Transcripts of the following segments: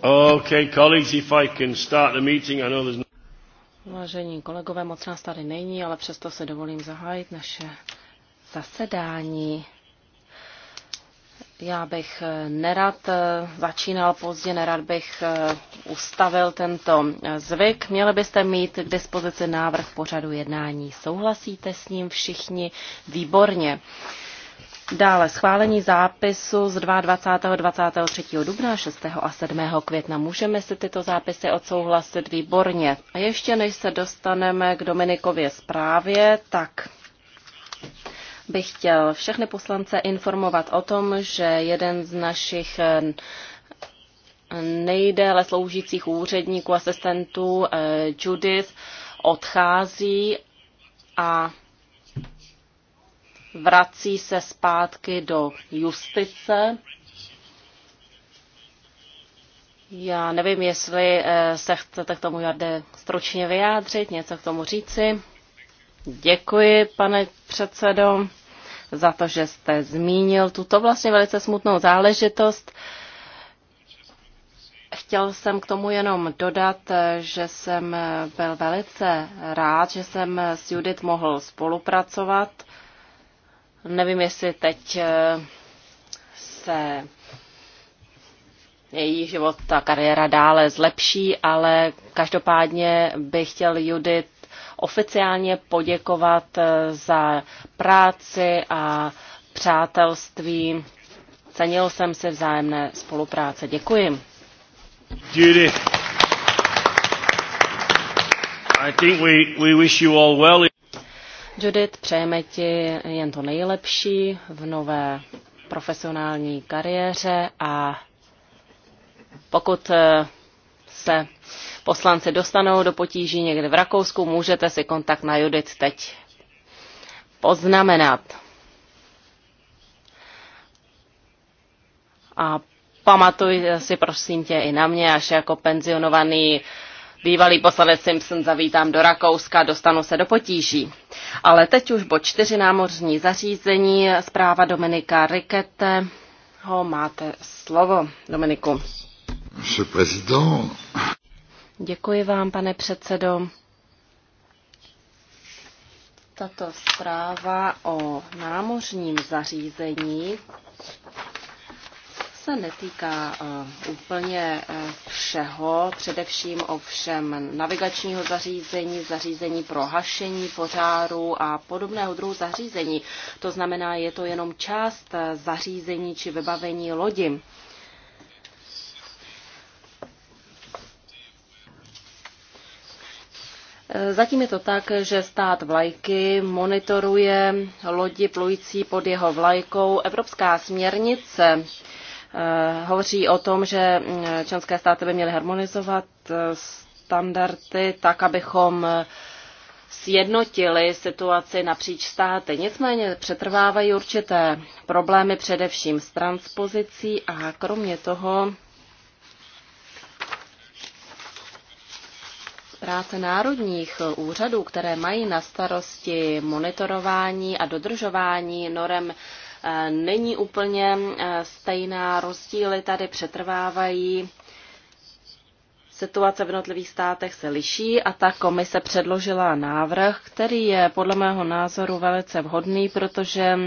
Okay, colleagues, if I can start the meeting, I know there's no... Vážení kolegové, moc nás tady není, ale přesto se dovolím zahájit naše zasedání. Já bych eh, nerad eh, začínal pozdě, nerad bych eh, ustavil tento zvyk. Měli byste mít k dispozici návrh pořadu jednání. Souhlasíte s ním všichni? Výborně. Dále schválení zápisu z 22. 23. dubna, 6. a 7. května. Můžeme si tyto zápisy odsouhlasit výborně. A ještě než se dostaneme k Dominikově zprávě, tak bych chtěl všechny poslance informovat o tom, že jeden z našich eh, nejdéle sloužících úředníků, asistentů eh, Judith odchází a vrací se zpátky do justice. Já nevím, jestli eh, se chcete k tomu, Jarde, stručně vyjádřit, něco k tomu říci. Děkuji, pane předsedo, za to, že jste zmínil tuto vlastně velice smutnou záležitost. Chtěl jsem k tomu jenom dodat, že jsem byl velice rád, že jsem s Judith mohl spolupracovat. Nevím, jestli teď eh, se její život, ta kariéra dále zlepší, ale každopádně bych chtěl Judith oficiálně poděkovat eh, za práci a přátelství. Cenil jsem si vzájemné spolupráce. Děkuji. Judy. I think we, we wish you all well. Judith, přejeme ti jen to nejlepší v nové profesionální kariéře a pokud eh, se poslanci dostanou do potíží někde v Rakousku, můžete si kontakt na Judit teď poznamenat. A pamatuj si prosím tě i na mě, až jako penzionovaný bývalý poslanec Simpson zavítám do Rakouska, dostanu se do potíží. Ale teď už bo čtyři námořní zařízení, zpráva Dominika Rikete. Ho máte slovo, Dominiku. Děkuji vám, pane předsedo. Tato zpráva o námořním zařízení se netýká eh, úplně eh, všeho, především ovšem navigačního zařízení, zařízení pro hašení požáru a podobného druhu zařízení. To znamená, je to jenom část eh, zařízení či vybavení lodi. Zatím je to tak, že stát vlajky monitoruje lodi plující pod jeho vlajkou. Evropská směrnice eh, hovoří o tom, že eh, členské státy by měly harmonizovat eh, standardy tak, abychom sjednotili situaci napříč státy. Nicméně přetrvávají určité problémy především s transpozicí a kromě toho práce národních úřadů, které mají na starosti monitorování a dodržování norem, eh, není úplně eh, stejná. Rozdíly tady přetrvávají. Situace v jednotlivých státech se liší a ta komise předložila návrh, který je podle mého názoru velice vhodný, protože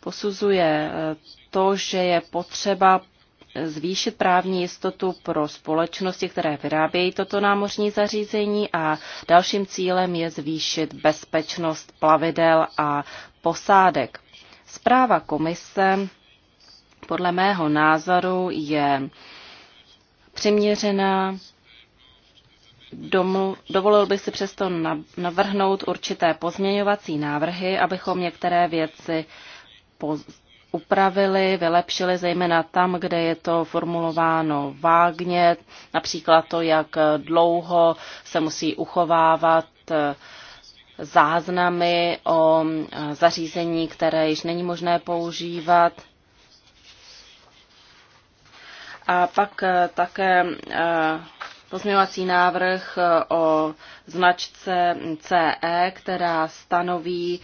posuzuje eh, to, že je potřeba zvýšit právní jistotu pro společnosti, které vyrábějí toto námořní zařízení a dalším cílem je zvýšit bezpečnost plavidel a posádek. Zpráva komise podle mého názoru je přiměřená. Domu, dovolil bych si přesto navrhnout určité pozměňovací návrhy, abychom některé věci upravili, vylepšili, zejména tam, kde je to formulováno vágně, například to, jak dlouho se musí uchovávat eh, záznamy o eh, zařízení, které již není možné používat. A pak eh, také pozměňovací návrh o značce CE, která stanoví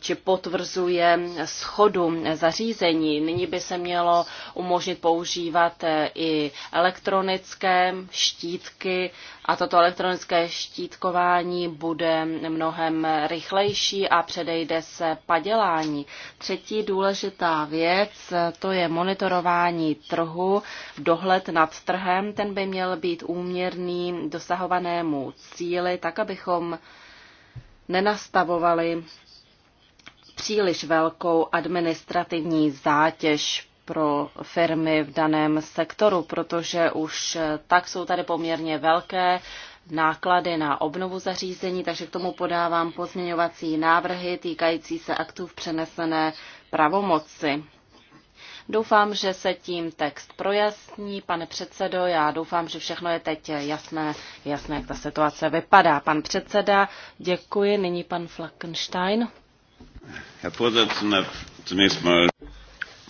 či potvrzuje schodu zařízení. Nyní by se mělo umožnit používat eh, i elektronické štítky a toto elektronické štítkování bude mnohem rychlejší a předejde se padělání. Třetí důležitá věc, eh, to je monitorování trhu, dohled nad trhem, ten by měl být úměrný dosahovanému cíli, tak abychom nenastavovali příliš velkou administrativní zátěž pro firmy v daném sektoru, protože už tak jsou tady poměrně velké náklady na obnovu zařízení, takže k tomu podávám pozměňovací návrhy týkající se aktů v přenesené pravomoci. Doufám, že se tím text projasní. Pane předsedo, já doufám, že všechno je teď jasné, jasné, jak ta situace vypadá. Pan předseda, děkuji. Nyní pan Flakenstein.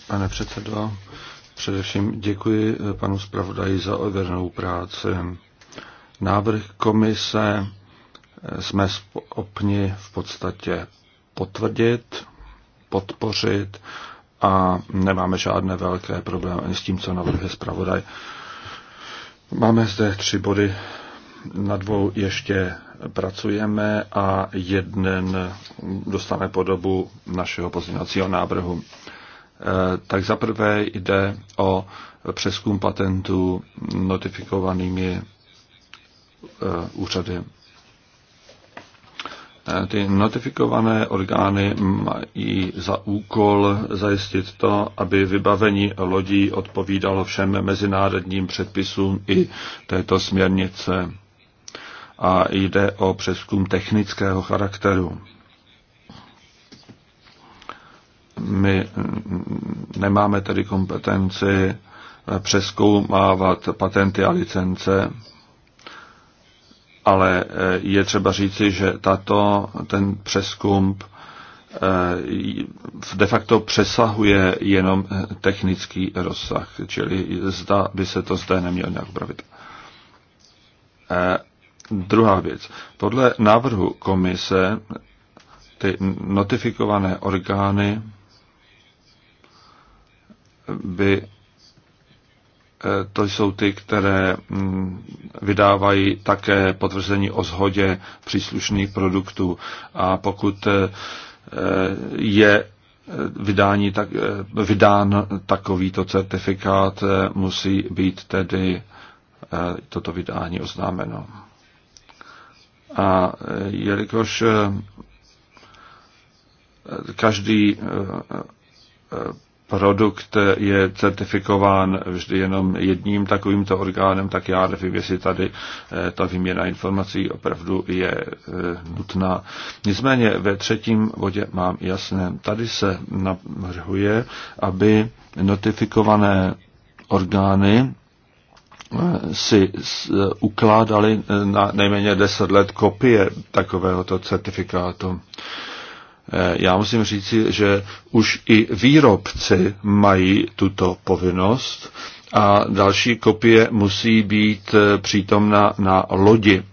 Pane předsedo, především děkuji eh, panu zpravodaji za odvernou práci. Návrh komise eh, jsme schopni v podstatě potvrdit, podpořit a nemáme žádné velké problémy ani s tím, co navrhuje zpravodaj. Máme zde tři body, na dvou ještě pracujeme a jeden dostane podobu našeho pozměňovacího návrhu. E, tak zaprvé jde o přeskum patentů notifikovanými e, úřady. E, ty notifikované orgány mají za úkol zajistit to, aby vybavení lodí odpovídalo všem mezinárodním předpisům i této směrnice a jde o přeskum technického charakteru. My nemáme tedy kompetenci přeskoumávat patenty a licence, ale je třeba říci, že tato, ten přeskum eh, de facto přesahuje jenom technický rozsah, čili zda by se to zde nemělo nějak upravit. Eh, Druhá věc. Podle návrhu komise ty notifikované orgány by eh, to jsou ty, které mm, vydávají také potvrzení o shodě příslušných produktů. A pokud eh, je vydání tak, eh, vydán takovýto certifikát, musí být tedy toto vydání oznámeno. A eh, jelikož eh, každý eh, produkt je certifikován vždy jenom jedním takovýmto orgánem, tak já nevím, jestli tady ta výměna informací opravdu je nutná. Nicméně ve třetím bodě mám jasné. Tady se navrhuje, aby notifikované orgány si eh, ukládali eh, na nejméně 10 let kopie takovéhoto certifikátu. Eh, já musím říci, že už i výrobci mají tuto povinnost a další kopie musí být přítomna na lodi.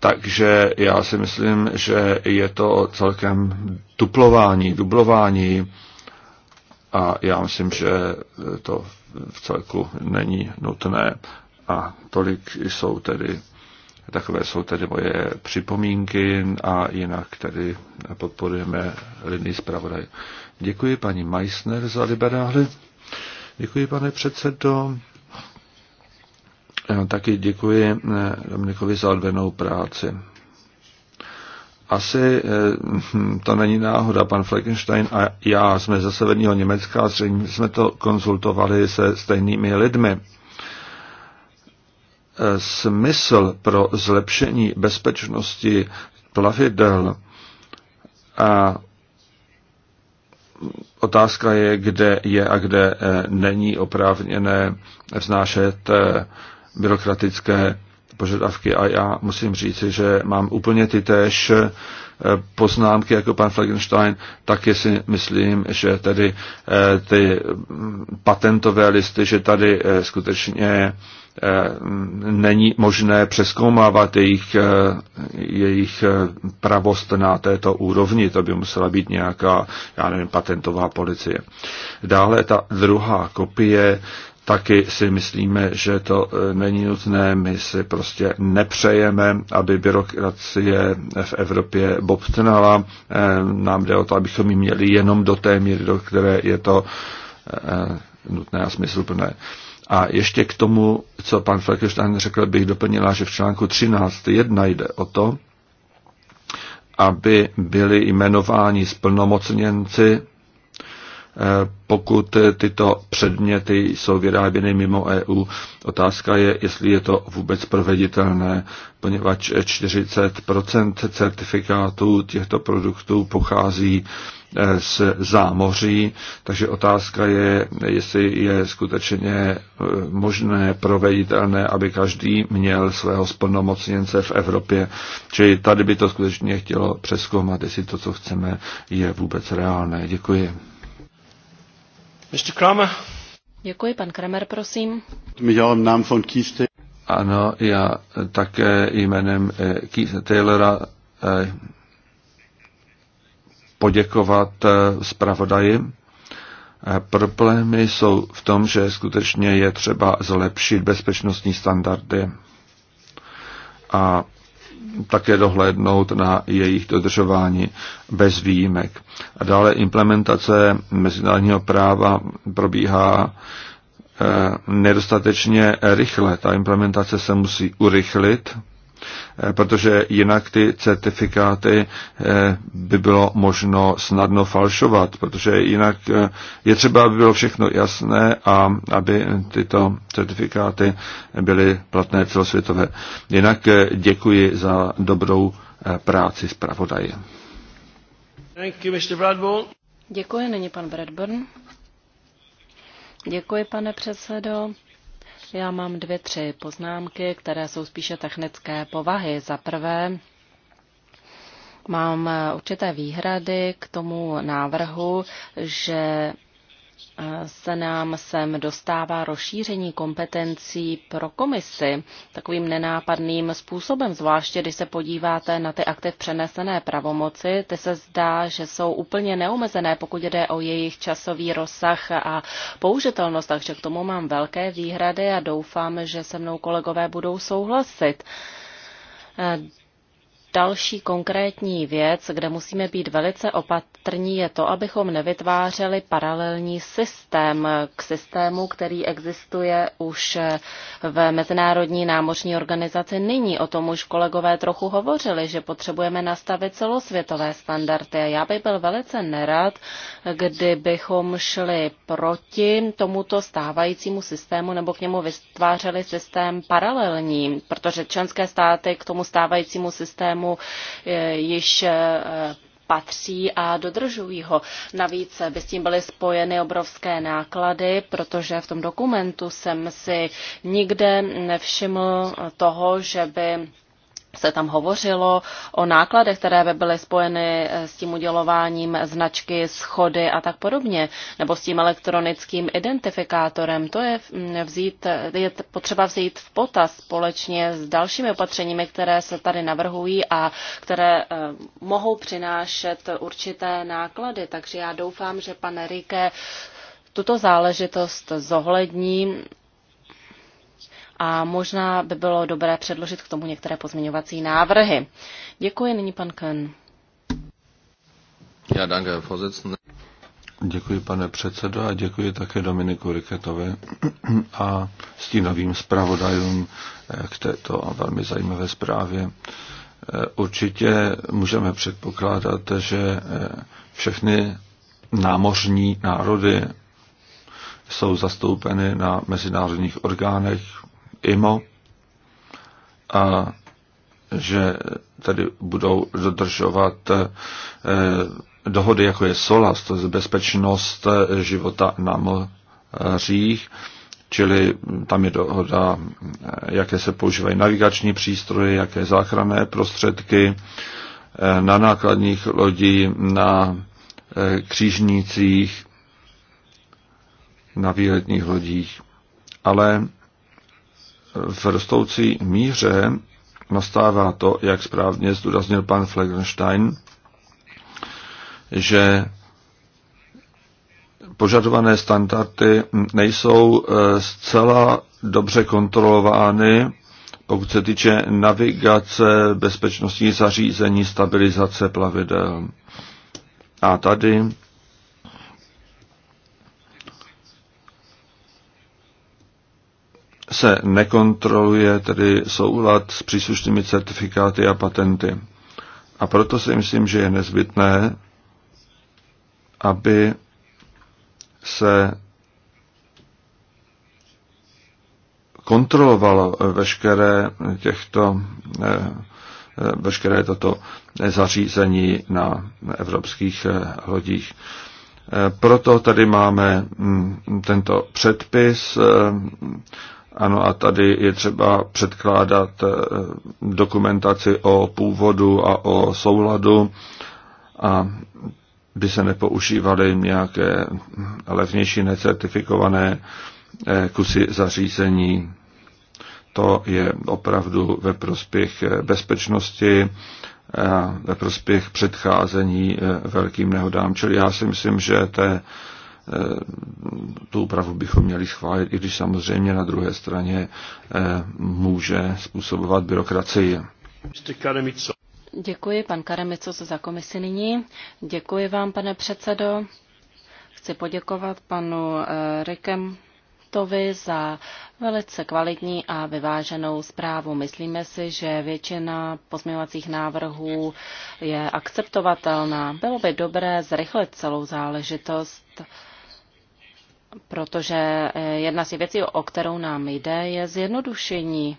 Takže já si myslím, že je to celkem duplování, dublování a já myslím, že to v celku není nutné. A tolik jsou tedy, takové jsou tedy moje připomínky a jinak tedy podporujeme linii zpravodaj. Děkuji paní Meissner za liberály. Děkuji, pane předsedo. Taky děkuji eh, Dominikovi za odvenou práci asi eh, hm, to není náhoda. Pan Fleckenstein a já jsme ze severního Německa a střední jsme to konzultovali se stejnými lidmi. Eh, smysl pro zlepšení bezpečnosti plavidel a otázka je, kde je a kde eh, není oprávněné vznášet byrokratické požadavky a já musím říct, že mám úplně ty též eh, poznámky jako pan Flagenstein, tak si myslím, že tady eh, ty mm, patentové listy, že tady eh, skutečně není možné přeskoumávat jejich, jejich pravost na této úrovni. To by musela být nějaká, já nevím, patentová policie. Dále ta druhá kopie taky si myslíme, že to e, není nutné. My si prostě nepřejeme, aby byrokracie v Evropě bobtnala. E, nám jde o to, abychom ji měli jenom do té míry, do které je to e, nutné a smysluplné. A ještě k tomu, co pan Fleckenstein řekl, bych doplnila, že v článku 13.1 jde o to, aby byli jmenováni splnomocněnci Eh, pokud tyto předměty jsou vyráběny mimo EU. Otázka je, jestli je to vůbec proveditelné, poněvadž 40 certifikátů těchto produktů pochází eh, z zámoří, takže otázka je, jestli je skutečně eh, možné, proveditelné, aby každý měl svého splnomocněnce v Evropě. Čili tady by to skutečně chtělo přeskoumat, jestli to, co chceme, je vůbec reálné. Děkuji. Děkuji, pan Kramer, prosím. Ano, já také jménem eh, Keith Taylora eh, poděkovat eh, zpravodaji. Problémy jsou v tom, že skutečně je třeba zlepšit bezpečnostní standardy. A také dohlédnout na jejich dodržování bez výjimek. A dále implementace mezinárodního práva probíhá eh, nedostatečně rychle. Ta implementace se musí urychlit Eh, protože jinak ty certifikáty eh, by bylo možno snadno falšovat, protože jinak eh, je třeba, aby bylo všechno jasné a aby tyto certifikáty byly platné celosvětové. Jinak děkuji za dobrou práci zpravodaje. Děkuji, není pan Bradburn. Děkuji, pane předsedo. Já mám dvě, tři poznámky, které jsou spíše technické povahy. Za prvé, mám určité výhrady k tomu návrhu, že se nám sem dostává rozšíření kompetencí pro komisi takovým nenápadným způsobem, zvláště když se podíváte na ty akty v přenesené pravomoci. Ty se zdá, že jsou úplně neomezené, pokud jde o jejich časový rozsah a použitelnost, takže k tomu mám velké výhrady a doufám, že se mnou kolegové budou souhlasit. Další konkrétní věc, kde musíme být velice opatrní, je to, abychom nevytvářeli paralelní systém k systému, který existuje už v Mezinárodní námořní organizaci nyní. O tom už kolegové trochu hovořili, že potřebujeme nastavit celosvětové standardy. Já bych byl velice nerad, kdybychom šli proti tomuto stávajícímu systému nebo k němu vytvářeli systém paralelní, protože členské státy k tomu stávajícímu systému systému eh, již eh, patří a dodržují ho. Navíc eh, by s tím byly spojeny obrovské náklady, protože v tom dokumentu jsem si nikde nevšiml toho, že by se tam hovořilo o nákladech, které by byly spojeny eh, s tím udělováním značky, schody a tak podobně, nebo s tím elektronickým identifikátorem. To je, mm, vzít, eh, je potřeba vzít v potaz společně s dalšími opatřeními, které se tady navrhují a které eh, mohou přinášet určité náklady. Takže já doufám, že pan Rike tuto záležitost zohlední a možná by bylo dobré předložit k tomu některé pozměňovací návrhy. Děkuji, nyní pan Ken. Já danke, Děkuji, pane předsedo, a děkuji také Dominiku Riketovi a stínovým zpravodajům eh, k této velmi zajímavé zprávě. Eh, určitě můžeme předpokládat, že eh, všechny námořní národy jsou zastoupeny na mezinárodních orgánech, IMO a že tady budou dodržovat eh, dohody, jako je SOLAS, to je bezpečnost eh, života na mořích, čili tam je dohoda, eh, jaké se používají navigační přístroje, jaké záchranné prostředky na nákladních lodí, na křížnících, na výletních lodích. Ale v rostoucí míře nastává to, jak správně zdůraznil pan Flegenstein, že požadované standardy nejsou eh, zcela dobře kontrolovány, pokud se týče navigace, bezpečnostní zařízení, stabilizace plavidel. A tady se nekontroluje tedy soulad s příslušnými certifikáty a patenty. A proto si myslím, že je nezbytné, aby se kontrolovalo veškeré těchto eh, veškeré toto zařízení na evropských eh, lodích. Eh, proto tady máme mm, tento předpis ano, a tady je třeba předkládat eh, dokumentaci o původu a o souladu a by se nepoužívaly nějaké levnější necertifikované eh, kusy zařízení. To je opravdu ve prospěch eh, bezpečnosti, ve prospěch předcházení velkým nehodám. Čili já si myslím, že je Eh, tu úpravu bychom měli schválit, i když samozřejmě na druhé straně eh, může způsobovat byrokracii. Děkuji, pan Karemico, za komisi nyní. Děkuji vám, pane předsedo. Chci poděkovat panu eh, Rikem za velice kvalitní a vyváženou zprávu. Myslíme si, že většina pozměňovacích návrhů je akceptovatelná. Bylo by dobré zrychlit celou záležitost protože eh, jedna z věcí, o kterou nám jde, je zjednodušení.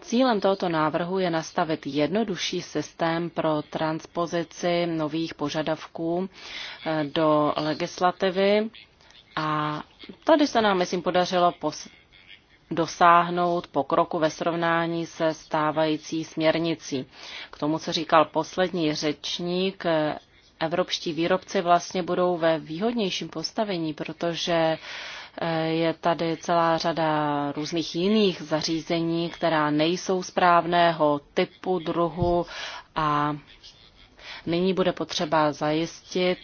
Cílem tohoto návrhu je nastavit jednodušší systém pro transpozici nových požadavků eh, do legislativy a tady se nám, myslím, podařilo dosáhnout pokroku ve srovnání se stávající směrnicí. K tomu, co říkal poslední řečník, evropští výrobci vlastně budou ve výhodnějším postavení, protože eh, je tady celá řada různých jiných zařízení, která nejsou správného typu, druhu a Nyní bude potřeba zajistit,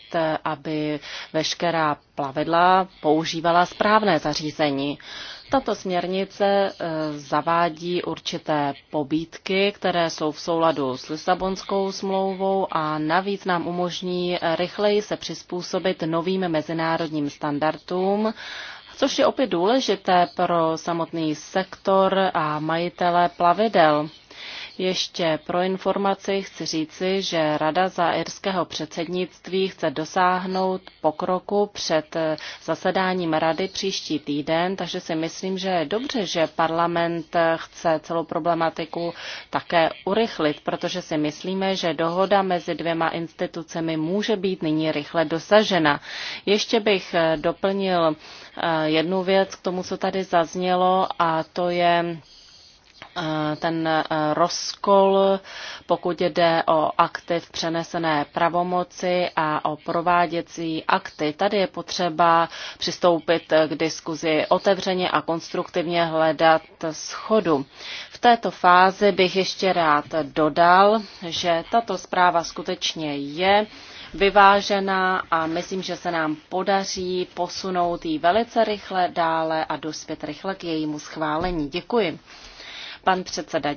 aby veškerá plavidla používala správné zařízení. Tato směrnice e, zavádí určité pobídky, které jsou v souladu s Lisabonskou smlouvou a navíc nám umožní rychleji se přizpůsobit novým mezinárodním standardům, což je opět důležité pro samotný sektor a majitele plavidel. Ještě pro informaci chci říci, že Rada za irského předsednictví chce dosáhnout pokroku před eh, zasedáním Rady příští týden, takže si myslím, že je dobře, že parlament eh, chce celou problematiku také urychlit, protože si myslíme, že dohoda mezi dvěma institucemi může být nyní rychle dosažena. Ještě bych eh, doplnil jednu věc k tomu, co tady zaznělo, a to je Eh, ten eh, rozkol, pokud jde o aktiv přenesené pravomoci a o prováděcí akty. Tady je potřeba přistoupit k diskuzi otevřeně a konstruktivně hledat schodu. V této fázi bych ještě rád dodal, že tato zpráva skutečně je vyvážená a myslím, že se nám podaří posunout ji velice rychle dále a dospět rychle k jejímu schválení. Děkuji. Pan předseda,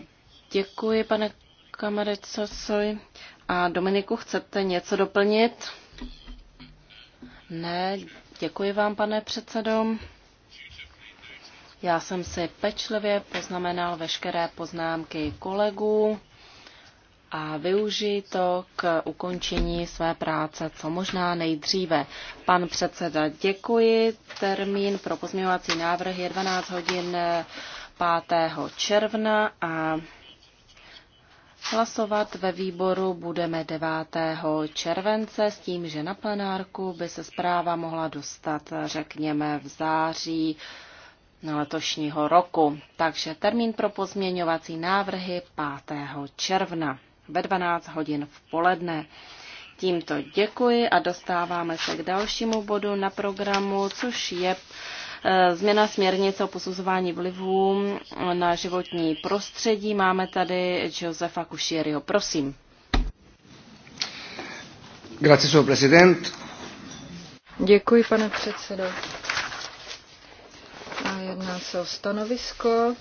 děkuji, pane Kamarecovi. A Dominiku, chcete něco doplnit? Ne, děkuji vám, pane předsedo. Já jsem si pečlivě poznamenal veškeré poznámky kolegů a využiji to k ukončení své práce co možná nejdříve. Pan předseda, děkuji. Termín pro pozměňovací návrh je 12 hodin 5. června a hlasovat ve výboru budeme 9. července s tím, že na plenárku by se zpráva mohla dostat, řekněme, v září letošního roku. Takže termín pro pozměňovací návrhy 5. června ve 12 hodin v poledne. Tímto děkuji a dostáváme se k dalšímu bodu na programu, což je Eh, změna směrnice o posuzování vlivů eh, na životní prostředí. Máme tady Josefa Kušieriho. Prosím. Grazie, prezident. Děkuji, pane předsedo. A jedná se o stanovisko,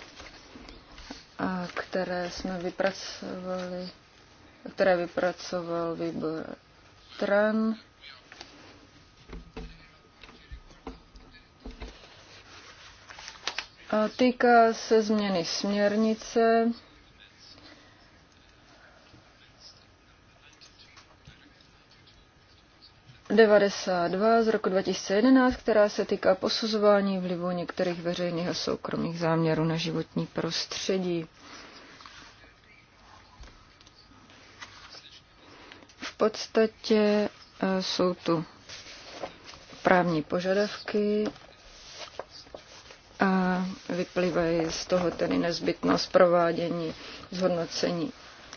které jsme vypracovali, které vypracoval výbor TRAN Týká se změny směrnice. ...92 z roku 2011, která se týká posuzování vlivu některých veřejných a soukromých záměrů na životní prostředí. V podstatě e, jsou tu právní požadavky a vyplývají z toho tedy nezbytnost provádění zhodnocení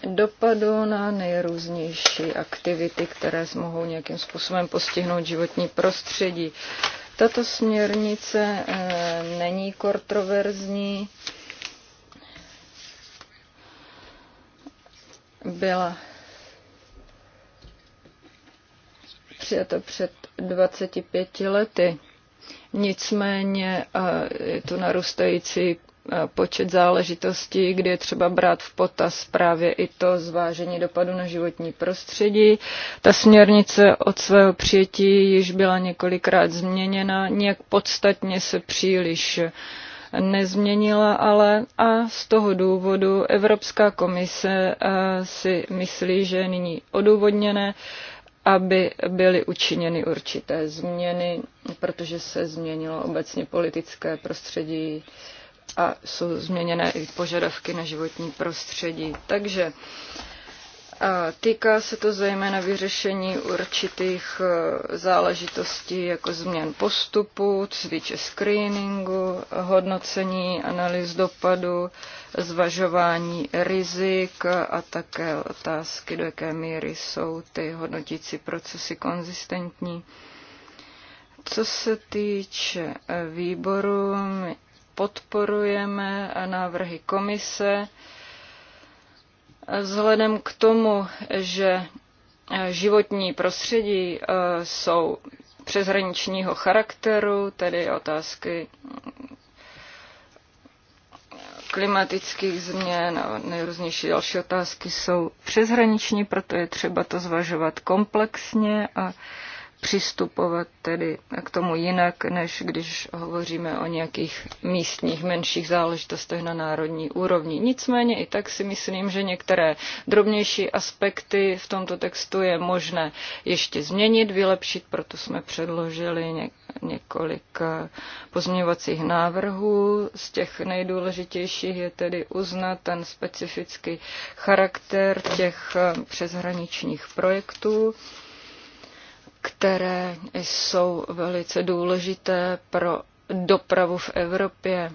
dopadu na nejrůznější aktivity, které mohou nějakým způsobem postihnout životní prostředí. Tato směrnice eh, není kontroverzní. Byla přijata před 25 lety. Nicméně je to narůstající počet záležitostí, kdy je třeba brát v potaz právě i to zvážení dopadu na životní prostředí. Ta směrnice od svého přijetí již byla několikrát změněna, nějak podstatně se příliš nezměnila ale a z toho důvodu Evropská komise si myslí, že je nyní odůvodněné aby byly učiněny určité změny, protože se změnilo obecně politické prostředí a jsou změněné i požadavky na životní prostředí. Takže týká se to zejména vyřešení určitých e, záležitostí jako změn postupu, cvíče screeningu, hodnocení analýz dopadu, zvažování rizik a také otázky, do jaké míry jsou ty hodnotící procesy konzistentní. Co se týče e, výboru, podporujeme návrhy komise, Vzhledem k tomu, že eh, životní prostředí eh, jsou přeshraničního charakteru, tedy otázky mm, klimatických změn a nejrůznější další otázky jsou přeshraniční, proto je třeba to zvažovat komplexně a přistupovat tedy k tomu jinak, než když hovoříme o nějakých místních menších záležitostech na národní úrovni. Nicméně i tak si myslím, že některé drobnější aspekty v tomto textu je možné ještě změnit, vylepšit, proto jsme předložili několik eh, pozměňovacích návrhů. Z těch nejdůležitějších je tedy uznat ten specifický charakter těch eh, přeshraničních projektů které jsou velice důležité pro dopravu v Evropě.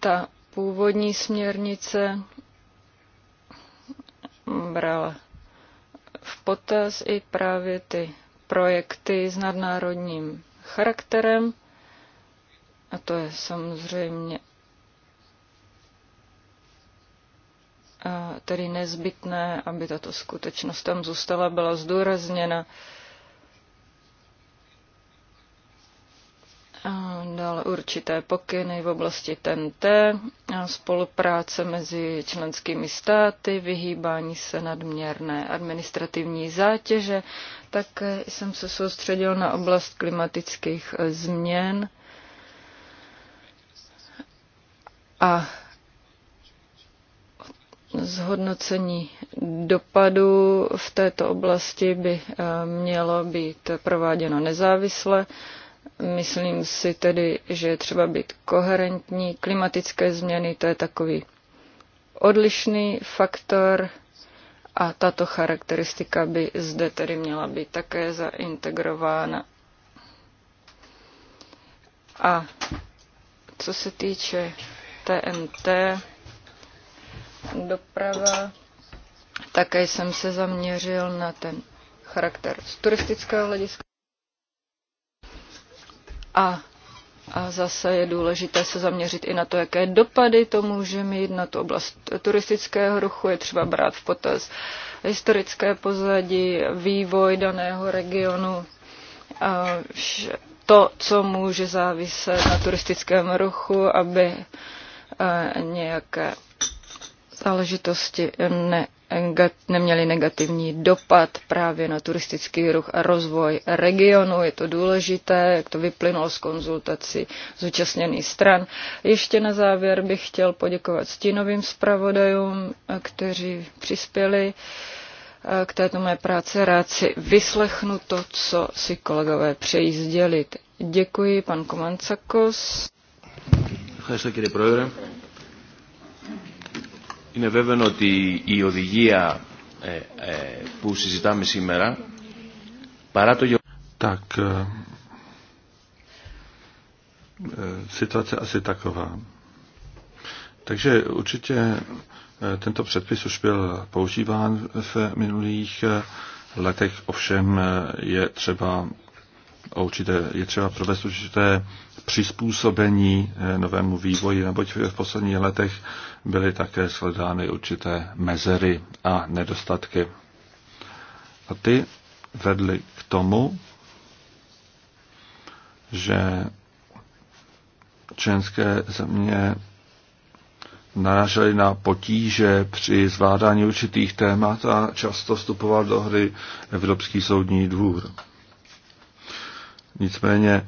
Ta původní směrnice brala v potaz i právě ty projekty s nadnárodním charakterem. A to je samozřejmě tedy nezbytné, aby tato skutečnost tam zůstala, byla zdůrazněna. Dále určité pokyny v oblasti TNT, spolupráce mezi členskými státy, vyhýbání se nadměrné administrativní zátěže. Tak jsem se soustředil na oblast klimatických změn a Zhodnocení dopadu v této oblasti by eh, mělo být prováděno nezávisle. Myslím si tedy, že je třeba být koherentní. Klimatické změny to je takový odlišný faktor a tato charakteristika by zde tedy měla být také zaintegrována. A co se týče TMT, doprava. Také jsem se zaměřil na ten charakter z turistického hlediska. A, a zase je důležité se zaměřit i na to, jaké dopady to může mít na tu oblast turistického ruchu. Je třeba brát v potaz historické pozadí, vývoj daného regionu. A to, co může záviset na turistickém ruchu, aby eh, nějaké záležitosti ne, neměly negativní dopad právě na turistický ruch a rozvoj regionu. Je to důležité, jak to vyplynulo z konzultací zúčastněných stran. Ještě na závěr bych chtěl poděkovat stínovým zpravodajům, kteří přispěli eh, k této mé práci. Rád si vyslechnu to, co si kolegové přejí sdělit. Děkuji, pan Komancakos. Děkuji, Είναι βέβαιο ότι η οδηγία ε, ε, που συζητάμε σήμερα, παρά το γεγονός... Tak, situace asi taková. Takže určitě e, tento předpis už byl používán v minulých e, letech, ovšem e, je třeba určité, je třeba provést určité přizpůsobení novému vývoji, neboť v posledních letech byly také sledány určité mezery a nedostatky. A ty vedly k tomu, že členské země narážely na potíže při zvládání určitých témat a často vstupoval do hry Evropský soudní dvůr. Nicméně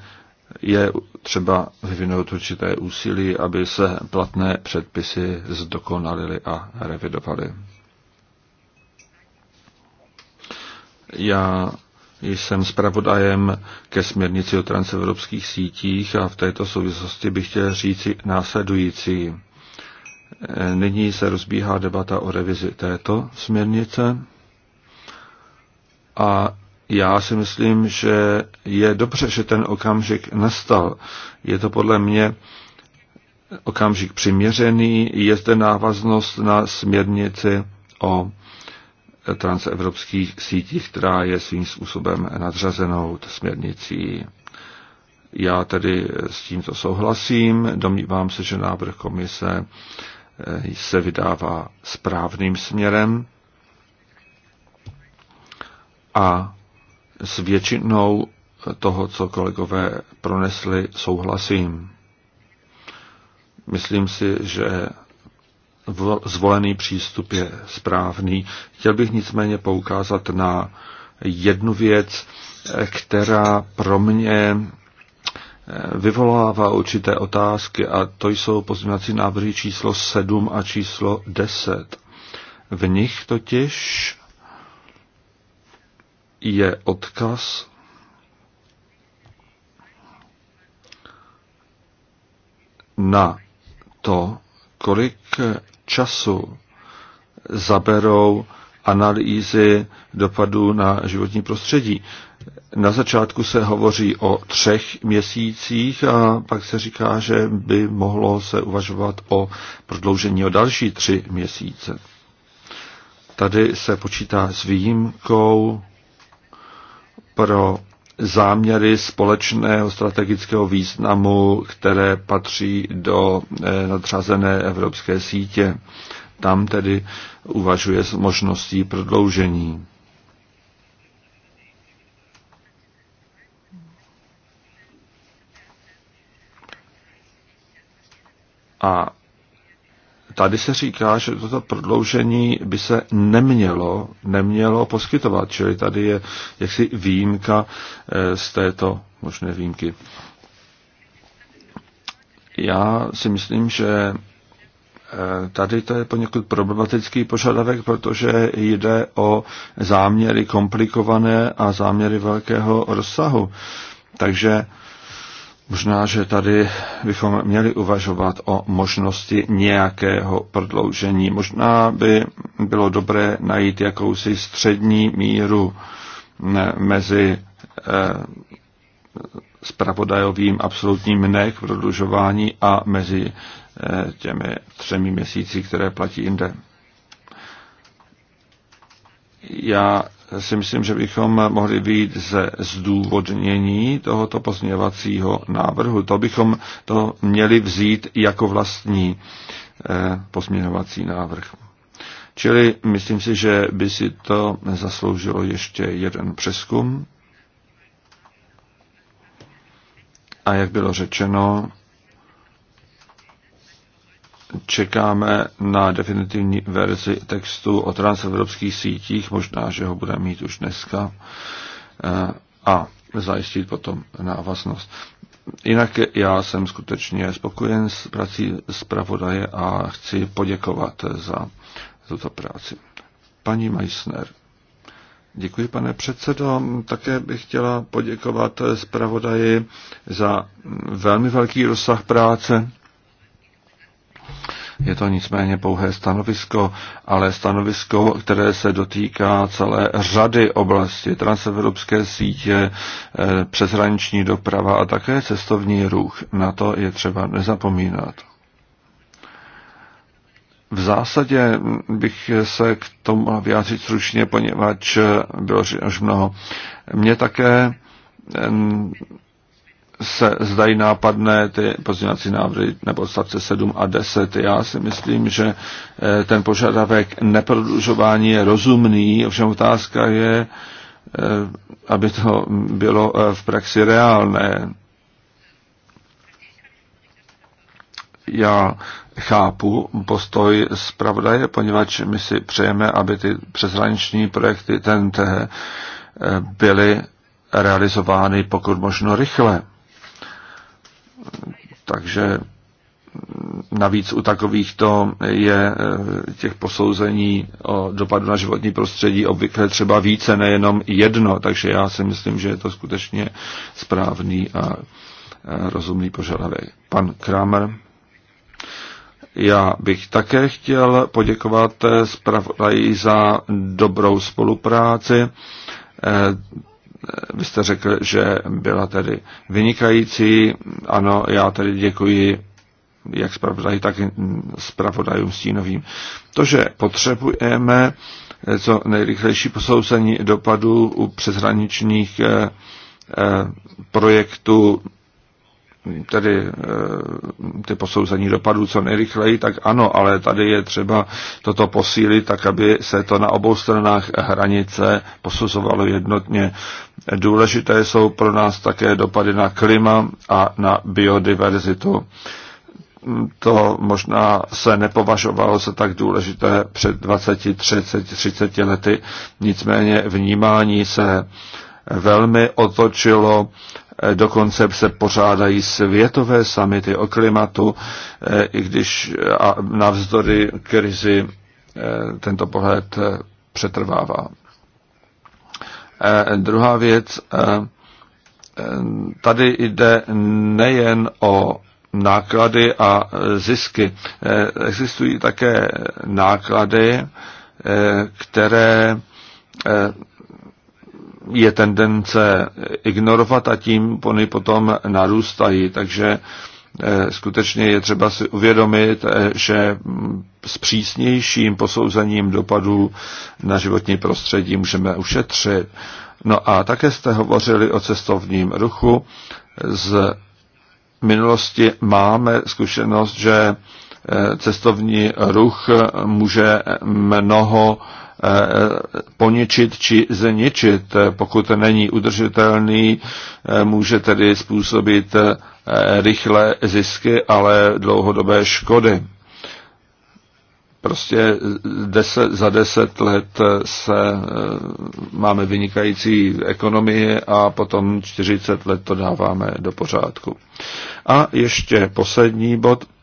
je třeba vyvinout určité úsilí, aby se platné předpisy zdokonalily a revidovaly. Já jsem zpravodajem ke směrnici o transevropských sítích a v této souvislosti bych chtěl říci následující. Nyní se rozbíhá debata o revizi této směrnice a já si myslím, že je dobře, že ten okamžik nastal. Je to podle mě okamžik přiměřený, je zde návaznost na směrnici o transevropských sítích, která je svým způsobem nadřazenou směrnicí. Já tedy s tímto souhlasím, domnívám se, že návrh komise eh, se vydává správným směrem a s většinou toho, co kolegové pronesli, souhlasím. Myslím si, že zvolený přístup je správný. Chtěl bych nicméně poukázat na jednu věc, která pro mě eh, vyvolává určité otázky a to jsou pozměňovací návrhy číslo 7 a číslo 10. V nich totiž je odkaz na to, kolik času zaberou analýzy dopadů na životní prostředí. Na začátku se hovoří o třech měsících a pak se říká, že by mohlo se uvažovat o prodloužení o další tři měsíce. Tady se počítá s výjimkou pro záměry společného strategického významu, které patří do eh, nadřazené evropské sítě. Tam tedy uvažuje s možností prodloužení. A tady se říká, že toto prodloužení by se nemělo, nemělo poskytovat, čili tady je jaksi výjimka eh, z této možné výjimky. Já si myslím, že eh, Tady to je poněkud problematický požadavek, protože jde o záměry komplikované a záměry velkého rozsahu. Takže Možná, že tady bychom měli uvažovat o možnosti nějakého prodloužení. Možná by bylo dobré najít jakousi střední míru mezi eh, spravodajovým absolutním ne k prodlužování a mezi eh, těmi třemi měsíci, které platí jinde. Já si myslím, že bychom mohli vyjít ze zdůvodnění tohoto pozměňovacího návrhu. To bychom to měli vzít jako vlastní eh, pozměňovací návrh. Čili myslím si, že by si to zasloužilo ještě jeden přeskum. A jak bylo řečeno, čekáme na definitivní verzi textu o transevropských sítích, možná, že ho budeme mít už dneska, eh, a zajistit potom návaznost. Jinak já jsem skutečně spokojen s prací zpravodaje a chci poděkovat za tuto práci. Paní Meissner. Děkuji, pane předsedo. Také bych chtěla poděkovat zpravodaji za velmi velký rozsah práce je to nicméně pouhé stanovisko, ale stanovisko, které se dotýká celé řady oblasti, transevropské sítě, eh, přeshraniční doprava a také cestovní ruch. Na to je třeba nezapomínat. V zásadě bych se k tomu mohl vyjádřit stručně, poněvadž bylo už mnoho. Mě také eh, se zdají nápadné ty pozměňovací návrhy nebo stavce 7 a 10. Já si myslím, že eh, ten požadavek neprodlužování je rozumný, ovšem otázka je, eh, aby to bylo eh, v praxi reálné. Já chápu postoj zpravodaje, poněvadž my si přejeme, aby ty přeshraniční projekty TNT byly realizovány pokud možno rychle. Takže navíc u takovýchto je eh, těch posouzení o dopadu na životní prostředí obvykle třeba více, nejenom jedno, takže já si myslím, že je to skutečně správný a eh, rozumný požadavek. Pan Kramer. Já bych také chtěl poděkovat eh, zpravodaji za dobrou spolupráci vy jste řekl, že byla tedy vynikající. Ano, já tedy děkuji jak zpravodaj, tak i zpravodajům stínovým. To, že potřebujeme eh, co nejrychlejší posouzení dopadů u přeshraničních eh, eh, projektů tedy eh, ty posouzení dopadů co nejrychleji, tak ano, ale tady je třeba toto posílit, tak aby se to na obou stranách hranice posuzovalo jednotně. Důležité jsou pro nás také dopady na klima a na biodiverzitu. To možná se nepovažovalo za tak důležité před 20, 30, 30 lety, nicméně vnímání se velmi otočilo dokonce se pořádají světové samity o klimatu, eh, i když a navzdory krizi eh, tento pohled eh, přetrvává. Druhá věc, tady jde nejen o náklady a zisky. Existují také náklady, které je tendence ignorovat a tím pony potom narůstají. Takže eh, skutečně je třeba si uvědomit, eh, že s přísnějším posouzením dopadů na životní prostředí můžeme ušetřit. No a také jste hovořili o cestovním ruchu. Z minulosti máme zkušenost, že eh, cestovní ruch může mnoho Eh, poničit či zničit. Pokud není udržitelný, eh, může tedy způsobit eh, rychlé zisky, ale dlouhodobé škody. Prostě deset, za deset let se máme vynikající ekonomii a potom 40 let to dáváme do pořádku. A ještě poslední bod –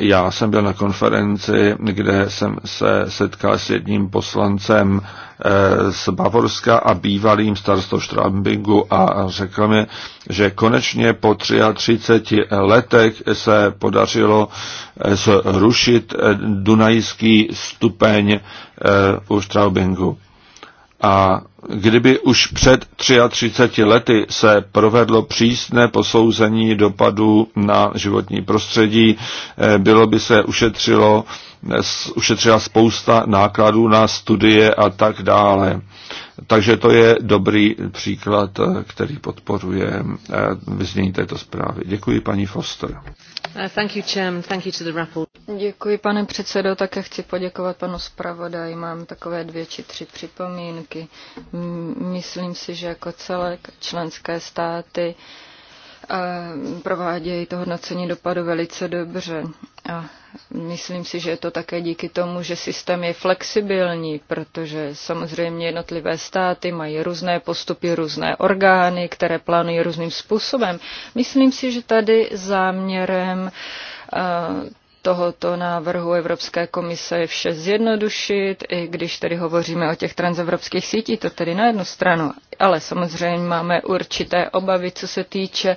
já jsem byl na konferenci, kde jsem se setkal s jedním poslancem eh, z Bavorska a bývalým starostou Štrambingu a řekl mi, že konečně po 33 letech se podařilo eh, zrušit eh, dunajský stupeň u Štraubingu. A kdyby už před 33 lety se provedlo přísné posouzení dopadu na životní prostředí, eh, bylo by se ušetřilo, ušetřila spousta nákladů na studie a tak dále. Takže to je dobrý příklad, eh, který podporuje eh, vyznění této zprávy. Děkuji paní Foster. Uh, Děkuji, pane předsedo. Také chci poděkovat panu zpravodaji. Mám takové dvě či tři připomínky. Myslím si, že jako celek členské státy uh, provádějí to hodnocení dopadu velice dobře. A myslím si, že je to také díky tomu, že systém je flexibilní, protože samozřejmě jednotlivé státy mají různé postupy, různé orgány, které plánují různým způsobem. Myslím si, že tady záměrem tohoto návrhu Evropské komise je vše zjednodušit, i když tedy hovoříme o těch transevropských sítí, to tedy na jednu stranu, ale samozřejmě máme určité obavy, co se týče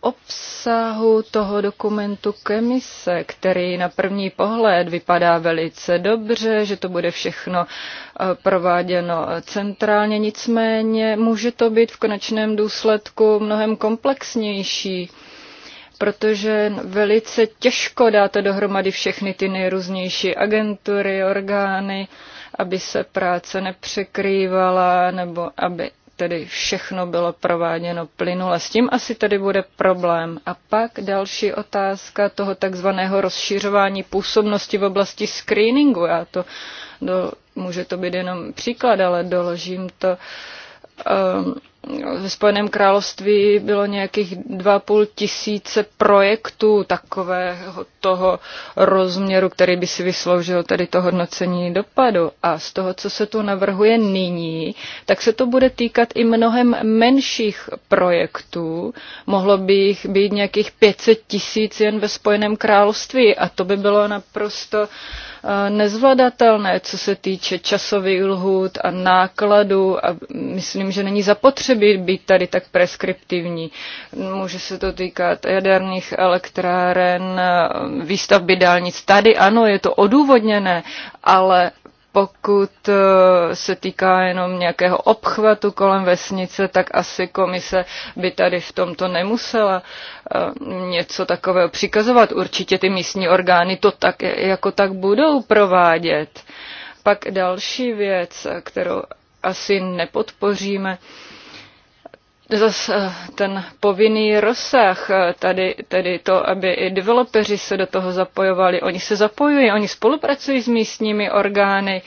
obsahu toho dokumentu komise, který na první pohled vypadá velice dobře, že to bude všechno eh, prováděno centrálně, nicméně může to být v konečném důsledku mnohem komplexnější protože velice těžko dáte dohromady všechny ty nejrůznější agentury, orgány, aby se práce nepřekrývala nebo aby tedy všechno bylo prováděno plynule. S tím asi tady bude problém. A pak další otázka toho takzvaného rozšířování působnosti v oblasti screeningu. Já to, do, může to být jenom příklad, ale doložím to. Um, ve Spojeném království bylo nějakých 2,5 tisíce projektů takového toho rozměru, který by si vysloužil tedy to hodnocení dopadu. A z toho, co se tu navrhuje nyní, tak se to bude týkat i mnohem menších projektů. Mohlo by jich být nějakých 500 tisíc jen ve Spojeném království a to by bylo naprosto eh, nezvladatelné, co se týče časových lhůt a nákladů a myslím, že není zapotřebí zapotřebí být tady tak preskriptivní. Může se to týkat jaderných elektráren, výstavby dálnic. Tady ano, je to odůvodněné, ale pokud eh, se týká jenom nějakého obchvatu kolem vesnice, tak asi komise by tady v tomto nemusela eh, něco takového přikazovat. Určitě ty místní orgány to tak, jako tak budou provádět. Pak další věc, kterou asi nepodpoříme, zase eh, ten povinný rozsah, eh, tady, tady to, aby i developeři se do toho zapojovali. Oni se zapojují, oni spolupracují s místními orgány,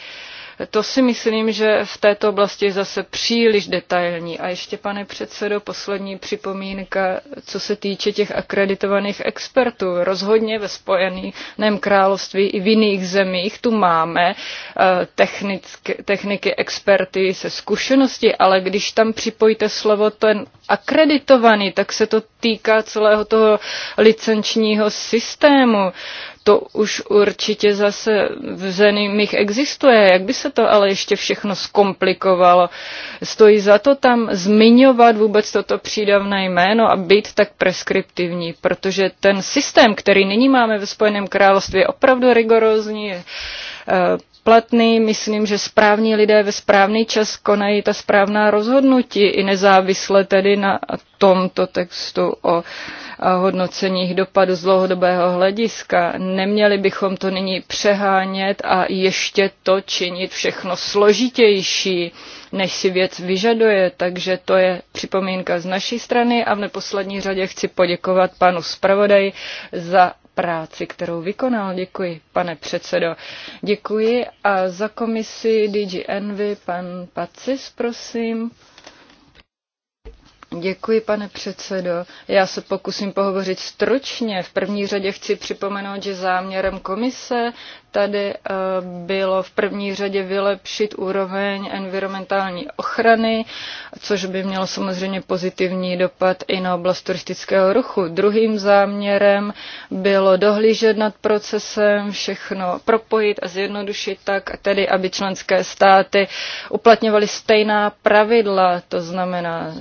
to si myslím, že v této oblasti je zase příliš detailní. A ještě, pane předsedo, poslední připomínka, co se týče těch akreditovaných expertů. Rozhodně ve Spojeném království i v jiných zemích tu máme eh, techniky, techniky experty se zkušenosti, ale když tam připojíte slovo ten akreditovaný, tak se to týká celého toho licenčního systému to už určitě zase v zemích existuje. Jak by se to ale ještě všechno zkomplikovalo? Stojí za to tam zmiňovat vůbec toto přídavné jméno a být tak preskriptivní, protože ten systém, který nyní máme ve Spojeném království, je opravdu rigorózní, je eh, platný. Myslím, že správní lidé ve správný čas konají ta správná rozhodnutí, i nezávisle tedy na tomto textu o hodnoceních dopadu z dlouhodobého hlediska. Neměli bychom to nyní přehánět a ještě to činit všechno složitější, než si věc vyžaduje. Takže to je připomínka z naší strany a v neposlední řadě chci poděkovat panu zpravodaj za práci, kterou vykonal. Děkuji, pane předsedo. Děkuji a za komisi DG Envy pan Pacis, prosím. Děkuji, pane předsedo. Já se pokusím pohovořit stručně. V první řadě chci připomenout, že záměrem komise tady eh, bylo v první řadě vylepšit úroveň environmentální ochrany, což by mělo samozřejmě pozitivní dopad i na oblast turistického ruchu. Druhým záměrem bylo dohlížet nad procesem, všechno propojit a zjednodušit tak, tedy aby členské státy uplatňovaly stejná pravidla, to znamená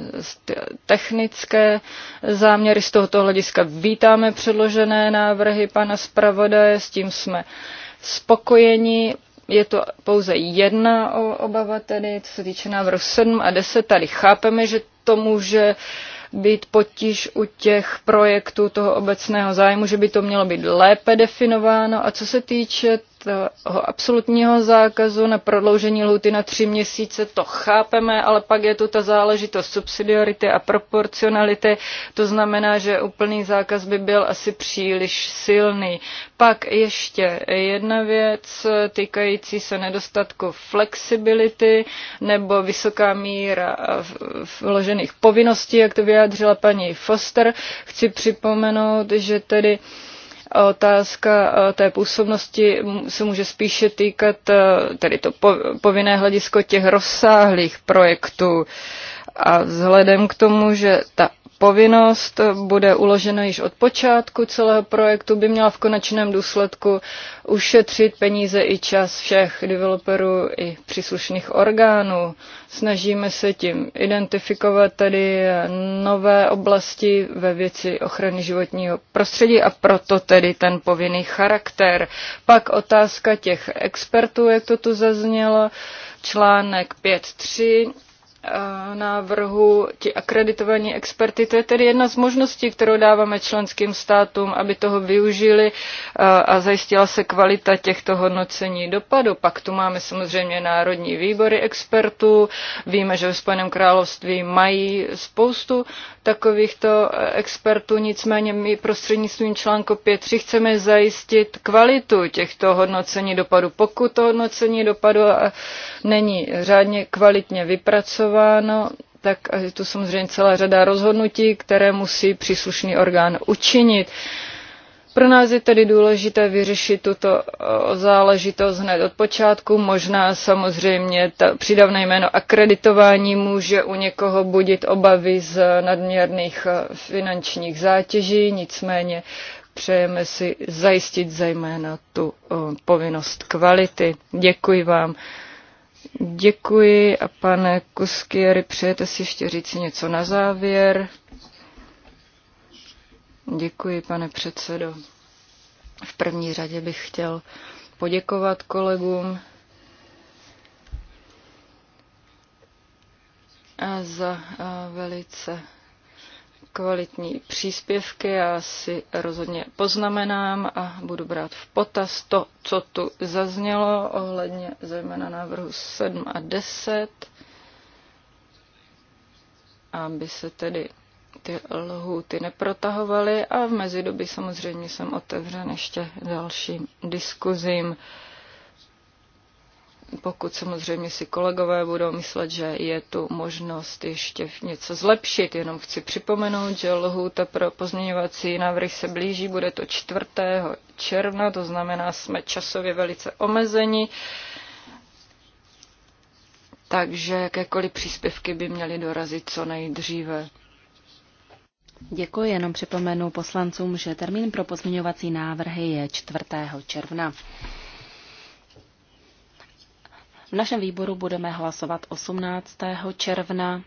technické záměry. Z tohoto hlediska vítáme předložené návrhy pana zpravodaje, s tím jsme spokojeni. Je to pouze jedna obava tedy, co se týče návrhu 7 a 10. Tady chápeme, že to může být potíž u těch projektů toho obecného zájmu, že by to mělo být lépe definováno. A co se týče toho absolutního zákazu na prodloužení lhuty na tři měsíce, to chápeme, ale pak je tu ta záležitost subsidiarity a proporcionality, to znamená, že úplný zákaz by byl asi příliš silný. Pak ještě jedna věc týkající se nedostatku flexibility nebo vysoká míra vložených povinností, jak to vyjádřila paní Foster. Chci připomenout, že tedy Otázka té působnosti se může spíše týkat, e, tedy to povinné hledisko těch rozsáhlých projektů. A vzhledem k tomu, že ta povinnost bude uložena již od počátku celého projektu, by měla v konečném důsledku ušetřit peníze i čas všech developerů i příslušných orgánů. Snažíme se tím identifikovat tedy nové oblasti ve věci ochrany životního prostředí a proto tedy ten povinný charakter. Pak otázka těch expertů, jak to tu zaznělo, článek 5.3 Eh, návrhu ti akreditovaní experty. To je tedy jedna z možností, kterou dáváme členským státům, aby toho využili eh, a zajistila se kvalita těchto hodnocení dopadu. Pak tu máme samozřejmě národní výbory expertů. Víme, že v Spojeném království mají spoustu takovýchto eh, expertů, nicméně my prostřednictvím článku 5.3 chceme zajistit kvalitu těchto hodnocení dopadu. Pokud to hodnocení dopadu není řádně kvalitně vypracováno, realizováno, tak je to samozřejmě celá řada rozhodnutí, které musí příslušný orgán učinit. Pro nás je tedy důležité vyřešit tuto záležitost hned od počátku. Možná samozřejmě ta přidavné jméno akreditování může u někoho budit obavy z nadměrných e, finančních zátěží, nicméně přejeme si zajistit zejména tu e, povinnost kvality. Děkuji vám. Děkuji a pane Kuskiery, přejete si ještě říct něco na závěr? Děkuji, pane předsedo. V první řadě bych chtěl poděkovat kolegům za velice kvalitní příspěvky. Já si rozhodně poznamenám a budu brát v potaz to, co tu zaznělo ohledně zejména návrhu 7 a 10, aby se tedy ty lhůty neprotahovaly a v mezidobí samozřejmě jsem otevřen ještě dalším diskuzím pokud samozřejmě si kolegové budou myslet, že je tu možnost ještě něco zlepšit. Jenom chci připomenout, že lhůta pro pozměňovací návrhy se blíží, bude to 4. června, to znamená, jsme časově velice omezeni, takže jakékoliv příspěvky by měly dorazit co nejdříve. Děkuji, jenom připomenu poslancům, že termín pro pozměňovací návrhy je 4. června. V našem výboru budeme hlasovat 18. června,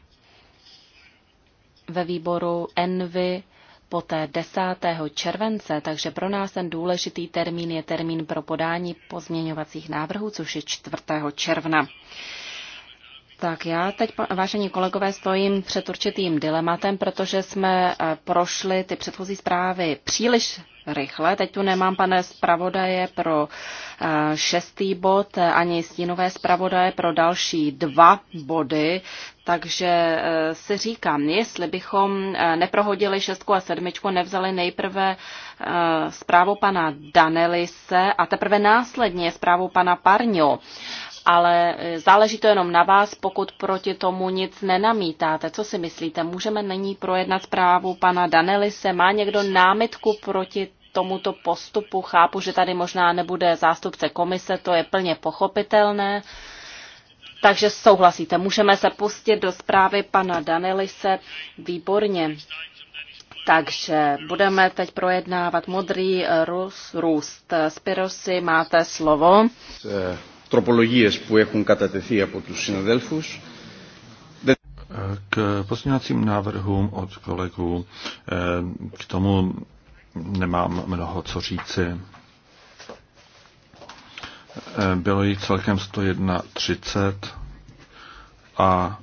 ve výboru Envy poté 10. července, takže pro nás ten důležitý termín je termín pro podání pozměňovacích návrhů, což je 4. června. Tak já teď, vážení kolegové, stojím před určitým dilematem, protože jsme eh, prošli ty předchozí zprávy příliš rychle. Teď tu nemám, pane zpravodaje, pro eh, šestý bod eh, ani stínové zpravodaje pro další dva body, takže si říkám, jestli bychom neprohodili šestku a sedmičku, nevzali nejprve zprávu pana Danelise a teprve následně zprávu pana Parňo ale e, záleží to jenom na vás, pokud proti tomu nic nenamítáte. Co si myslíte? Můžeme nyní projednat zprávu pana Danelise? Má někdo námitku proti tomuto postupu? Chápu, že tady možná nebude zástupce komise, to je plně pochopitelné. Takže souhlasíte, můžeme se pustit do zprávy pana Danelise. Výborně. Takže budeme teď projednávat modrý e, růst. růst. Spirosy, máte slovo. Eh, τροπολογίες που έχουν κατατεθεί από τους συναδέλφους. K pozměňovacím návrhům od kolegů eh, k tomu nemám mnoho co říci. Eh, bylo jich celkem 101.30 a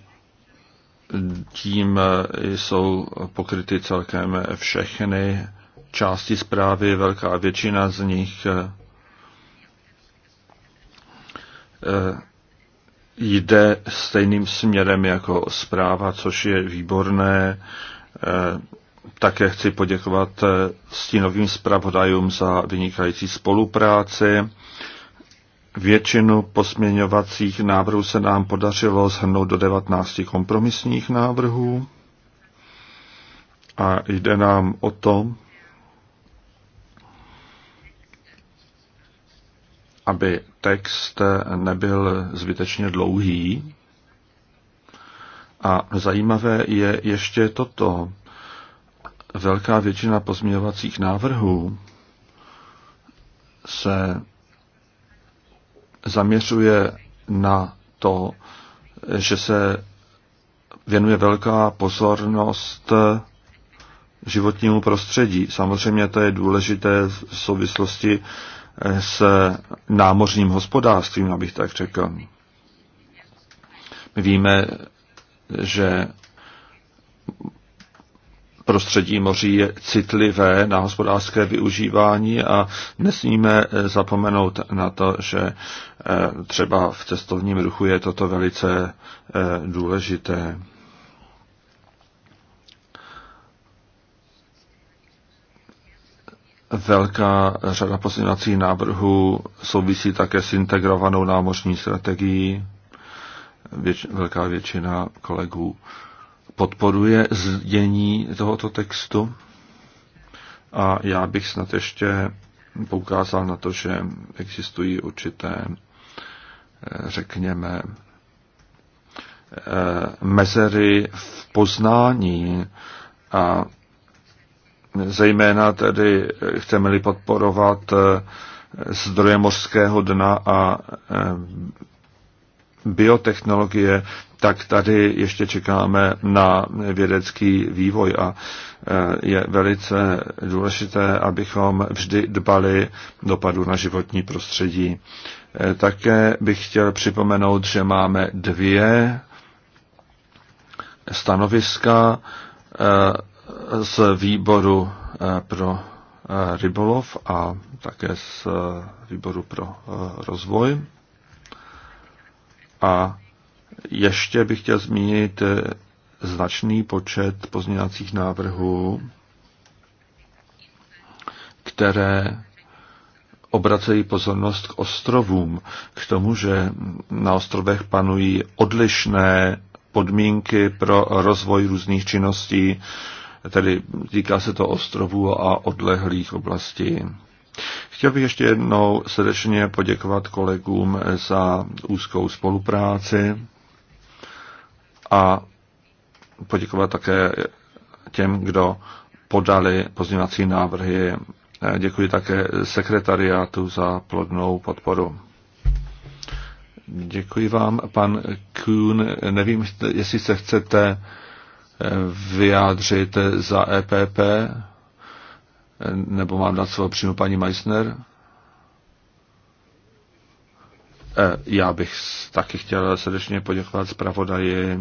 tím eh, jsou pokryty celkem všechny části zprávy, velká většina z nich Eh, jde stejným směrem jako zpráva, což je výborné. Eh, také chci poděkovat eh, stínovým zpravodajům za vynikající spolupráci. Většinu posměňovacích návrhů se nám podařilo zhrnout do 19 kompromisních návrhů a jde nám o to, aby text nebyl zbytečně dlouhý. A zajímavé je ještě toto. Velká většina pozměňovacích návrhů se zaměřuje na to, že se věnuje velká pozornost životnímu prostředí. Samozřejmě to je důležité v souvislosti s námořním hospodářstvím, abych tak řekl. My víme, že prostředí moří je citlivé na hospodářské využívání a nesmíme zapomenout na to, že eh, třeba v cestovním ruchu je toto velice eh, důležité. Velká řada pozměňovacích návrhů souvisí také s integrovanou námořní strategií. Věč, velká většina kolegů podporuje zdění tohoto textu. A já bych snad ještě poukázal na to, že existují určité, eh, řekněme, eh, mezery v poznání a zejména tedy chceme-li podporovat eh, zdroje mořského dna a eh, biotechnologie, tak tady ještě čekáme na vědecký vývoj a eh, je velice důležité, abychom vždy dbali dopadu na životní prostředí. Také bych chtěl připomenout, že máme dvě stanoviska z výboru eh, pro eh, rybolov a také z eh, výboru pro rozvoj. A ještě bych chtěl zmínit značný počet pozměňovacích návrhů, které obracejí pozornost k ostrovům, k tomu, že na ostrovech panují odlišné podmínky pro rozvoj různých činností, tedy týká se to ostrovů a odlehlých oblastí. Chtěl bych ještě jednou srdečně poděkovat kolegům za úzkou spolupráci a poděkovat také těm, kdo podali pozměňovací návrhy. Děkuji také sekretariátu za plodnou podporu. Děkuji vám, pan Kuhn. Nevím, jestli se chcete vyjádřit za EPP, nebo mám dát slovo přímo paní Meissner? E, já bych taky chtěl srdečně poděkovat zpravodaji.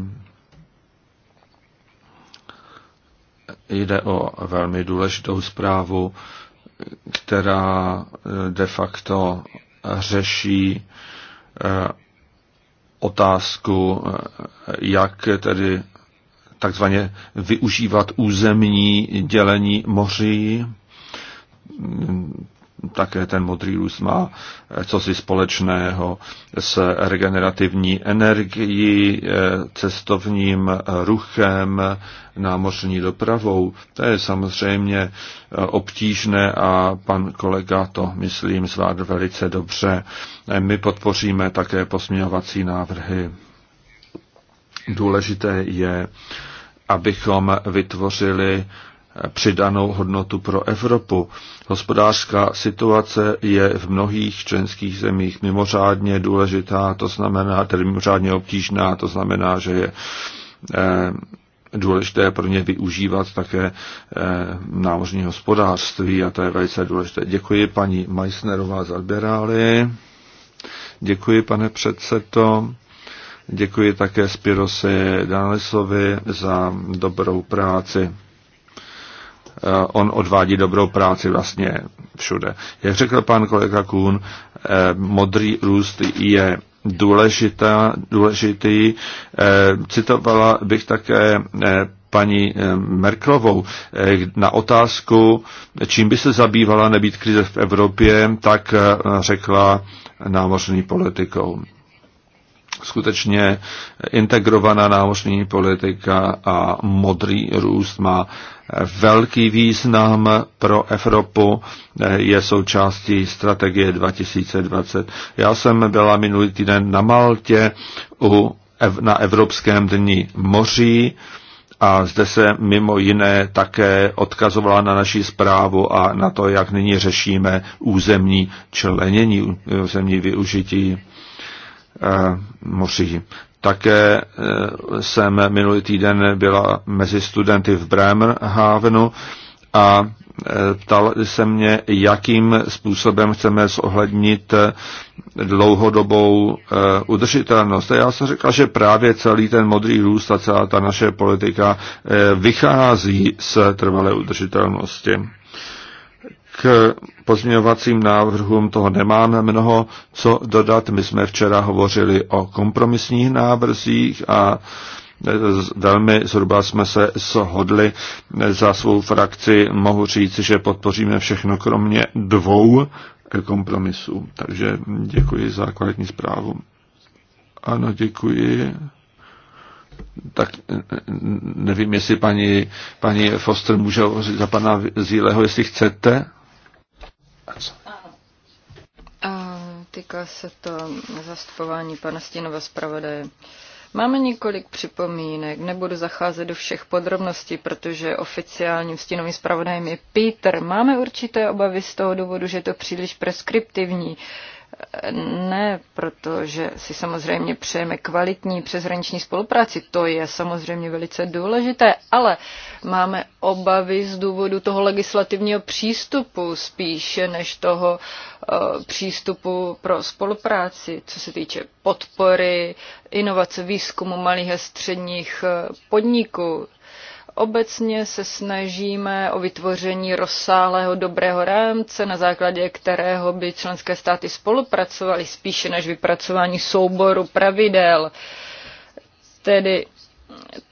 Jde o velmi důležitou zprávu, která de facto řeší e, otázku, e, jak tedy takzvaně využívat územní dělení moří. Také ten modrý růst má eh, cosi společného s regenerativní energií, eh, cestovním ruchem, námořní dopravou. To je samozřejmě eh, obtížné a pan kolega to, myslím, zvládl velice dobře. My podpoříme také posměňovací návrhy důležité je abychom vytvořili přidanou hodnotu pro Evropu. Hospodářská situace je v mnohých členských zemích mimořádně důležitá, to znamená, tedy mimořádně obtížná, to znamená, že je eh, důležité pro ně využívat také eh, námořní hospodářství a to je velice důležité. Děkuji paní Meissnerová z Admirály. Děkuji, pane předsedo. Děkuji také Spirosi Danisovi za dobrou práci. Eh, on odvádí dobrou práci vlastně všude. Jak řekl pan kolega Kuhn, eh, modrý růst je důležitá, důležitý. Eh, citovala bych také paní Merklovou na otázku, čím by se zabývala nebýt krize v Evropě, tak řekla námořní politikou skutečně integrovaná námořní politika a modrý růst má velký význam pro Evropu, je součástí strategie 2020. Já jsem byla minulý týden na Maltě u, na Evropském dní moří a zde se mimo jiné také odkazovala na naši zprávu a na to, jak nyní řešíme územní členění, územní využití Eh, moří. Také eh, jsem minulý týden byla mezi studenty v Bremerhavenu a eh, ptal se mě, jakým způsobem chceme zohlednit dlouhodobou udržitelnost. A já jsem říkal, že právě celý ten modrý růst a celá ta naše politika vychází z trvalé udržitelnosti k pozměňovacím návrhům toho nemáme mnoho co dodat. My jsme včera hovořili o kompromisních návrzích a e, velmi zhruba jsme se shodli za svou frakci. Mohu říct, že podpoříme všechno kromě dvou kompromisů. Takže děkuji za kvalitní zprávu. Ano, děkuji. Tak e, e, nevím, jestli paní, paní Foster může hovořit za pana Zíleho, jestli chcete. Týká se to zastupování pana Stínova zpravodaje. Máme několik připomínek, nebudu zacházet do všech podrobností, protože oficiálním stínovým zpravodajem je Peter. Máme určité obavy z toho důvodu, že je to příliš preskriptivní. Ne, protože si samozřejmě přejeme kvalitní přeshraniční spolupráci, to je samozřejmě velice důležité, ale máme obavy z důvodu toho legislativního přístupu spíše než toho Eh, přístupu pro spolupráci, co se týče podpory, inovace výzkumu malých a středních eh, podniků. Obecně se snažíme o vytvoření rozsáhlého dobrého rámce, na základě kterého by členské státy spolupracovaly spíše než vypracování souboru pravidel. Tedy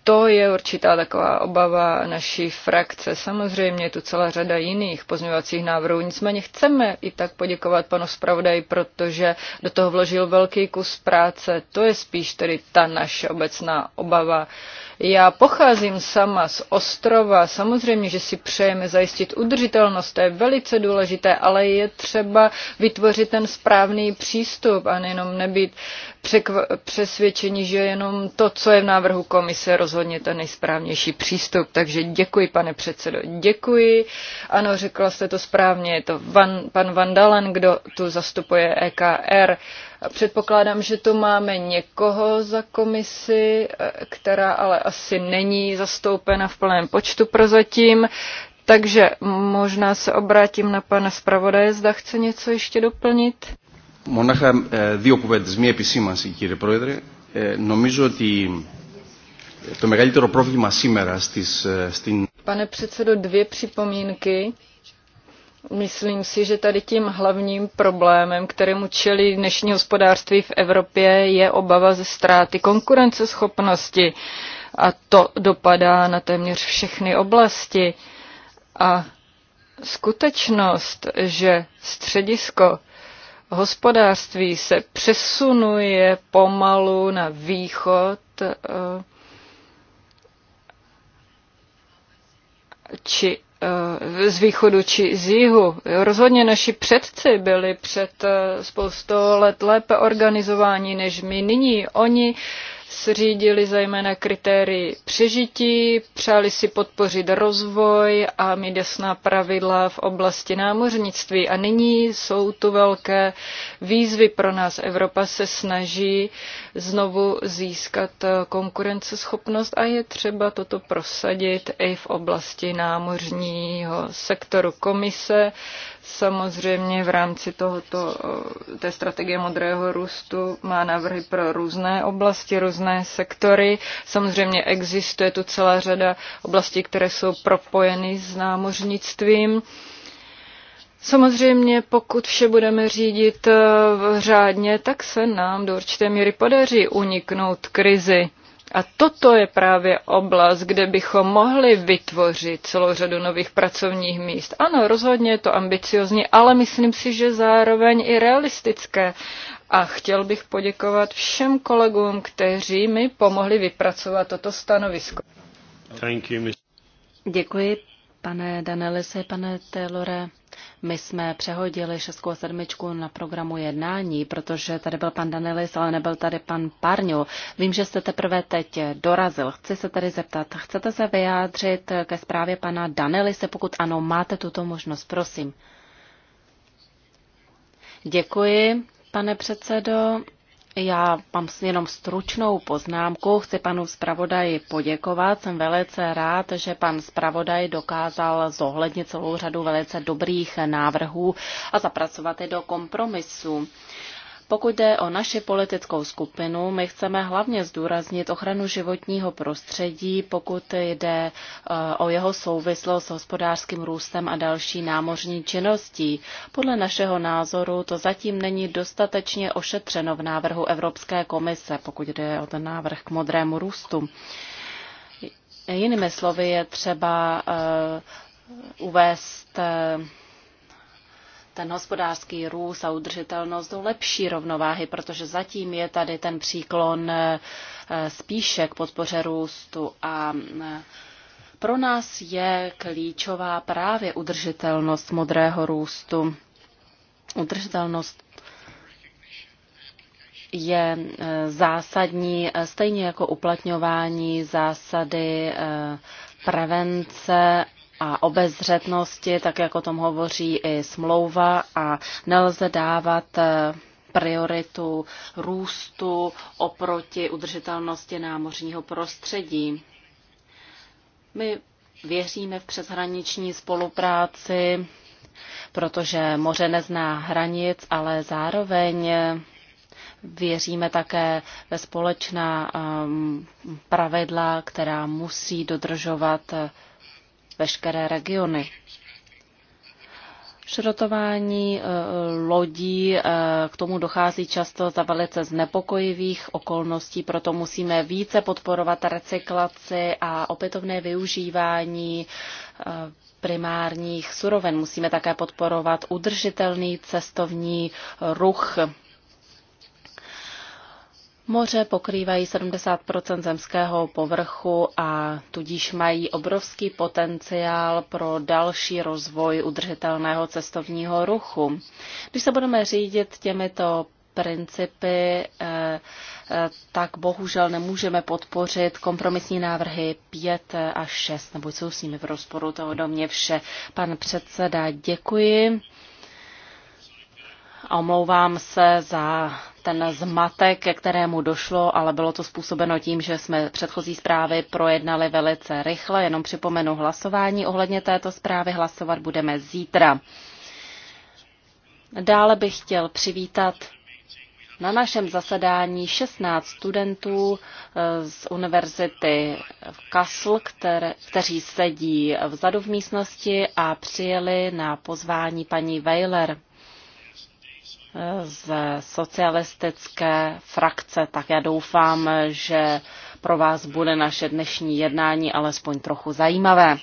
to je určitá taková obava naší frakce. Samozřejmě je tu celá řada jiných pozměňovacích návrhů, nicméně chceme i tak poděkovat panu zpravodaji, protože do toho vložil velký kus práce. To je spíš tedy ta naše obecná obava, já pocházím sama z ostrova, samozřejmě, že si přejeme zajistit udržitelnost, to je velice důležité, ale je třeba vytvořit ten správný přístup a nejenom nebýt přesvědčení, že jenom to, co je v návrhu komise, rozhodně ten nejsprávnější přístup. Takže děkuji, pane předsedo, děkuji. Ano, řekla jste to správně, je to van, pan Vandalen, kdo tu zastupuje EKR. Předpokládám, že tu máme někoho za komisi, eh, která ale asi není zastoupena v plném počtu prozatím. Takže možná se obrátím na pana zpravodaje, zda chce něco ještě doplnit. dvě δύο z μία επισήμανση κύριε Πρόεδρε. Nomizu, že eh, to μεγαλύτερο πρόβλημα símera στις, στην... Pane předsedo, dvě připomínky. Myslím si, že tady tím hlavním problémem, kterému čelí dnešní hospodářství v Evropě, je obava ze ztráty konkurenceschopnosti. A to dopadá na téměř všechny oblasti. A skutečnost, že středisko hospodářství se přesunuje pomalu na východ, eh, či Eh, z východu či z jihu. Rozhodně naši předci byli před eh, spoustou let lépe organizováni než my nyní. Oni sřídili zejména kritérii přežití, přáli si podpořit rozvoj a mít jasná pravidla v oblasti námořnictví. A nyní jsou tu velké výzvy pro nás. Evropa se snaží znovu získat konkurenceschopnost a je třeba toto prosadit i v oblasti námořního sektoru. Komise Samozřejmě v rámci tohoto, eh, té strategie modrého růstu má návrhy pro různé oblasti, různé sektory. Samozřejmě existuje tu celá řada oblastí, které jsou propojeny s námořnictvím. Samozřejmě, pokud vše budeme řídit eh, řádně, tak se nám do určité míry podaří uniknout krizi. A toto je právě oblast, kde bychom mohli vytvořit celou řadu nových pracovních míst. Ano, rozhodně je to ambiciozní, ale myslím si, že zároveň i realistické. A chtěl bych poděkovat všem kolegům, kteří mi pomohli vypracovat toto stanovisko. Děkuji, Pane Danelise, pane Taylore, my jsme přehodili šestku a sedmičku na programu jednání, protože tady byl pan Danelis, ale nebyl tady pan Parňo. Vím, že jste teprve teď dorazil. Chci se tady zeptat, chcete se vyjádřit ke zprávě pana Danelise? Pokud ano, máte tuto možnost, prosím. Děkuji, pane předsedo. Já mám jenom stručnou poznámku. Chci panu zpravodaji poděkovat. Jsem velice rád, že pan zpravodaj dokázal zohlednit celou řadu velice dobrých návrhů a zapracovat je do kompromisu. Pokud jde o naši politickou skupinu, my chceme hlavně zdůraznit ochranu životního prostředí, pokud jde eh, o jeho souvislost s hospodářským růstem a další námořní činností. Podle našeho názoru to zatím není dostatečně ošetřeno v návrhu Evropské komise, pokud jde o ten návrh k modrému růstu. Jinými slovy je třeba eh, uvést eh, ten hospodářský růst a udržitelnost do lepší rovnováhy, protože zatím je tady ten příklon eh, spíše k podpoře růstu a eh, pro nás je klíčová právě udržitelnost modrého růstu. Udržitelnost je eh, zásadní, stejně jako uplatňování zásady prevence a obezřetnosti, tak jako tom hovoří i smlouva a nelze dávat eh, prioritu růstu oproti udržitelnosti námořního prostředí. My věříme v přeshraniční spolupráci, protože moře nezná hranic, ale zároveň eh, věříme také ve společná ehm, pravidla, která musí dodržovat eh, veškeré regiony. Šrotování e, lodí e, k tomu dochází často za velice znepokojivých okolností, proto musíme více podporovat recyklaci a opětovné využívání e, primárních surovin. Musíme také podporovat udržitelný cestovní ruch Moře pokrývají 70 zemského povrchu a tudíž mají obrovský potenciál pro další rozvoj udržitelného cestovního ruchu. Když se budeme řídit těmito principy, eh, eh, tak bohužel nemůžeme podpořit kompromisní návrhy 5 a 6, nebo jsou s nimi v rozporu, toho do mě vše. Pan předseda, děkuji. Omlouvám se za ten zmatek, ke kterému došlo, ale bylo to způsobeno tím, že jsme předchozí zprávy projednali velice rychle. Jenom připomenu hlasování ohledně této zprávy. Hlasovat budeme zítra. Dále bych chtěl přivítat na našem zasedání 16 studentů eh, z univerzity v Kassel, které, kteří sedí vzadu v místnosti a přijeli na pozvání paní Weiler z socialistické frakce, tak já doufám, že pro vás bude naše dnešní jednání alespoň trochu zajímavé.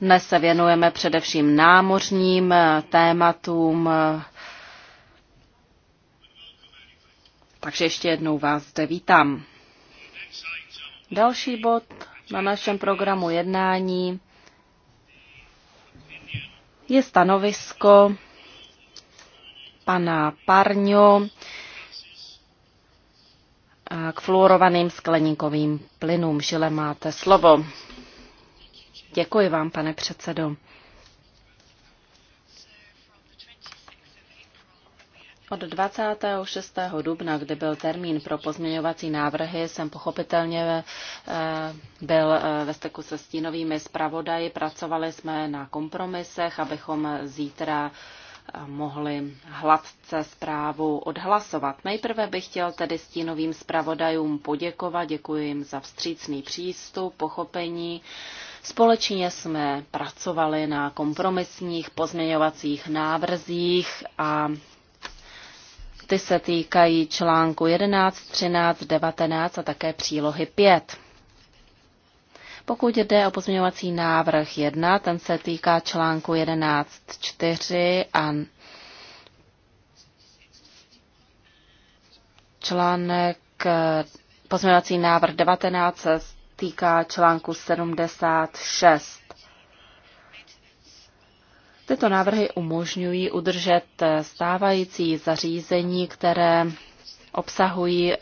Dnes se věnujeme především námořním tématům, takže ještě jednou vás zde vítám. Další bod na našem programu jednání je stanovisko pana Parňo k fluorovaným skleníkovým plynům. Žile máte slovo. Děkuji vám, pane předsedo. Od 26. dubna, kdy byl termín pro pozměňovací návrhy, jsem pochopitelně e, byl e, ve steku se stínovými zpravodaji. Pracovali jsme na kompromisech, abychom zítra mohli hladce zprávu odhlasovat. Nejprve bych chtěl tedy stínovým zpravodajům poděkovat, děkuji jim za vstřícný přístup, pochopení. Společně jsme pracovali na kompromisních pozměňovacích návrzích a ty se týkají článku 11, 13, 19 a také přílohy 5. Pokud jde o pozměňovací návrh 1, ten se týká článku 11.4 a článek pozměňovací návrh 19 se týká článku 76. Tyto návrhy umožňují udržet stávající zařízení, které obsahují eh,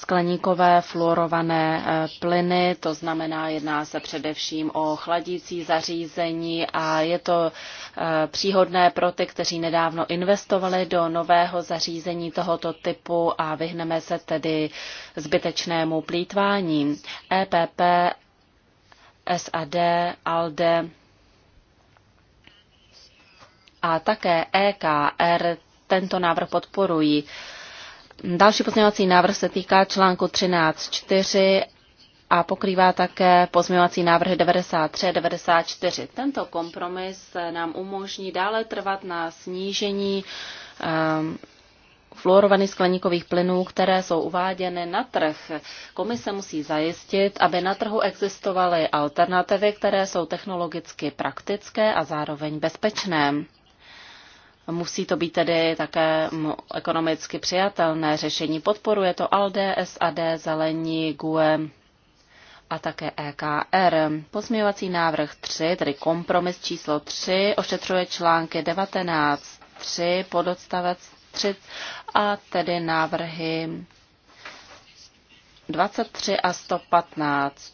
skleníkové fluorované eh, plyny, to znamená, jedná se především o chladící zařízení a je to eh, příhodné pro ty, kteří nedávno investovali do nového zařízení tohoto typu a vyhneme se tedy zbytečnému plítvání. EPP, SAD, ALDE a také EKR tento návrh podporují. Další pozměňovací návrh se týká článku 13.4 a pokrývá také pozměňovací návrhy 93 a 94. Tento kompromis nám umožní dále trvat na snížení um, fluorovaných skleníkových plynů, které jsou uváděny na trh. Komise musí zajistit, aby na trhu existovaly alternativy, které jsou technologicky praktické a zároveň bezpečné. Musí to být tedy také ekonomicky přijatelné řešení. Podporuje to ALDE, SAD, Zelení, GUE a také EKR. Pozměňovací návrh 3, tedy kompromis číslo 3, ošetřuje články 19, 3, pododstavec 3 a tedy návrhy 23 a 115.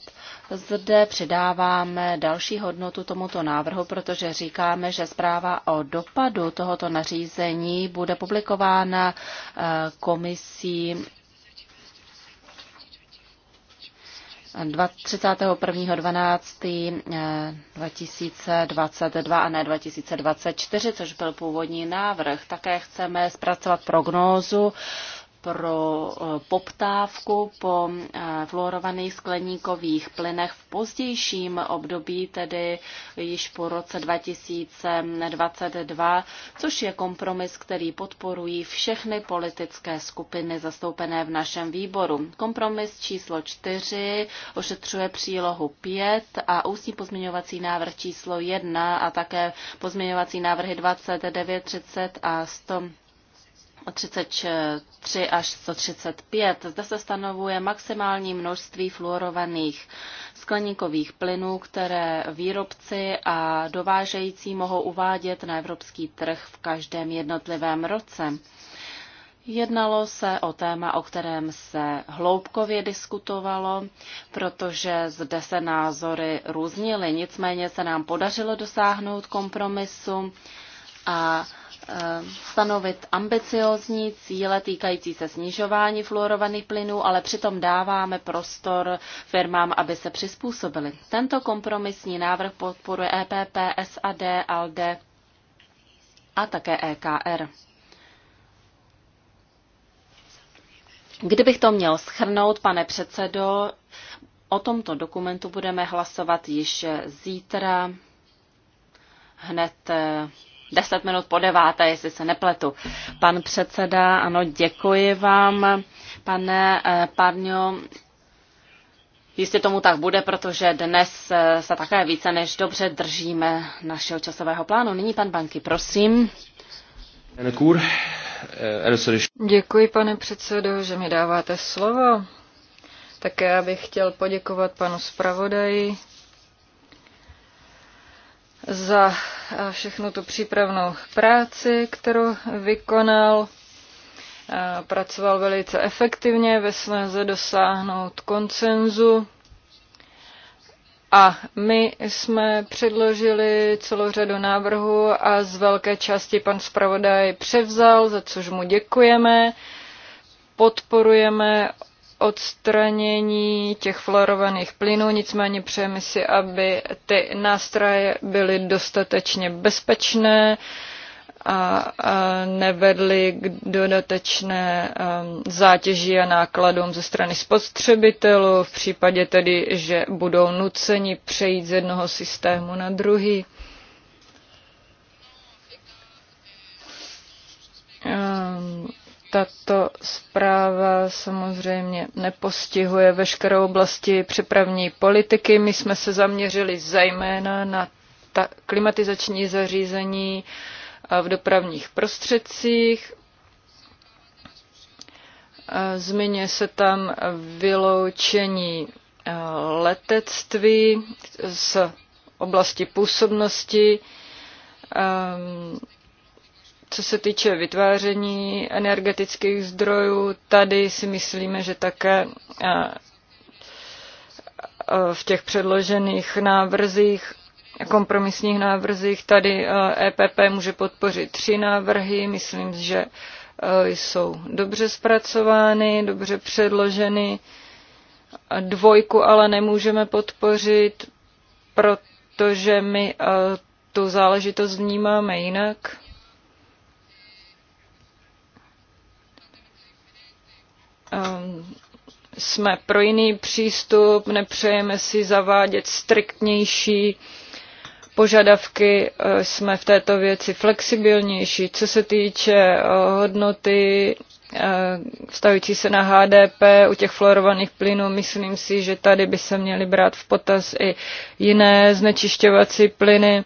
Zde přidáváme další hodnotu tomuto návrhu, protože říkáme, že zpráva o dopadu tohoto nařízení bude publikována eh, komisí 31.12.2022 eh, a ne 2024, což byl původní návrh. Také chceme zpracovat prognózu pro eh, poptávku po eh, fluorovaných skleníkových plynech v pozdějším období, tedy již po roce 2022, což je kompromis, který podporují všechny politické skupiny zastoupené v našem výboru. Kompromis číslo 4 ošetřuje přílohu 5 a ústní pozměňovací návrh číslo 1 a také pozměňovací návrhy 29, 30 a 100. 33 až 135. Zde se stanovuje maximální množství fluorovaných skleníkových plynů, které výrobci a dovážející mohou uvádět na evropský trh v každém jednotlivém roce. Jednalo se o téma, o kterém se hloubkově diskutovalo, protože zde se názory různily. Nicméně se nám podařilo dosáhnout kompromisu a stanovit ambiciozní cíle týkající se snižování fluorovaných plynů, ale přitom dáváme prostor firmám, aby se přizpůsobili. Tento kompromisní návrh podporuje EPP, SAD, ALD a také EKR. Kdybych to měl schrnout, pane předsedo, o tomto dokumentu budeme hlasovat již zítra hned Deset minut po deváté, jestli se nepletu. Pan předseda, ano, děkuji vám, pane eh, Parňo. Jistě tomu tak bude, protože dnes eh, se také více než dobře držíme našeho časového plánu. Nyní pan Banky, prosím. Eh, děkuji, pane předsedo, že mi dáváte slovo. Také bych chtěl poděkovat panu zpravodaji za všechnu tu přípravnou práci, kterou vykonal. Pracoval velice efektivně ve snaze dosáhnout koncenzu. A my jsme předložili celou řadu návrhů a z velké části pan zpravodaj převzal, za což mu děkujeme. Podporujeme odstranění těch fluorovaných plynů, nicméně přejeme si, aby ty nástroje byly dostatečně bezpečné a, nevedly k dodatečné um, zátěži a nákladům ze strany spotřebitelů v případě tedy, že budou nuceni přejít z jednoho systému na druhý. Tato zpráva samozřejmě nepostihuje veškerou oblasti přepravní politiky. My jsme se zaměřili zejména na ta klimatizační zařízení v dopravních prostředcích. Zmiňuje se tam vyloučení letectví z oblasti působnosti co se týče vytváření energetických zdrojů, tady si myslíme, že také v těch předložených návrzích, kompromisních návrzích, tady EPP může podpořit tři návrhy. Myslím, že jsou dobře zpracovány, dobře předloženy. Dvojku ale nemůžeme podpořit, protože my tu záležitost vnímáme jinak Ehm, jsme pro jiný přístup, nepřejeme si zavádět striktnější požadavky, ehm, jsme v této věci flexibilnější. Co se týče eh, hodnoty eh, vztahující se na HDP u těch fluorovaných plynů, myslím si, že tady by se měly brát v potaz i jiné znečišťovací plyny.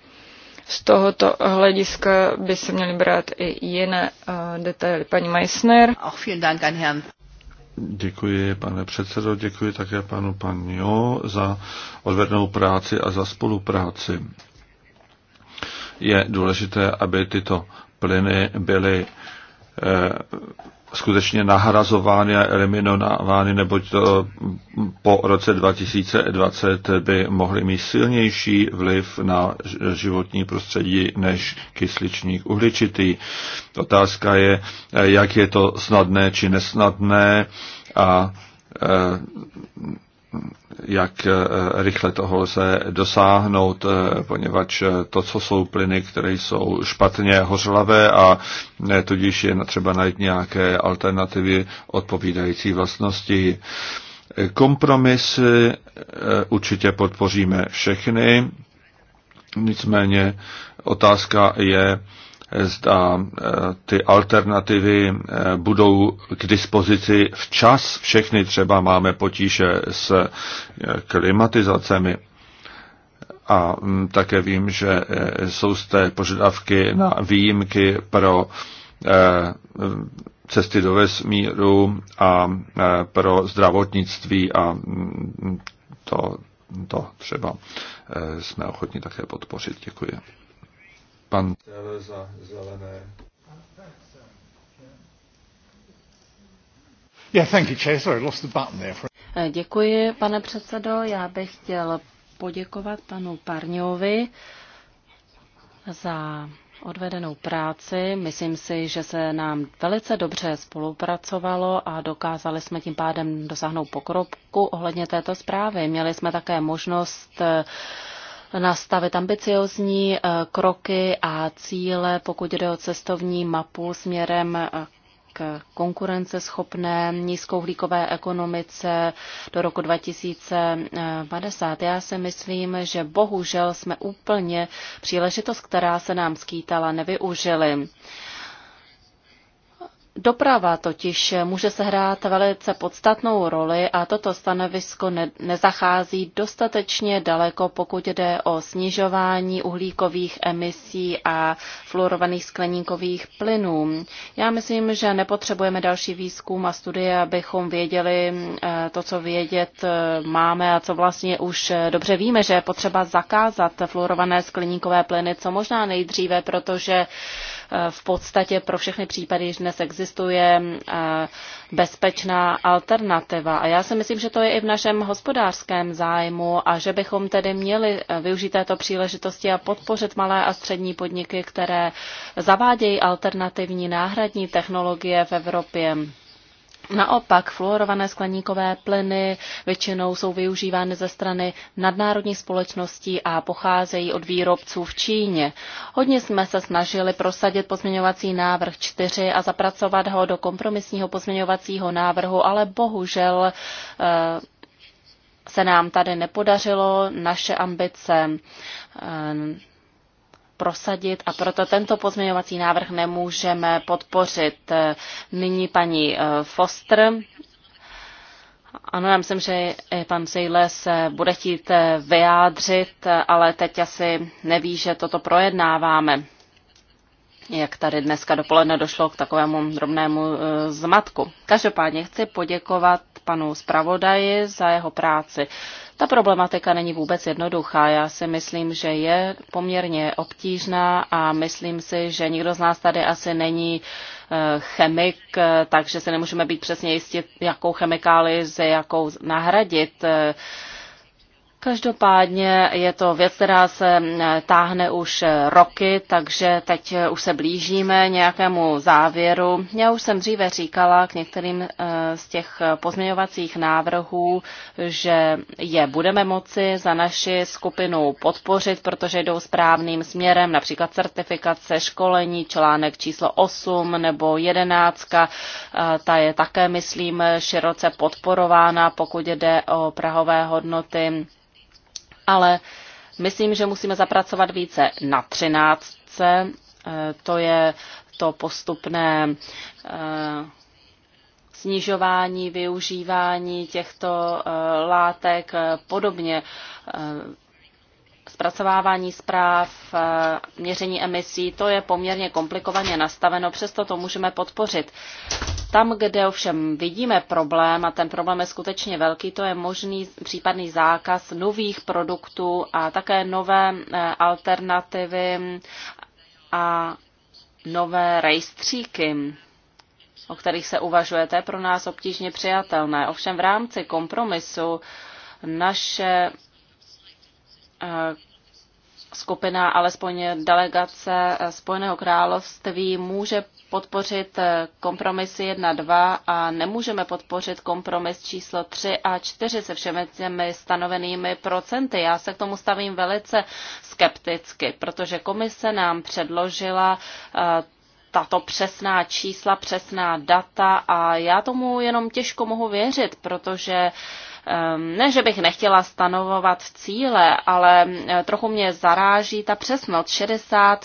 Z tohoto hlediska by se měly brát i jiné eh, detaily. Paní Meissner. Děkuji, pane předsedo, děkuji také panu Panjo za odvednou práci a za spolupráci. Je důležité, aby tyto plyny byly eh, skutečně nahrazovány a eliminovány, neboť to mm, po roce 2020 by mohly mít silnější vliv na životní prostředí než kysličník uhličitý. Otázka je, jak je to snadné či nesnadné a e, jak eh, rychle toho lze dosáhnout, eh, poněvadž eh, to, co jsou plyny, které jsou špatně hořlavé a tudíž je třeba najít nějaké alternativy odpovídající vlastnosti. Kompromisy určitě podpoříme všechny, nicméně otázka je, zda eh, ty alternativy eh, budou k dispozici včas. Všechny třeba máme potíže s eh, klimatizacemi. A mm, také vím, že jsou zde požadavky na výjimky pro mm, cesty do vesmíru a pro zdravotnictví a mm, to, to třeba jsme ochotni také podpořit. Děkuji. Pan zelené. Eh, děkuji, pane předsedo. Já bych chtěl poděkovat panu Parňovi za odvedenou práci. Myslím si, že se nám velice dobře spolupracovalo a dokázali jsme tím pádem dosáhnout pokropku ohledně této zprávy. Měli jsme také možnost eh, nastavit ambiciozní eh, kroky a cíle, pokud jde o cestovní mapu směrem eh, k konkurenceschopné nízkouhlíkové ekonomice do roku 2050. Já si myslím, že bohužel jsme úplně příležitost, která se nám skýtala, nevyužili. Doprava totiž může sehrát velice podstatnou roli a toto stanovisko ne- nezachází dostatečně daleko, pokud jde o snižování uhlíkových emisí a fluorovaných skleníkových plynů. Já myslím, že nepotřebujeme další výzkum a studie, abychom věděli eh, to, co vědět eh, máme a co vlastně už eh, dobře víme, že je potřeba zakázat fluorované skleníkové plyny co možná nejdříve, protože v podstatě pro všechny případy již dnes existují existuje eh, bezpečná alternativa. A já si myslím, že to je i v našem hospodářském zájmu a že bychom tedy měli eh, využít této příležitosti a podpořit malé a střední podniky, které zavádějí alternativní náhradní technologie v Evropě. Naopak fluorované skleníkové plyny většinou jsou využívány ze strany nadnárodních společností a pocházejí od výrobců v Číně. Hodně jsme se snažili prosadit pozměňovací návrh 4 a zapracovat ho do kompromisního pozměňovacího návrhu, ale bohužel eh, se nám tady nepodařilo naše ambice eh, prosadit a proto tento pozměňovací návrh nemůžeme podpořit. Nyní paní eh, Foster. Ano, já myslím, že pan Sejle se bude chtít eh, vyjádřit, ale teď asi neví, že toto projednáváme. Jak tady dneska dopoledne došlo k takovému drobnému eh, zmatku. Každopádně chci poděkovat panu zpravodaji za jeho práci. Ta problematika není vůbec jednoduchá. Já si myslím, že je poměrně obtížná a myslím si, že nikdo z nás tady asi není eh, chemik, eh, takže se nemůžeme být přesně jistí, jakou chemikáli se jakou nahradit. Eh, Každopádně je to věc, která se táhne už eh, roky, takže teď eh, už se blížíme nějakému závěru. Já už jsem dříve říkala k některým eh, z těch pozměňovacích návrhů, že je budeme moci za naši skupinu podpořit, protože jdou správným směrem, například certifikace, školení, článek číslo 8 nebo 11, ta je také, myslím, široce podporována, pokud jde o prahové hodnoty ale myslím, že musíme zapracovat více na třináctce. Eh, to je to postupné eh, snižování využívání těchto eh, látek, podobně zpracovávání zpráv, eh, měření emisí, to je poměrně komplikovaně nastaveno, přesto to můžeme podpořit. Tam, kde ovšem vidíme problém, a ten problém je skutečně velký, to je možný případný zákaz nových produktů a také nové eh, alternativy a nové rejstříky o kterých se uvažuje, to je pro nás obtížně přijatelné. Ovšem v rámci kompromisu naše eh, skupina, alespoň delegace Spojeného království, může podpořit kompromisy 1, 2 a nemůžeme podpořit kompromis číslo 3 a 4 se všemi těmi stanovenými procenty. Já se k tomu stavím velice skepticky, protože komise nám předložila eh, tato přesná čísla, přesná data a já tomu jenom těžko mohu věřit, protože uh, Ehm, ne, že bych nechtěla stanovovat cíle, ale eh, trochu mě zaráží ta přesnost. 63%,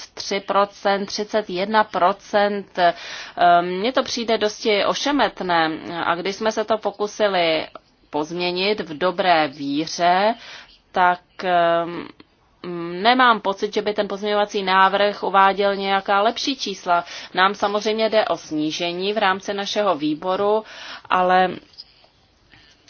31%. Ehm, mně to přijde dosti ošemetné. A když jsme se to pokusili pozměnit v dobré víře, tak ehm, nemám pocit, že by ten pozměňovací návrh uváděl nějaká lepší čísla. Nám samozřejmě jde o snížení v rámci našeho výboru, ale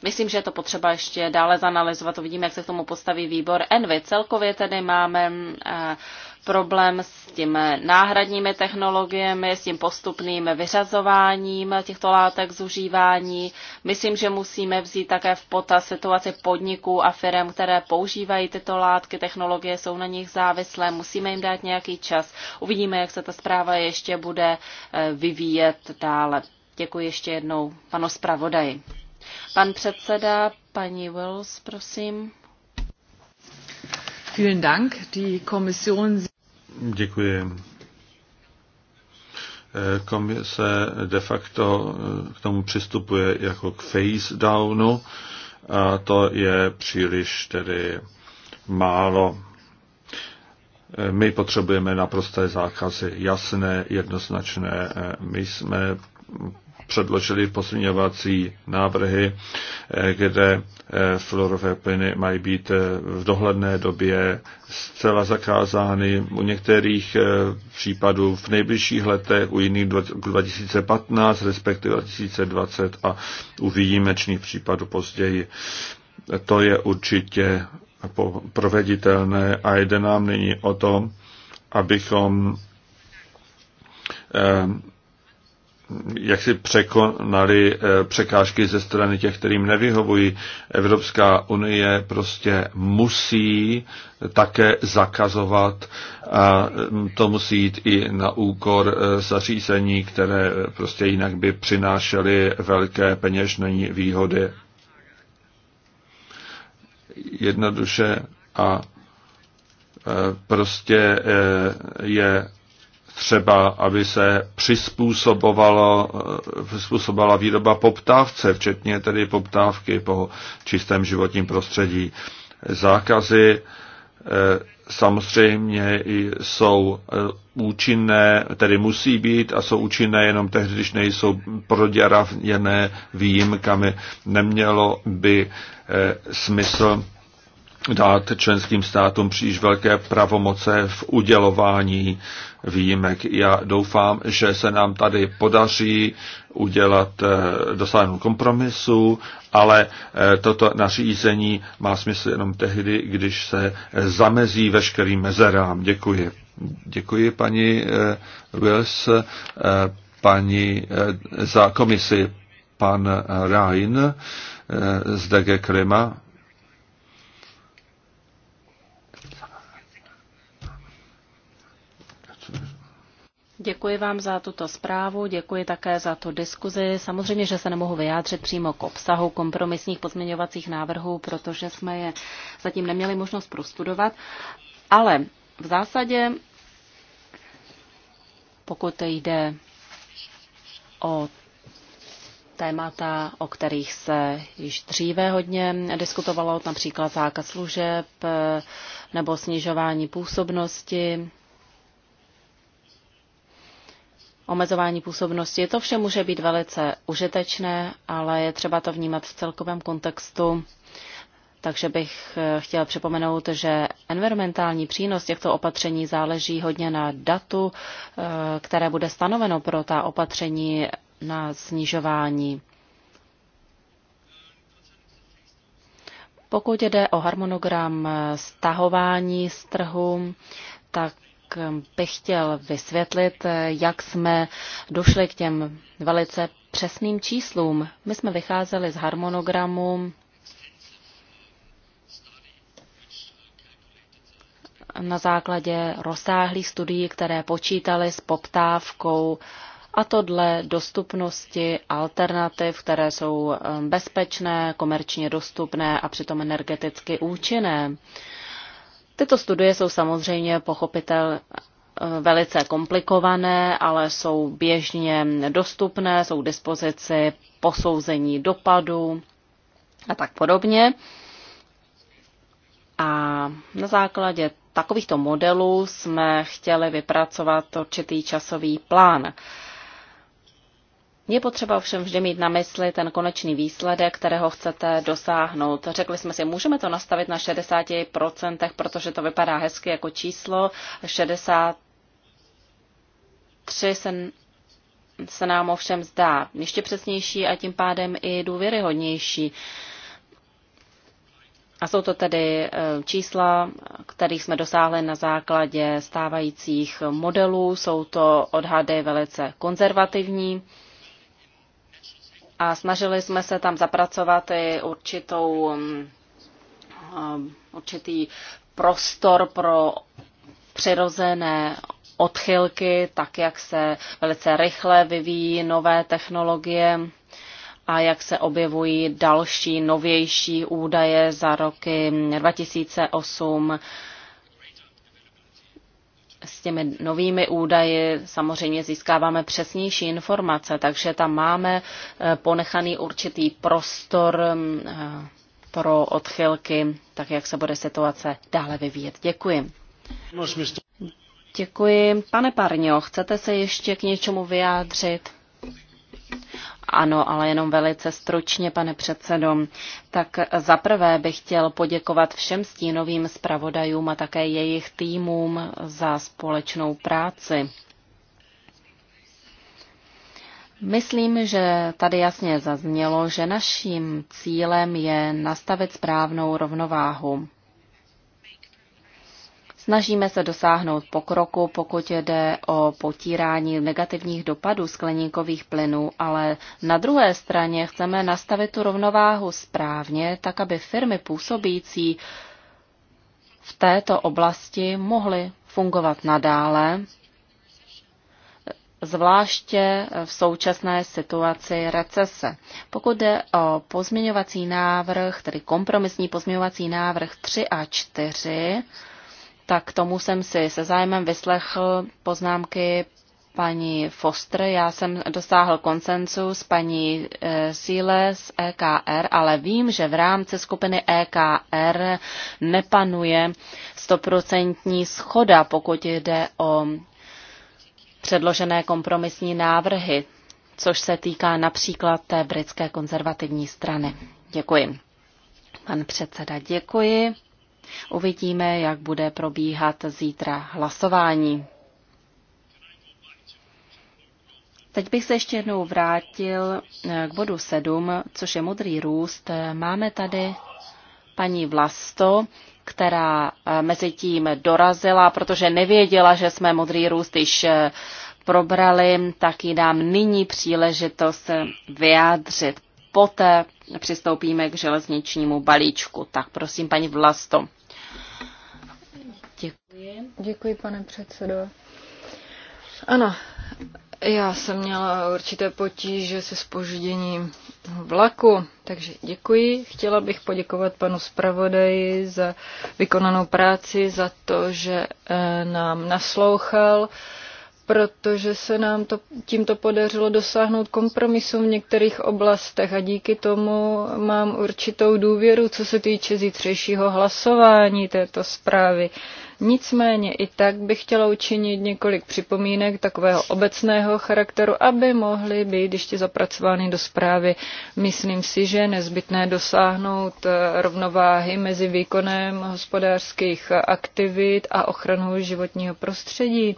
Myslím, že je to potřeba ještě dále zanalizovat. Uvidíme, jak se k tomu postaví výbor Envy. Celkově tedy máme eh, problém s tím náhradními technologiemi, s tím postupným vyřazováním těchto látek z užívání. Myslím, že musíme vzít také v potaz situaci podniků a firm, které používají tyto látky, technologie jsou na nich závislé, musíme jim dát nějaký čas. Uvidíme, jak se ta zpráva ještě bude eh, vyvíjet dále. Děkuji ještě jednou panu zpravodaji. Pan předseda, paní Wills, prosím. Vielen Dank. Die Kommission... Děkuji. Eh, komise de facto eh, k tomu přistupuje jako k face downu a to je příliš tedy málo. Eh, my potřebujeme naprosté zákazy, jasné, jednoznačné. My jsme předložili pozměňovací návrhy, eh, kde eh, fluorové plyny mají být eh, v dohledné době zcela zakázány. U některých případů v nejbližších letech, u jiných 2015, respektive 2020 a u výjimečných případů později. To je určitě proveditelné a jde nám nyní o to, abychom jak si překonali eh, překážky ze strany těch, kterým nevyhovují. Evropská unie prostě musí také zakazovat a mm, to musí jít i na úkor eh, zařízení, které eh, prostě jinak by přinášely velké peněžní výhody. Jednoduše a prostě je třeba, aby se přizpůsobovala eh, výroba poptávce, včetně tedy poptávky po čistém životním prostředí. Zákazy eh, samozřejmě jsou eh, účinné, tedy musí být a jsou účinné jenom tehdy, když nejsou proděravněné výjimkami. Nemělo by smysl dát členským státům příliš velké pravomoce v udělování výjimek. Já doufám, že se nám tady podaří udělat, eh, dosáhnout kompromisu, ale eh, toto nařízení má smysl jenom tehdy, když se eh, zamezí veškerým mezerám. Děkuji. Děkuji paní Wills, paní za komisi pan Rhein z DG Krema. Děkuji vám za tuto zprávu, děkuji také za tu diskuzi. Samozřejmě, že se nemohu vyjádřit přímo k obsahu kompromisních pozměňovacích návrhů, protože jsme je zatím neměli možnost prostudovat, ale v zásadě, pokud jde o témata, o kterých se již dříve hodně diskutovalo, například zákaz služeb eh, nebo snižování působnosti omezování působnosti. To vše může být velice užitečné, ale je třeba to vnímat v celkovém kontextu. Takže bych eh, chtěl připomenout, že environmentální přínos těchto opatření záleží hodně na datu, eh, které bude stanoveno pro ta opatření na snižování. Pokud jde o harmonogram eh, stahování z trhu, tak bych chtěl vysvětlit, jak jsme došli k těm velice přesným číslům. My jsme vycházeli z harmonogramu na základě rozsáhlých studií, které počítaly s poptávkou a to dle dostupnosti alternativ, které jsou eh, bezpečné, komerčně dostupné a přitom energeticky účinné. Tyto studie jsou samozřejmě pochopitel eh, velice komplikované, ale jsou běžně dostupné, jsou k dispozici posouzení dopadu a tak podobně. A na základě takovýchto modelů jsme chtěli vypracovat určitý časový plán. Je potřeba ovšem vždy mít na mysli ten konečný výsledek, kterého chcete dosáhnout. Řekli jsme si, můžeme to nastavit na 60%, protože to vypadá hezky jako číslo. 63 se, se nám ovšem zdá ještě přesnější a tím pádem i důvěryhodnější. A jsou to tedy eh, čísla, kterých jsme dosáhli na základě stávajících modelů. Jsou to odhady velice konzervativní a snažili jsme se tam zapracovat i určitou, um, um, určitý prostor pro přirozené odchylky, tak jak se velice rychle vyvíjí nové technologie a jak se objevují další novější údaje za roky 2008 s těmi novými údaji samozřejmě získáváme přesnější informace, takže tam máme eh, ponechaný určitý prostor mm, eh, pro odchylky, tak jak se bude situace dále vyvíjet. Děkuji. Děkuji. Pane Parňo, chcete se ještě k něčemu vyjádřit? Ano, ale jenom velice stručně, pane předsedo. Tak zaprvé bych chtěl poděkovat všem stínovým zpravodajům a také jejich týmům za společnou práci. Myslím, že tady jasně zaznělo, že naším cílem je nastavit správnou rovnováhu. Snažíme se dosáhnout pokroku, pokud jde o potírání negativních dopadů skleníkových plynů, ale na druhé straně chceme nastavit tu rovnováhu správně, tak aby firmy působící v této oblasti mohly fungovat nadále, zvláště v současné situaci recese. Pokud jde o pozměňovací návrh, tedy kompromisní pozměňovací návrh 3 a 4, tak tomu jsem si se zájmem vyslechl poznámky paní Foster. Já jsem dosáhl konsenzu s paní eh, Síle z EKR, ale vím, že v rámci skupiny EKR nepanuje stoprocentní schoda, pokud jde o předložené kompromisní návrhy, což se týká například té britské konzervativní strany. Děkuji. Pan předseda, děkuji. Uvidíme, jak bude probíhat zítra hlasování. Teď bych se ještě jednou vrátil eh, k bodu 7, což je modrý růst. Máme tady paní Vlasto, která eh, mezi tím dorazila, protože nevěděla, že jsme modrý růst již eh, probrali, tak ji dám nyní příležitost vyjádřit. Poté přistoupíme k železničnímu balíčku. Tak prosím, paní Vlasto. Děkuji, pane předsedo. Ano, já jsem měla určité potíže se spožděním vlaku, takže děkuji. Chtěla bych poděkovat panu zpravodaji za vykonanou práci, za to, že eh, nám naslouchal, protože se nám to, tímto podařilo dosáhnout kompromisu v některých oblastech a díky tomu mám určitou důvěru, co se týče zítřejšího hlasování této zprávy. Nicméně i tak bych chtěla učinit několik připomínek takového obecného charakteru, aby mohly být ještě zapracovány do zprávy. Myslím si, že je nezbytné dosáhnout eh, rovnováhy mezi výkonem hospodářských aktivit a ochranou životního prostředí.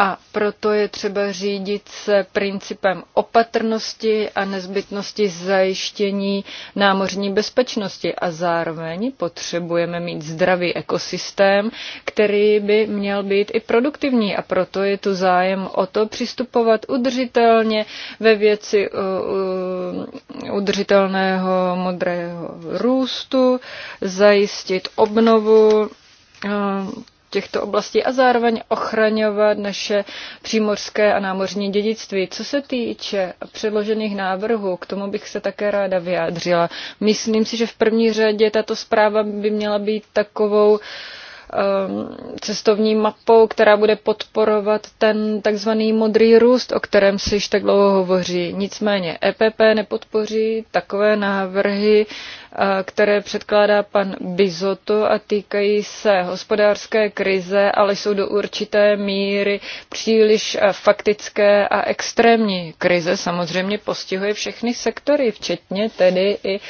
A proto je třeba řídit se principem opatrnosti a nezbytnosti zajištění námořní bezpečnosti. A zároveň potřebujeme mít zdravý ekosystém, který by měl být i produktivní. A proto je tu zájem o to přistupovat udržitelně ve věci udržitelného modrého růstu, zajistit obnovu těchto oblastí a zároveň ochraňovat naše přímořské a námořní dědictví. Co se týče předložených návrhů, k tomu bych se také ráda vyjádřila. Myslím si, že v první řadě tato zpráva by měla být takovou uh, Ehm, cestovní mapou, která bude podporovat ten takzvaný modrý růst, o kterém se již tak dlouho hovoří. Nicméně EPP nepodpoří takové návrhy, eh, které předkládá pan Bizoto a týkají se hospodářské krize, ale jsou do určité míry příliš eh, faktické a extrémní. Krize samozřejmě postihuje všechny sektory, včetně tedy i uh,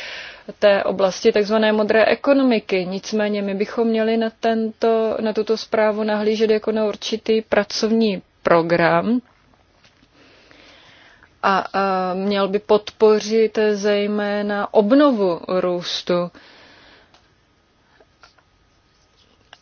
té oblasti tzv. modré ekonomiky. Nicméně my bychom měli na, tento, na tuto zprávu nahlížet jako na určitý pracovní program, a, měl by podpořit zejména obnovu růstu.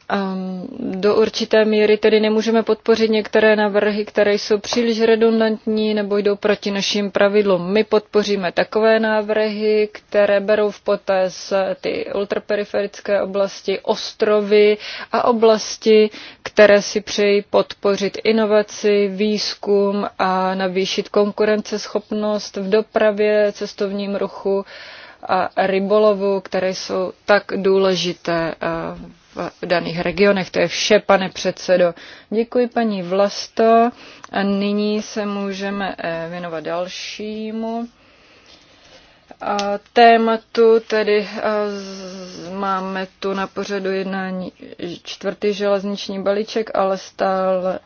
Ehm, do určité míry tedy nemůžeme podpořit některé návrhy, které jsou příliš redundantní nebo jdou proti našim pravidlům. My podpoříme takové návrhy, které berou v potaz ty ultraperiferické oblasti, ostrovy a oblasti, které si přejí podpořit inovaci, výzkum a navýšit konkurenceschopnost v dopravě, cestovním ruchu a rybolovu, které jsou tak důležité ehm, v daných regionech. To je vše, pane předsedo. Děkuji paní Vlasto a nyní se můžeme eh, věnovat dalšímu eh, tématu, tedy eh, máme tu na pořadu jednání čtvrtý železniční balíček, ale stále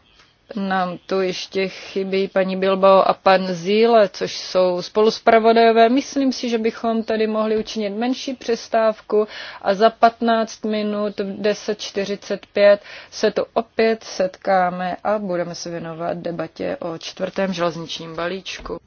nám tu ještě chybí paní Bilbao a pan Zíle, což jsou spoluspravodajové. Myslím si, že bychom tady mohli učinit menší přestávku a za 15 minut v 10.45 se tu opět setkáme a budeme se věnovat debatě o čtvrtém železničním balíčku.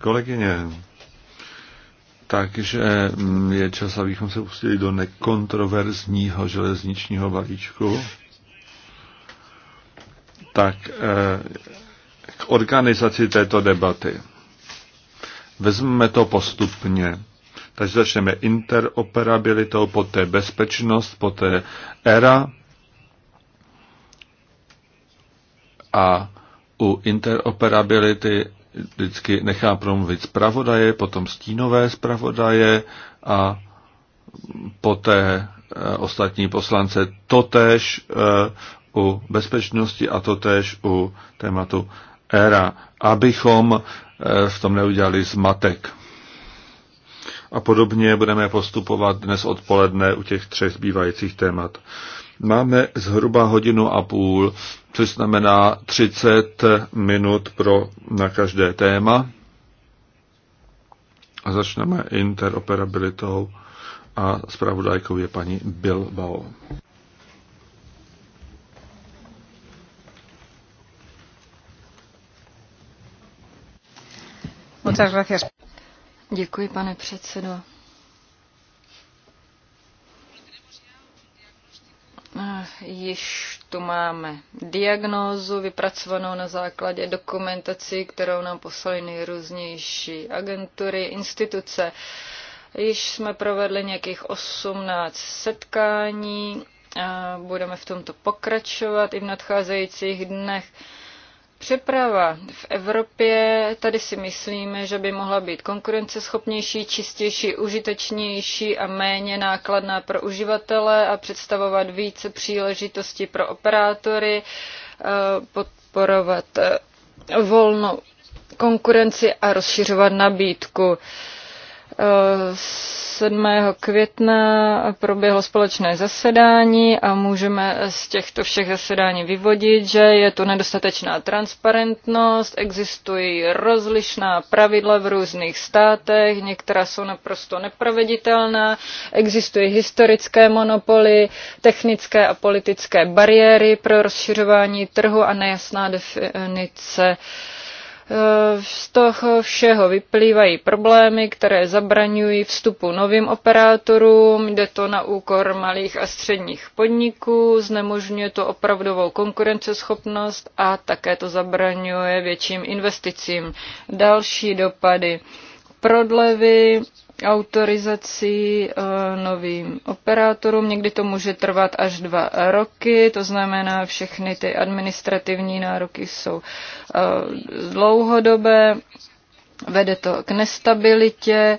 Kolegyně, takže mm, je čas, abychom se pustili do nekontroverzního železničního balíčku. Tak eh, k organizaci této debaty. Vezmeme to postupně. Takže začneme interoperabilitou, poté bezpečnost, poté ERA, a u interoperability vždycky nechá promluvit zpravodaje, potom stínové zpravodaje a poté eh, ostatní poslance. Totež eh, u bezpečnosti a totež u tématu éra, abychom eh, v tom neudělali zmatek a podobně budeme postupovat dnes odpoledne u těch třech zbývajících témat. Máme zhruba hodinu a půl, což znamená 30 minut pro na každé téma. A začneme interoperabilitou a zpravodajkou je paní Bilbao. Muchas gracias. Děkuji, pane předsedo. Eh, již tu máme diagnózu vypracovanou na základě dokumentací, kterou nám poslali nejrůznější agentury, instituce. Již jsme provedli nějakých 18 setkání, budeme v tomto pokračovat i v nadcházejících dnech. Přeprava v Evropě, tady si myslíme, že by mohla být konkurenceschopnější, čistější, užitečnější a méně nákladná pro uživatele a představovat více příležitostí pro operátory, eh, podporovat eh, volnou konkurenci a rozšiřovat nabídku. 7. května proběhlo společné zasedání a můžeme z těchto všech zasedání vyvodit, že je tu nedostatečná transparentnost, existují rozlišná pravidla v různých státech, některá jsou naprosto neproveditelná, existují historické monopoly, technické a politické bariéry pro rozšiřování trhu a nejasná definice uh, Eh, z toho všeho vyplývají problémy, které zabraňují vstupu novým operátorům, jde to na úkor malých a středních podniků, znemožňuje to opravdovou konkurenceschopnost a také to zabraňuje větším investicím. Další dopady prodlevy, autorizací eh, novým operátorům. Někdy to může trvat až dva roky, to znamená, všechny ty administrativní nároky jsou eh, dlouhodobé, vede to k nestabilitě,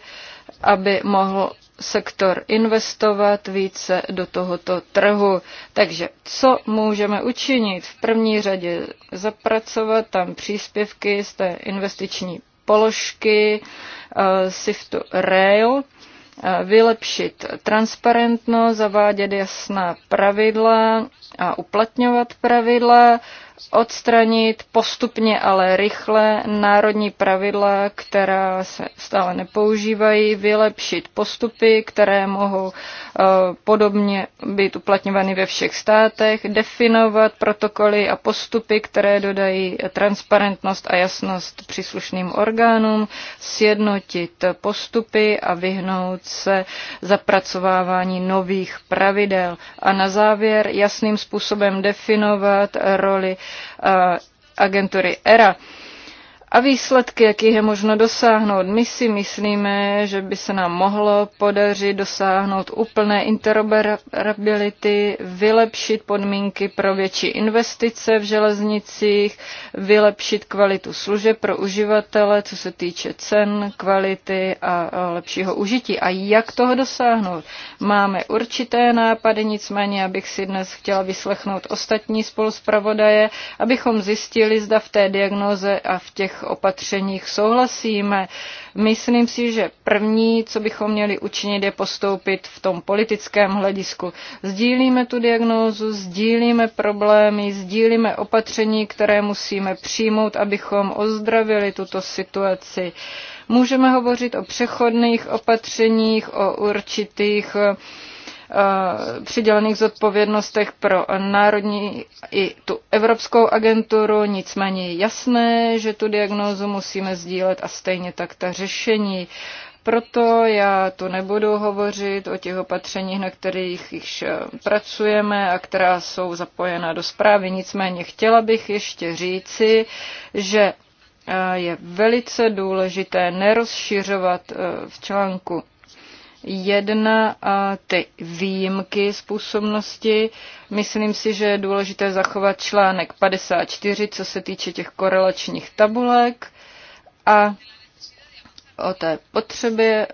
aby mohl sektor investovat více do tohoto trhu. Takže co můžeme učinit? V první řadě zapracovat tam příspěvky z té investiční položky eh, SIFTu Rail, eh, vylepšit transparentnost, zavádět jasná pravidla a uplatňovat pravidla, odstranit postupně, ale rychle národní pravidla, která se stále nepoužívají, vylepšit postupy, které mohou eh, podobně být uplatňovány ve všech státech, definovat protokoly a postupy, které dodají transparentnost a jasnost příslušným orgánům, sjednotit postupy a vyhnout se zapracovávání nových pravidel a na závěr jasným způsobem definovat roli Eh, agentury ERA a výsledky, jakých je možno dosáhnout. My si myslíme, že by se nám mohlo podařit dosáhnout úplné interoperability, vylepšit podmínky pro větší investice v železnicích, vylepšit kvalitu služeb pro uživatele, co se týče cen, kvality a lepšího užití. A jak toho dosáhnout? Máme určité nápady, nicméně abych si dnes chtěla vyslechnout ostatní spoluzpravodaje, abychom zjistili, zda v té diagnoze a v těch těch opatřeních souhlasíme. Myslím si, že první, co bychom měli učinit, je postoupit v tom politickém hledisku. Sdílíme tu diagnózu, sdílíme problémy, sdílíme opatření, které musíme přijmout, abychom ozdravili tuto situaci. Můžeme hovořit o přechodných opatřeních, o určitých uh, Eh, přidělených zodpovědnostech pro národní i tu Evropskou agenturu, nicméně je jasné, že tu diagnózu musíme sdílet a stejně tak ta řešení. Proto já tu nebudu hovořit o těch opatřeních, na kterých již eh, pracujeme a která jsou zapojena do zprávy. Nicméně chtěla bych ještě říci, že eh, je velice důležité nerozšiřovat v článku jedna ty výjimky z působnosti. Myslím si, že je důležité zachovat článek 54, co se týče těch korelačních tabulek a o té potřebě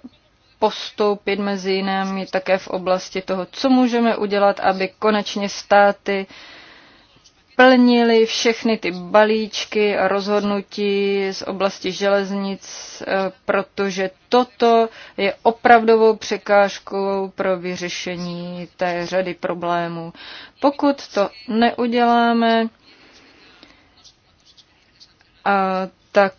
postoupit mezi jinými také v oblasti toho, co můžeme udělat, aby konečně státy uh, plnili všechny ty balíčky a rozhodnutí z oblasti železnic, eh, protože toto je opravdovou překážkou pro vyřešení té řady problémů. Pokud to neuděláme, tak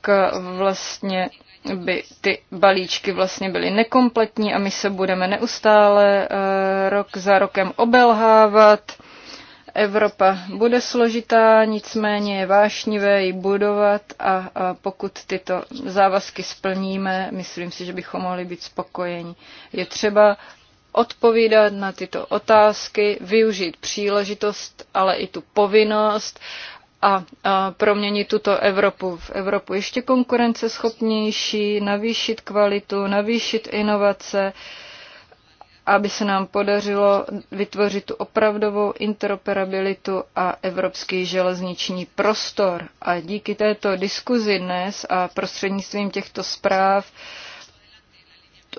vlastně by ty balíčky vlastně byly nekompletní a my se budeme neustále eh, rok za rokem obelhávat Evropa bude složitá, nicméně je vášnivé ji budovat a, a pokud tyto závazky splníme, myslím si, že bychom mohli být spokojeni. Je třeba odpovídat na tyto otázky, využít příležitost, ale i tu povinnost a, a proměnit tuto Evropu v Evropu ještě konkurenceschopnější, navýšit kvalitu, navýšit inovace, aby se nám podařilo vytvořit tu opravdovou interoperabilitu a evropský železniční prostor. A díky této diskuzi dnes a prostřednictvím těchto zpráv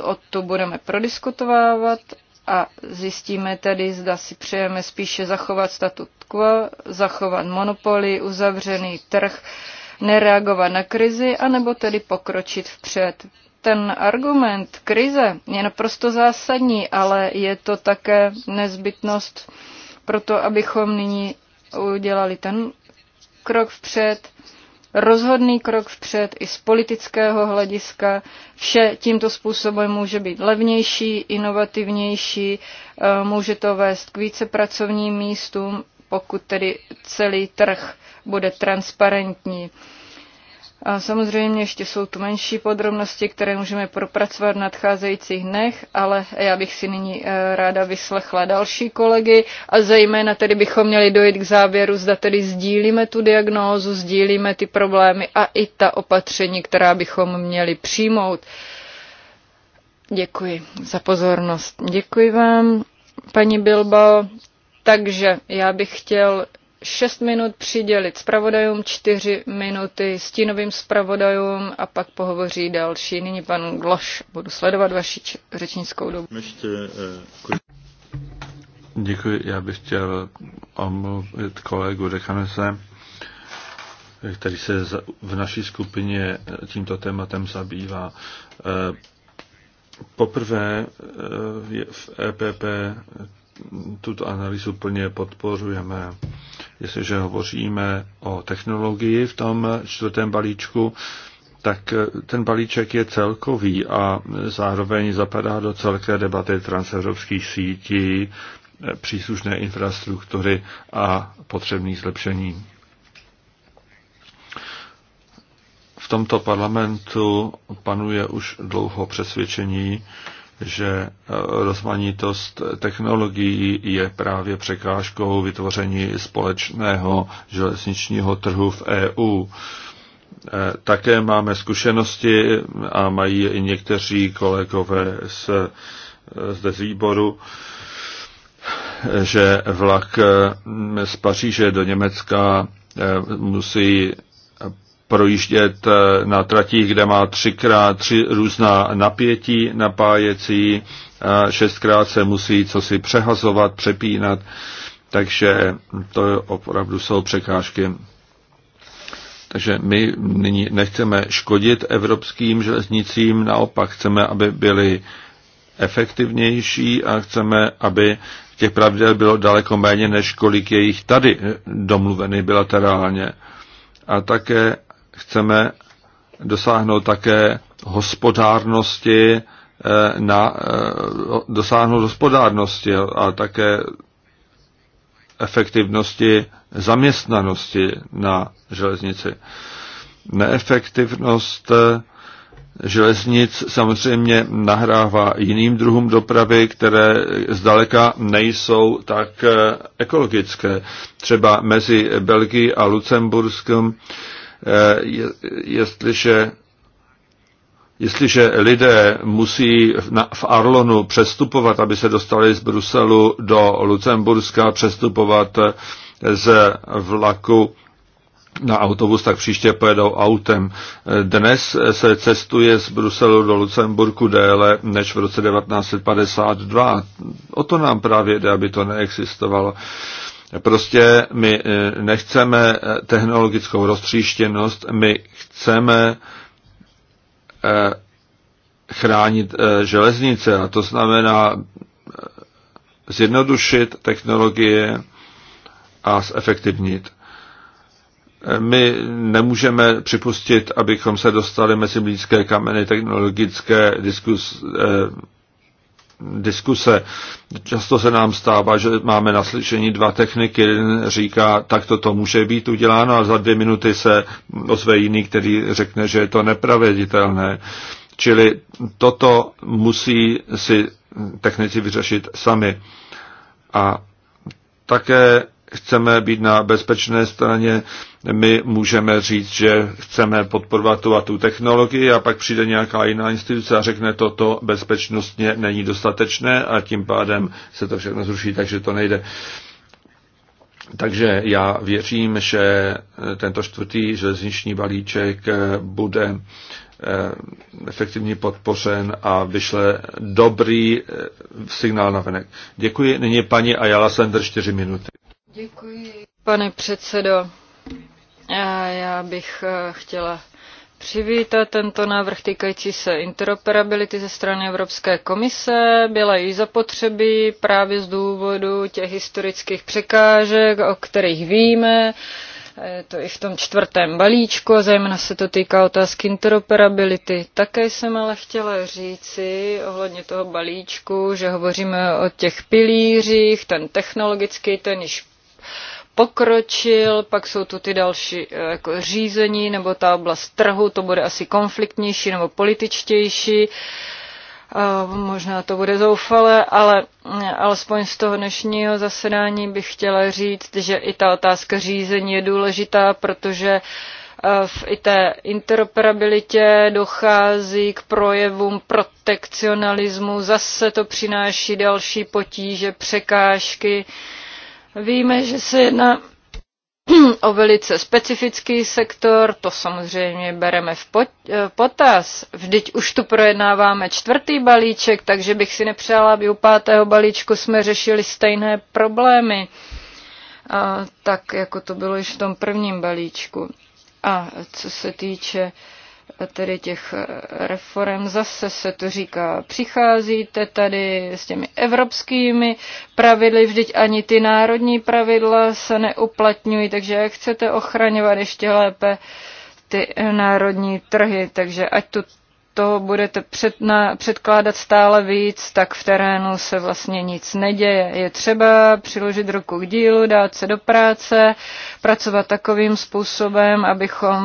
o to budeme prodiskutovávat a zjistíme tedy, zda si přejeme spíše zachovat statut quo, zachovat monopoly, uzavřený trh, nereagovat na krizi, anebo tedy pokročit vpřed ten argument krize je naprosto zásadní, ale je to také nezbytnost pro to, abychom nyní udělali ten krok vpřed, rozhodný krok vpřed i z politického hlediska. Vše tímto způsobem může být levnější, inovativnější, eh, může to vést k více pracovním místům, pokud tedy celý trh bude transparentní. A samozřejmě ještě jsou tu menší podrobnosti, které můžeme propracovat v nadcházejících dnech, ale já bych si nyní eh, ráda vyslechla další kolegy a zejména tedy bychom měli dojít k závěru, zda tedy sdílíme tu diagnózu, sdílíme ty problémy a i ta opatření, která bychom měli přijmout. Děkuji za pozornost. Děkuji vám, paní Bilbao. Takže já bych chtěl šest minut přidělit zpravodajům, čtyři minuty stínovým zpravodajům a pak pohovoří další. Nyní pan Gloš, budu sledovat vaši řečnickou dobu. Ještě, eh, Děkuji, já bych chtěl omluvit kolegu Dekanese, který se v naší skupině tímto tématem zabývá. Eh, poprvé eh, v EPP tuto analýzu plně podporujeme jestliže hovoříme o technologii v tom čtvrtém balíčku, tak eh, ten balíček je celkový a zároveň zapadá do celké debaty transevropských sítí, eh, příslušné infrastruktury a potřebných zlepšení. V tomto parlamentu panuje už dlouho přesvědčení, že eh, rozmanitost technologií je právě překážkou vytvoření společného železničního trhu v EU. Eh, také máme zkušenosti a mají i někteří kolegové z, eh, zde z výboru, že vlak z Paříže do Německa musí projíždět eh, na tratích, kde má třikrát tři různá napětí napájecí, šestkrát se musí co si přehazovat, přepínat, takže to opravdu jsou překážky. Takže my nyní nechceme škodit evropským železnicím, naopak chceme, aby byly efektivnější a chceme, aby těch pravidel bylo daleko méně, než kolik je jich tady domluveny bilaterálně. A také Chceme dosáhnout také hospodárnosti, eh, na, eh, dosáhnout hospodárnosti a také efektivnosti zaměstnanosti na železnici. Neefektivnost eh, železnic samozřejmě nahrává jiným druhům dopravy, které zdaleka nejsou tak ekologické. Třeba mezi Belgií a Lucemburskem Eh, jestliže Jestliže lidé musí v Arlonu přestupovat, aby se dostali z Bruselu do Lucemburska, přestupovat eh, z vlaku na autobus, tak příště pojedou autem. Eh, dnes se cestuje z Bruselu do Lucemburku déle než v roce 1952. O to nám právě jde, aby to neexistovalo. Prostě my eh, nechceme eh, technologickou roztříštěnost, my chceme eh, chránit železnice a to znamená zjednodušit technologie a zefektivnit. My nemůžeme připustit, abychom se dostali mezi blízké kameny technologické diskus, diskuse. Často se nám stává, že máme na slyšení dva techniky, jeden říká, tak to může být uděláno a za dvě minuty se ozve jiný, který řekne, že je to nepraveditelné. Čili toto musí si technici vyřešit sami. A také chceme být na bezpečné straně my můžeme říct, že chceme podporovat tu a tu technologii a pak přijde nějaká jiná instituce a řekne toto bezpečnostně není dostatečné a tím pádem se to všechno zruší, takže to nejde. Takže já věřím, že tento čtvrtý železniční balíček bude eh, efektivně podpořen a vyšle dobrý eh, signál na venek. Děkuji. Nyní paní Ayala Sender 4 minuty. Děkuji, pane předsedo. Já bych eh, chtěla přivítat tento návrh týkající se interoperability ze strany Evropské komise. Byla jí zapotřebí právě z důvodu těch historických překážek, o kterých víme. Je to i v tom čtvrtém balíčku, a zejména se to týká otázky interoperability. Také jsem ale chtěla říci ohledně toho balíčku, že hovoříme o těch pilířích, ten technologický, ten již pokročil, pak jsou tu ty další eh, jako řízení nebo ta oblast trhu, to bude asi konfliktnější nebo političtější. A eh, možná to bude zoufalé, ale eh, alespoň z toho dnešního zasedání bych chtěla říct, že i ta otázka řízení je důležitá, protože v i té interoperabilitě dochází k projevům protekcionalismu, zase to přináší další potíže, překážky. Uh, Víme, že se jedná o velice specifický sektor, to samozřejmě bereme eh, v potaz. Vždyť už tu projednáváme čtvrtý balíček, takže bych si nepřála, aby u pátého balíčku jsme řešili stejné problémy, tak jako to bylo již v tom prvním balíčku. A co se týče uh, tedy těch eh, reform, zase se to říká, přicházíte tady s těmi evropskými pravidly, vždyť ani ty národní pravidla se neuplatňují, takže jak chcete ochraňovat ještě lépe ty eh, národní trhy, takže ať tu to budete na, předkládat stále víc, tak v terénu se vlastně nic neděje. Je třeba přiložit ruku k dílu, dát se do práce, pracovat takovým způsobem, abychom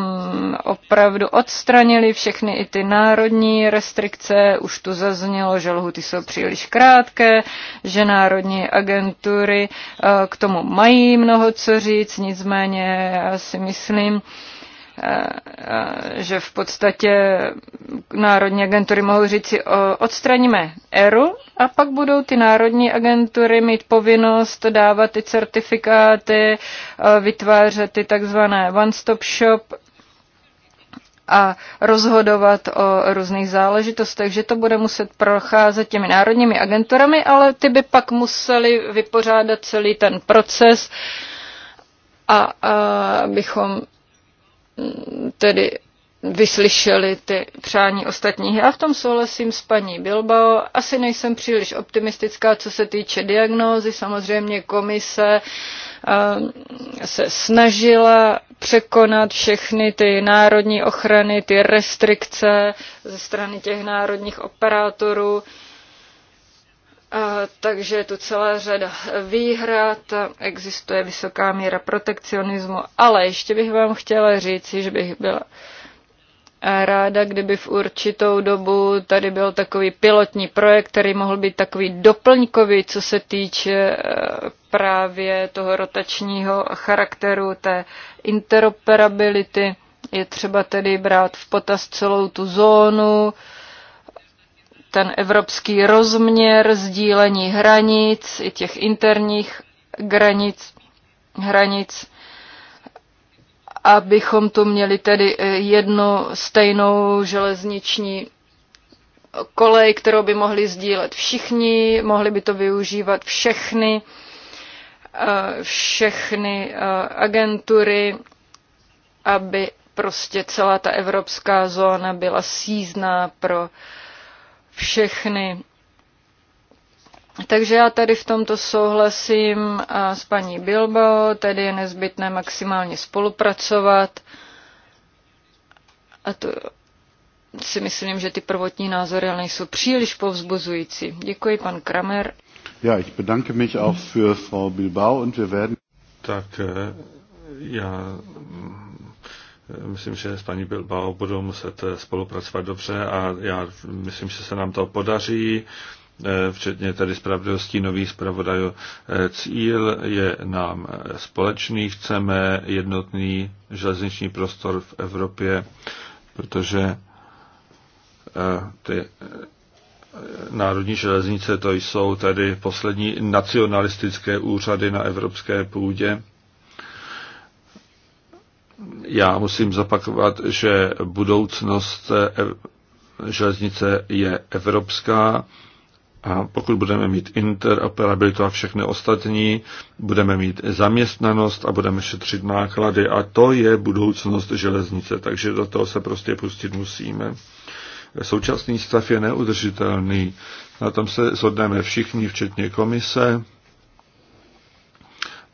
opravdu odstranili všechny i ty národní restrikce. Už tu zaznělo, že lhuty jsou příliš krátké, že národní agentury eh, k tomu mají mnoho co říct, nicméně já si myslím, Eh, že v podstatě národní agentury mohou říct si, odstraníme ERU a pak budou ty národní agentury mít povinnost dávat ty certifikáty, eh, vytvářet ty takzvané one-stop shop a rozhodovat o různých záležitostech, že to bude muset procházet těmi národními agenturami, ale ty by pak museli vypořádat celý ten proces a, a bychom tedy vyslyšeli ty přání ostatních. Já v tom souhlasím s paní Bilbao. Asi nejsem příliš optimistická, co se týče diagnózy. Samozřejmě komise ehm, se snažila překonat všechny ty národní ochrany, ty restrikce ze strany těch národních operátorů takže je tu celá řada výhrad, existuje vysoká míra protekcionismu, ale ještě bych vám chtěla říci, že bych byla ráda, kdyby v určitou dobu tady byl takový pilotní projekt, který mohl být takový doplňkový, co se týče e, právě toho rotačního charakteru té interoperability. Je třeba tedy brát v potaz celou tu zónu, ten evropský rozměr sdílení hranic, i těch interních granic, hranic, abychom tu měli tedy eh, jednu stejnou železniční kolej, kterou by mohli sdílet všichni, mohli by to využívat všechny, eh, všechny eh, agentury, aby prostě celá ta evropská zóna byla sízná pro uh, všechny. Takže já tady v tomto souhlasím s paní Bilbo, tedy je nezbytné maximálně spolupracovat. A to si myslím, že ty prvotní názory ale nejsou příliš povzbuzující. Děkuji, pan Kramer. Ja, ich bedanke mich auch für Frau Bilbao und wir werden... Tak eh, já Myslím, že s paní Bilbao budou muset eh, spolupracovat dobře a já myslím, že se nám to podaří eh, včetně tedy spravedlností nových zpravodajů. Eh, cíl je nám společný, chceme jednotný železniční prostor v Evropě, protože ty národní železnice to jsou tedy poslední nacionalistické úřady na evropské půdě já musím zapakovat, že budoucnost eh, železnice je evropská a pokud budeme mít interoperabilitu a všechny ostatní, budeme mít zaměstnanost a budeme šetřit náklady a to je budoucnost železnice, takže do toho se prostě pustit musíme. Současný stav je neudržitelný, na tom se shodneme všichni, včetně komise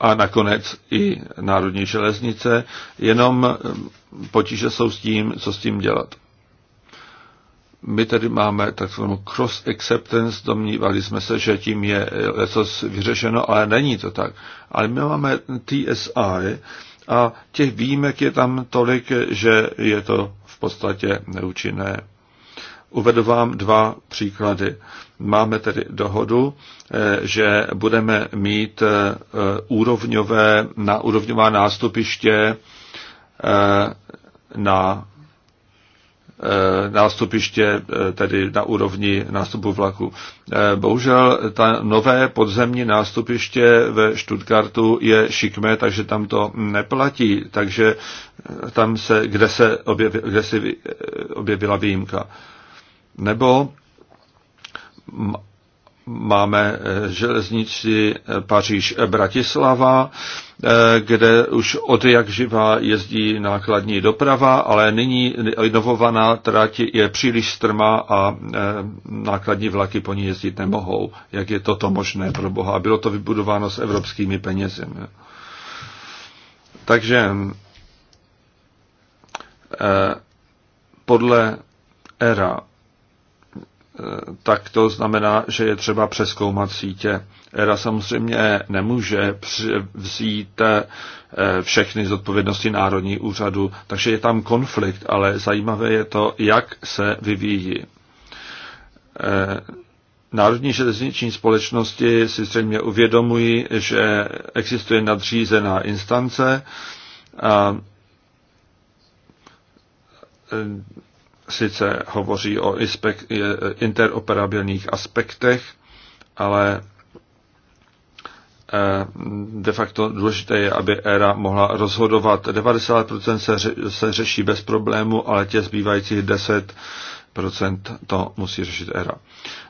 a nakonec i národní železnice, jenom eh, potíže jsou s tím, co s tím dělat. My tedy máme takzvanou cross acceptance, domnívali jsme se, že tím je něco eh, vyřešeno, ale není to tak. Ale my máme TSI a těch výjimek je tam tolik, že je to v podstatě neúčinné. Uvedu vám dva příklady. Máme tedy dohodu, eh, že budeme mít eh, úrovňové, na úrovňová nástupiště eh, na nástupiště, tedy na úrovni nástupu vlaku. Bohužel ta nové podzemní nástupiště ve Stuttgartu je šikmé, takže tam to neplatí, takže tam se, kde se, objevila, kde se objevila výjimka. Nebo máme eh, železnici eh, Paříž-Bratislava, eh, kde už od jak živá jezdí nákladní doprava, ale nyní inovovaná trať je příliš strmá a nákladní vlaky po ní jezdit nemohou. Jak je toto možné pro Boha? bylo to vybudováno s evropskými penězi. Takže podle ERA tak to znamená, že je třeba přeskoumat sítě. ERA samozřejmě nemůže vzít eh, všechny zodpovědnosti Národní úřadu, takže je tam konflikt, ale zajímavé je to, jak se vyvíjí. Eh, Národní železniční společnosti si zřejmě uvědomují, že existuje nadřízená instance a eh, sice hovoří o interoperabilních aspektech, ale eh, de facto důležité je, aby ERA mohla rozhodovat. 90% se, se řeší bez problému, ale těch zbývajících 10% to musí řešit ERA.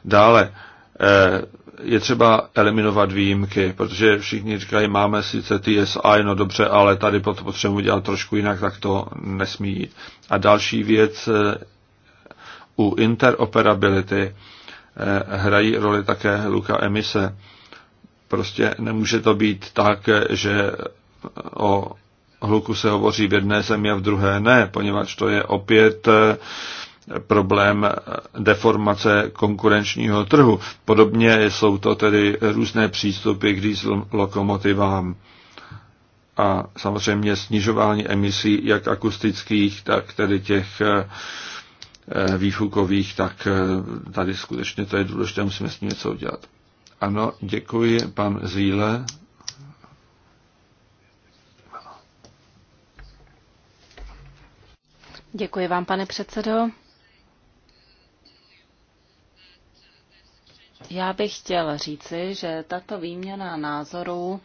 Dále eh, je třeba eliminovat výjimky, protože všichni říkají, máme sice TSI, no dobře, ale tady potřebujeme dělat trošku jinak, tak to nesmí jít. A další věc, eh, u interoperability eh, hrají roli také hluka emise. Prostě nemůže to být tak, že o hluku se hovoří v jedné zemi a v druhé ne, poněvadž to je opět eh, problém deformace konkurenčního trhu. Podobně jsou to tedy různé přístupy k diesel lokomotivám a samozřejmě snižování emisí jak akustických, tak tedy těch eh, výfukových, tak eh, tady skutečně to je důležité, musíme s tím něco udělat. Ano, děkuji, pan Zíle. Děkuji vám, pane předsedo. Já bych chtěl říci, že tato výměna názorů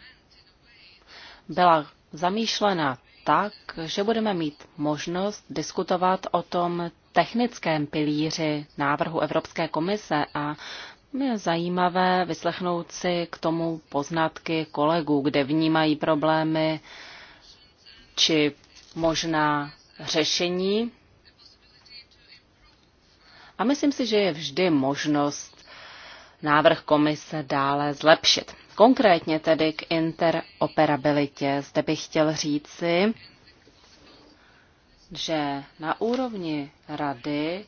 byla zamýšlena tak, že budeme mít možnost diskutovat o tom technickém pilíři návrhu Evropské komise a je zajímavé vyslechnout si k tomu poznatky kolegů, kde vnímají problémy či možná řešení. A myslím si, že je vždy možnost návrh komise dále zlepšit. Konkrétně tedy k interoperabilitě. Zde bych chtěl říci, že na úrovni rady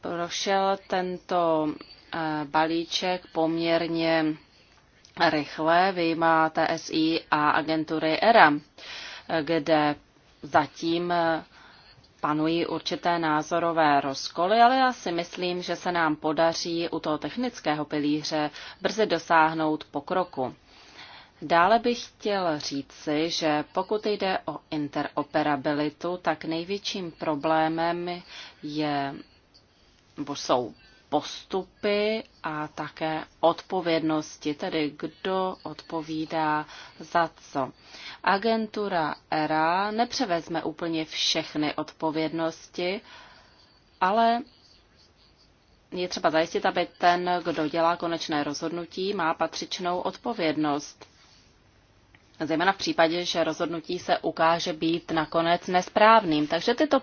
prošel tento eh, balíček poměrně rychle, vyjímá TSI a agentury ERA, eh, kde zatím eh, panují určité názorové rozkoly, ale já si myslím, že se nám podaří u toho technického pilíře brzy dosáhnout pokroku. Dále bych chtěl říci, že pokud jde o interoperabilitu, tak největším problémem je, jsou postupy a také odpovědnosti, tedy kdo odpovídá za co. Agentura ERA nepřevezme úplně všechny odpovědnosti, ale je třeba zajistit, aby ten, kdo dělá konečné rozhodnutí, má patřičnou odpovědnost zejména v případě, že rozhodnutí se ukáže být nakonec nesprávným. Takže tyto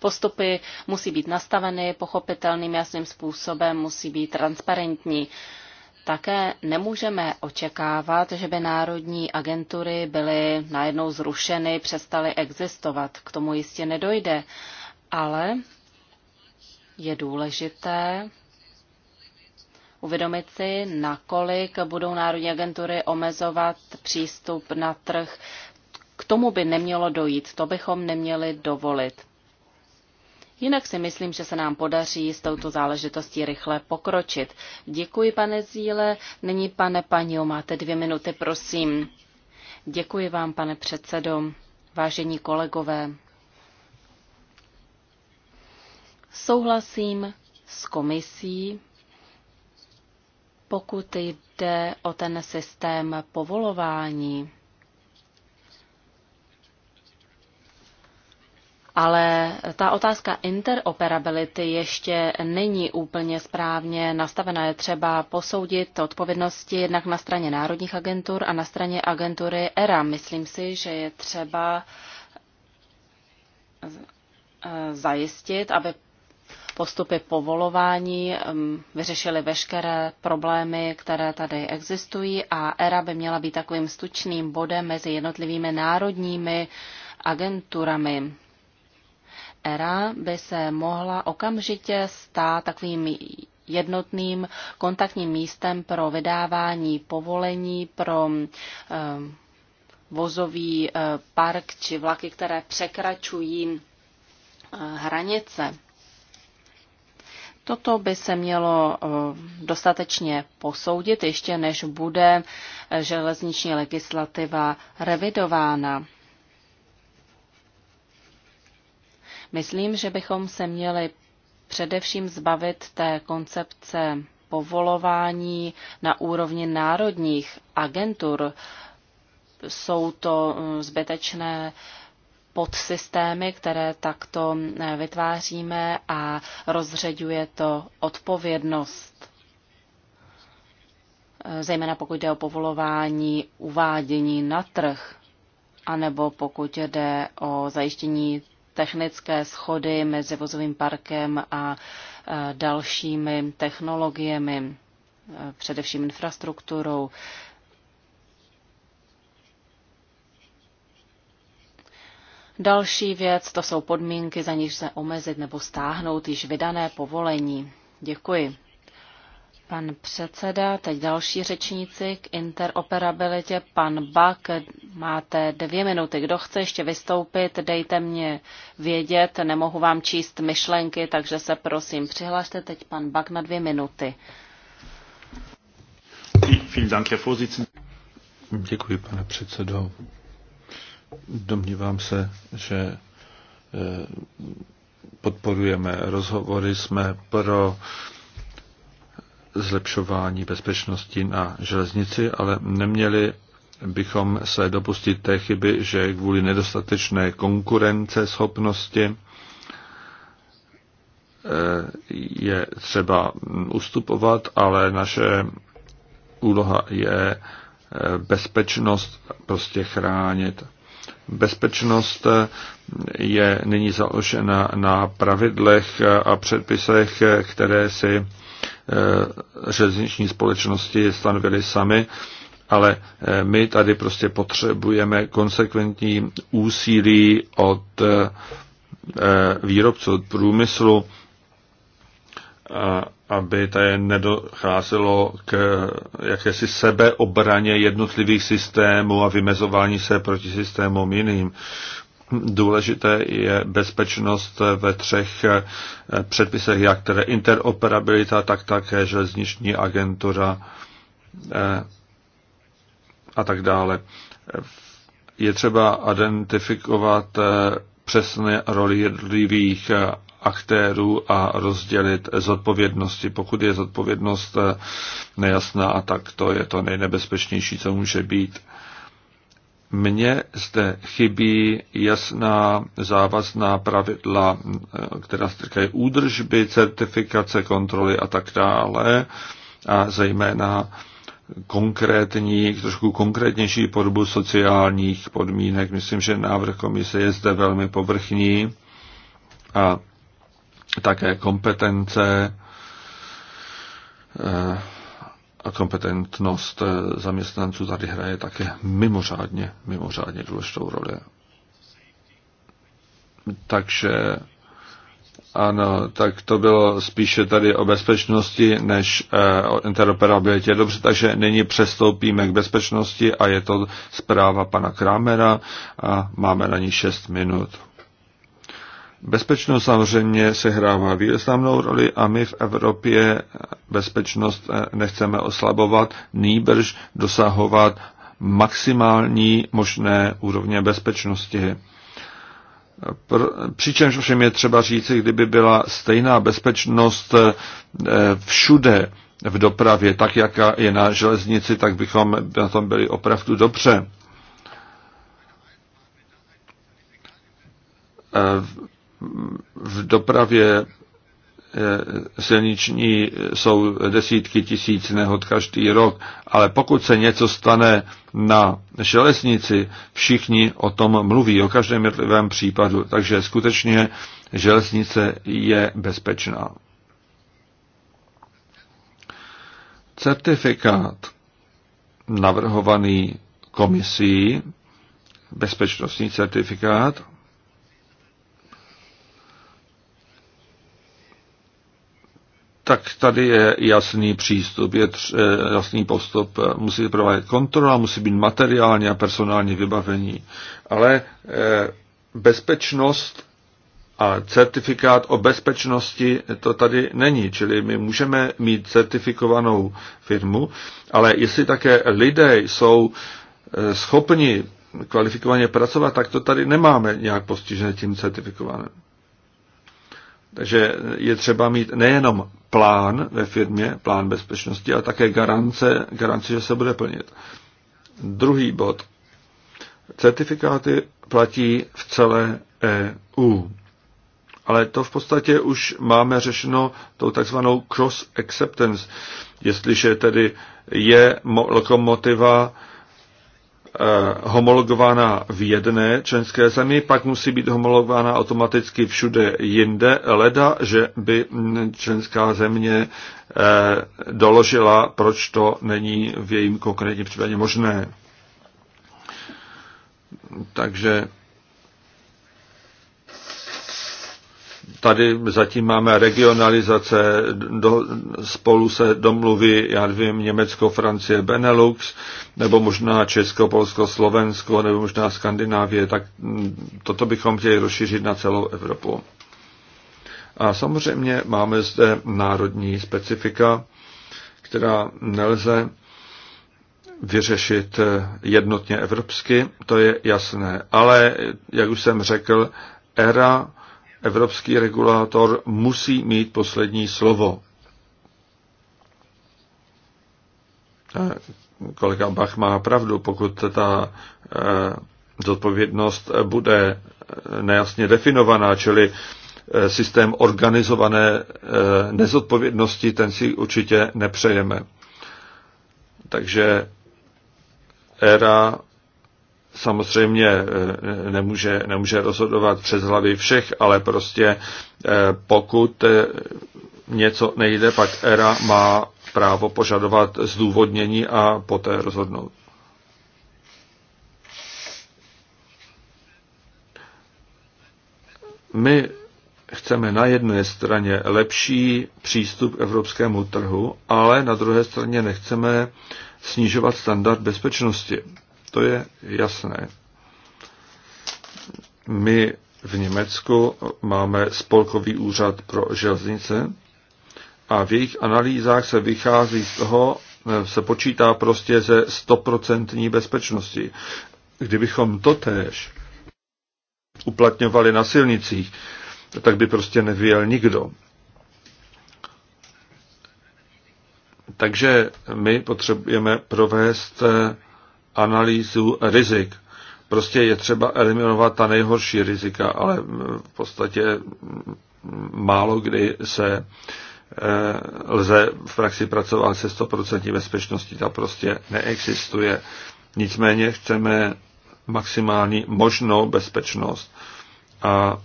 postupy musí být nastaveny pochopitelným jasným způsobem, musí být transparentní. Také nemůžeme očekávat, že by národní agentury byly najednou zrušeny, přestaly existovat. K tomu jistě nedojde. Ale je důležité uvědomit si, nakolik budou národní agentury omezovat přístup na trh. K tomu by nemělo dojít, to bychom neměli dovolit. Jinak si myslím, že se nám podaří s touto záležitostí rychle pokročit. Děkuji, pane Zíle. Nyní, pane Panio, máte dvě minuty, prosím. Děkuji vám, pane předsedo. Vážení kolegové, souhlasím s komisí pokud jde o ten systém povolování, Ale ta otázka interoperability ještě není úplně správně nastavená. Je třeba posoudit odpovědnosti jednak na straně národních agentur a na straně agentury ERA. Myslím si, že je třeba e, zajistit, aby postupy povolování vyřešily veškeré problémy, které tady existují a ERA by měla být takovým stučným bodem mezi jednotlivými národními agenturami. ERA by se mohla okamžitě stát takovým jednotným kontaktním místem pro vydávání povolení pro vozový eh, park či vlaky, které překračují eh, hranice. Toto by se mělo eh, dostatečně posoudit, ještě než bude eh, železniční legislativa revidována. Myslím, že bychom se měli především zbavit té koncepce povolování na úrovni národních agentur. Jsou to eh, zbytečné uh, podsystémy, které takto eh, vytváříme a rozředuje to odpovědnost. Eh, zejména pokud jde o povolování uvádění na trh, anebo pokud jde o zajištění technické schody mezi vozovým parkem a eh, dalšími technologiemi, především infrastrukturou. Další věc, to jsou podmínky, za níž se omezit nebo stáhnout již vydané povolení. Děkuji. Pan předseda, teď další řečníci k interoperabilitě. Pan Bak, máte dvě minuty. Kdo chce ještě vystoupit, dejte mě vědět. Nemohu vám číst myšlenky, takže se prosím přihlašte. Teď pan Bak na dvě minuty. Děkuji, pane předsedo. Domnívám se, že e, podporujeme rozhovory, jsme pro zlepšování bezpečnosti na železnici, ale neměli bychom se dopustit té chyby, že kvůli nedostatečné konkurence schopnosti e, je třeba ustupovat, ale naše úloha je e, bezpečnost prostě chránit. Bezpečnost je nyní založena na pravidlech a předpisech, které si eh, železniční společnosti stanovily sami, ale eh, my tady prostě potřebujeme konsekventní úsilí od eh, výrobců, od průmyslu, aby tady nedocházelo k jakési sebeobraně jednotlivých systémů a vymezování se proti systémům jiným. Důležité je bezpečnost ve třech eh, předpisech, jak tedy interoperabilita, tak také železniční agentura eh, a tak dále. Je třeba identifikovat eh, přesné roli jednotlivých aktérů a rozdělit zodpovědnosti. Pokud je zodpovědnost eh, nejasná, tak to je to nejnebezpečnější, co může být. Mně zde chybí jasná závazná pravidla, eh, která se týkají údržby, certifikace, kontroly a tak dále. A zejména konkrétní, trošku konkrétnější podobu sociálních podmínek. Myslím, že návrh komise je zde velmi povrchní a také kompetence eh, a kompetentnost eh, zaměstnanců tady hraje také mimořádně, mimořádně důležitou roli. Takže ano, tak to bylo spíše tady o bezpečnosti než eh, o interoperabilitě. Dobře, takže nyní přestoupíme k bezpečnosti a je to zpráva pana Kramera a máme na ní 6 minut. Bezpečnost samozřejmě sehrává významnou roli a my v Evropě bezpečnost eh, nechceme oslabovat, nýbrž dosahovat maximální možné úrovně bezpečnosti. Přičemž všem je třeba říci, kdyby byla stejná bezpečnost eh, všude v dopravě, tak jaká je na železnici, tak bychom na tom byli opravdu dobře eh, v dopravě eh, silniční jsou desítky tisíc nehod každý rok, ale pokud se něco stane na železnici, všichni o tom mluví, o každém jednotlivém případu, takže skutečně železnice je bezpečná. Certifikát navrhovaný komisí, bezpečnostní certifikát, tak tady je jasný přístup, je tř, eh, jasný postup. Musí provádět kontrola, musí být materiálně a personálně vybavení. Ale eh, bezpečnost a certifikát o bezpečnosti to tady není. Čili my můžeme mít certifikovanou firmu, ale jestli také lidé jsou eh, schopni kvalifikovaně pracovat, tak to tady nemáme nějak postižené tím certifikovaným. Takže je třeba mít nejenom plán ve firmě, plán bezpečnosti, ale také garance, garance, že se bude plnit. Druhý bod. Certifikáty platí v celé EU. Ale to v podstatě už máme řešeno tou takzvanou cross acceptance. Jestliže tedy je lokomotiva Eh, homologována v jedné členské zemi, pak musí být homologována automaticky všude jinde, leda, že by členská země eh, doložila, proč to není v jejím konkrétním případě možné. Takže tady zatím máme regionalizace, do, spolu se domluví, já nevím, Německo, Francie, Benelux, nebo možná Česko, Polsko, Slovensko, nebo možná Skandinávie, tak toto bychom chtěli rozšířit na celou Evropu. A samozřejmě máme zde národní specifika, která nelze vyřešit jednotně evropsky, to je jasné. Ale, jak už jsem řekl, era evropský regulátor musí mít poslední slovo. Kolega Bach má pravdu, pokud ta eh, zodpovědnost bude eh, nejasně definovaná, čili eh, systém organizované nezodpovědnosti, ten si určitě nepřejeme. Takže éra samozřejmě eh, nemůže, nemůže rozhodovat přes hlavy všech, ale prostě eh, pokud eh, něco nejde, pak ERA má právo požadovat zdůvodnění a poté rozhodnout. My chceme na jedné straně lepší přístup k evropskému trhu, ale na druhé straně nechceme snižovat standard bezpečnosti to je jasné. My v Německu máme spolkový úřad pro železnice a v jejich analýzách se vychází z toho, se počítá prostě ze stoprocentní bezpečnosti. Kdybychom to též uplatňovali na silnicích, tak by prostě nevyjel nikdo. Takže my potřebujeme provést analýzu rizik. Prostě je třeba eliminovat ta nejhorší rizika, ale v podstatě málo kdy se eh, lze v praxi pracovat se 100% bezpečností, ta prostě neexistuje. Nicméně chceme maximální možnou bezpečnost a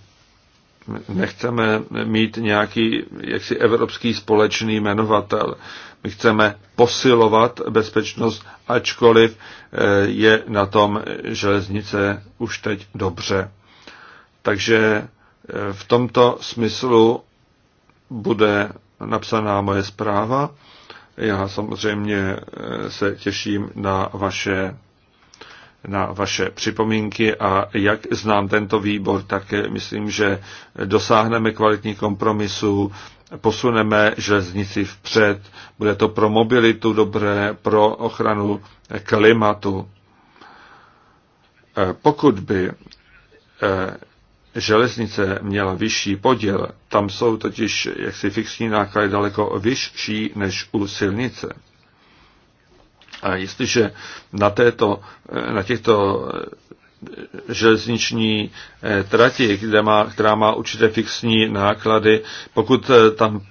nechceme mít nějaký jaksi evropský společný jmenovatel. My chceme posilovat bezpečnost, ačkoliv eh, je na tom železnice už teď dobře. Takže eh, v tomto smyslu bude napsaná moje zpráva. Já samozřejmě eh, se těším na vaše na vaše připomínky a jak znám tento výbor, tak myslím, že dosáhneme kvalitní kompromisu, posuneme železnici vpřed, bude to pro mobilitu dobré, pro ochranu klimatu. Eh, pokud by eh, železnice měla vyšší podíl, tam jsou totiž jaksi fixní náklady daleko vyšší než u silnice, a jestliže na, této, na těchto eh, železniční eh, trati, kde má, která má určité fixní náklady, pokud eh, tam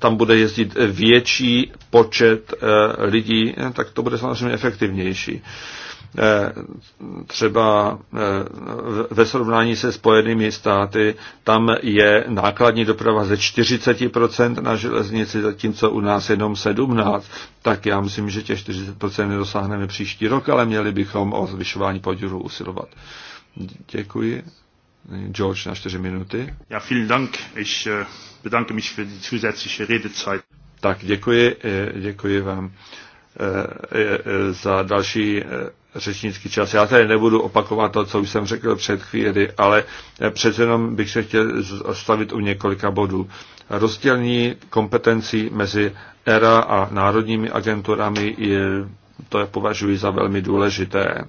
tam bude jezdit větší počet eh, lidí, eh, tak to bude samozřejmě efektivnější. Eh, třeba ve srovnání se Spojenými státy, tam je nákladní doprava ze 40% na železnici, zatímco u nás jenom 17%. Tak já myslím, že těch 40% nedosáhneme příští rok, ale měli bychom o zvyšování podílu usilovat. Děkuji. George na 4 minuty. Ja, vielen Dank. Ich äh, bedanke mich für die zusätzliche Redezeit. Tak děkuji, e, děkuji vám e, e, za další řečnický čas. Já tady nebudu opakovat to, co už jsem řekl před chvíli, ale přece jenom bych se chtěl zastavit u několika bodů. Rozdělení kompetencí mezi ERA a národními agenturami je, to je považuji za velmi důležité.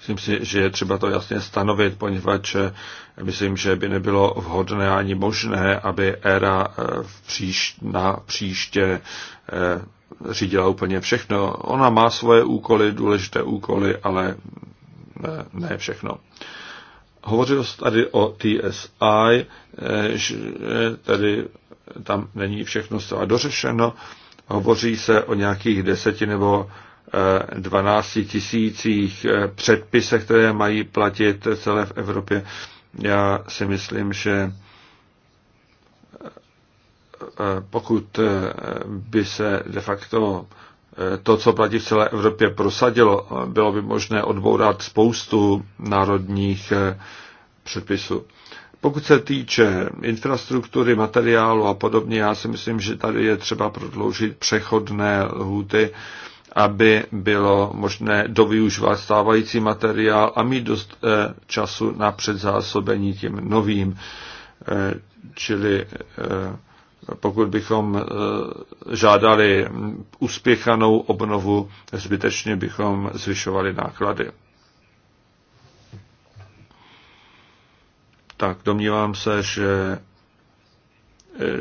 Myslím si, že je třeba to jasně stanovit, poněvadž eh, myslím, že by nebylo vhodné ani možné, aby ERA eh, v příš, na příště eh, řídila úplně všechno. Ona má svoje úkoly, důležité úkoly, ale ne, ne všechno. Hovořil jste tady o TSI, že tady tam není všechno zcela dořešeno. Hovoří se o nějakých deseti nebo 12 tisících eh, předpisech, které mají platit celé v Evropě. Já si myslím, že eh, pokud eh, by se de facto to, co platí v celé Evropě, prosadilo, bylo by možné odbourat spoustu národních předpisů. Pokud se týče infrastruktury, materiálu a podobně, já si myslím, že tady je třeba prodloužit přechodné lhuty aby bylo možné dovyužovat stávající materiál a mít dost eh, času na předzásobení tím novým. Eh, čili eh, pokud bychom žádali uspěchanou obnovu, zbytečně bychom zvyšovali náklady. Tak domnívám se, že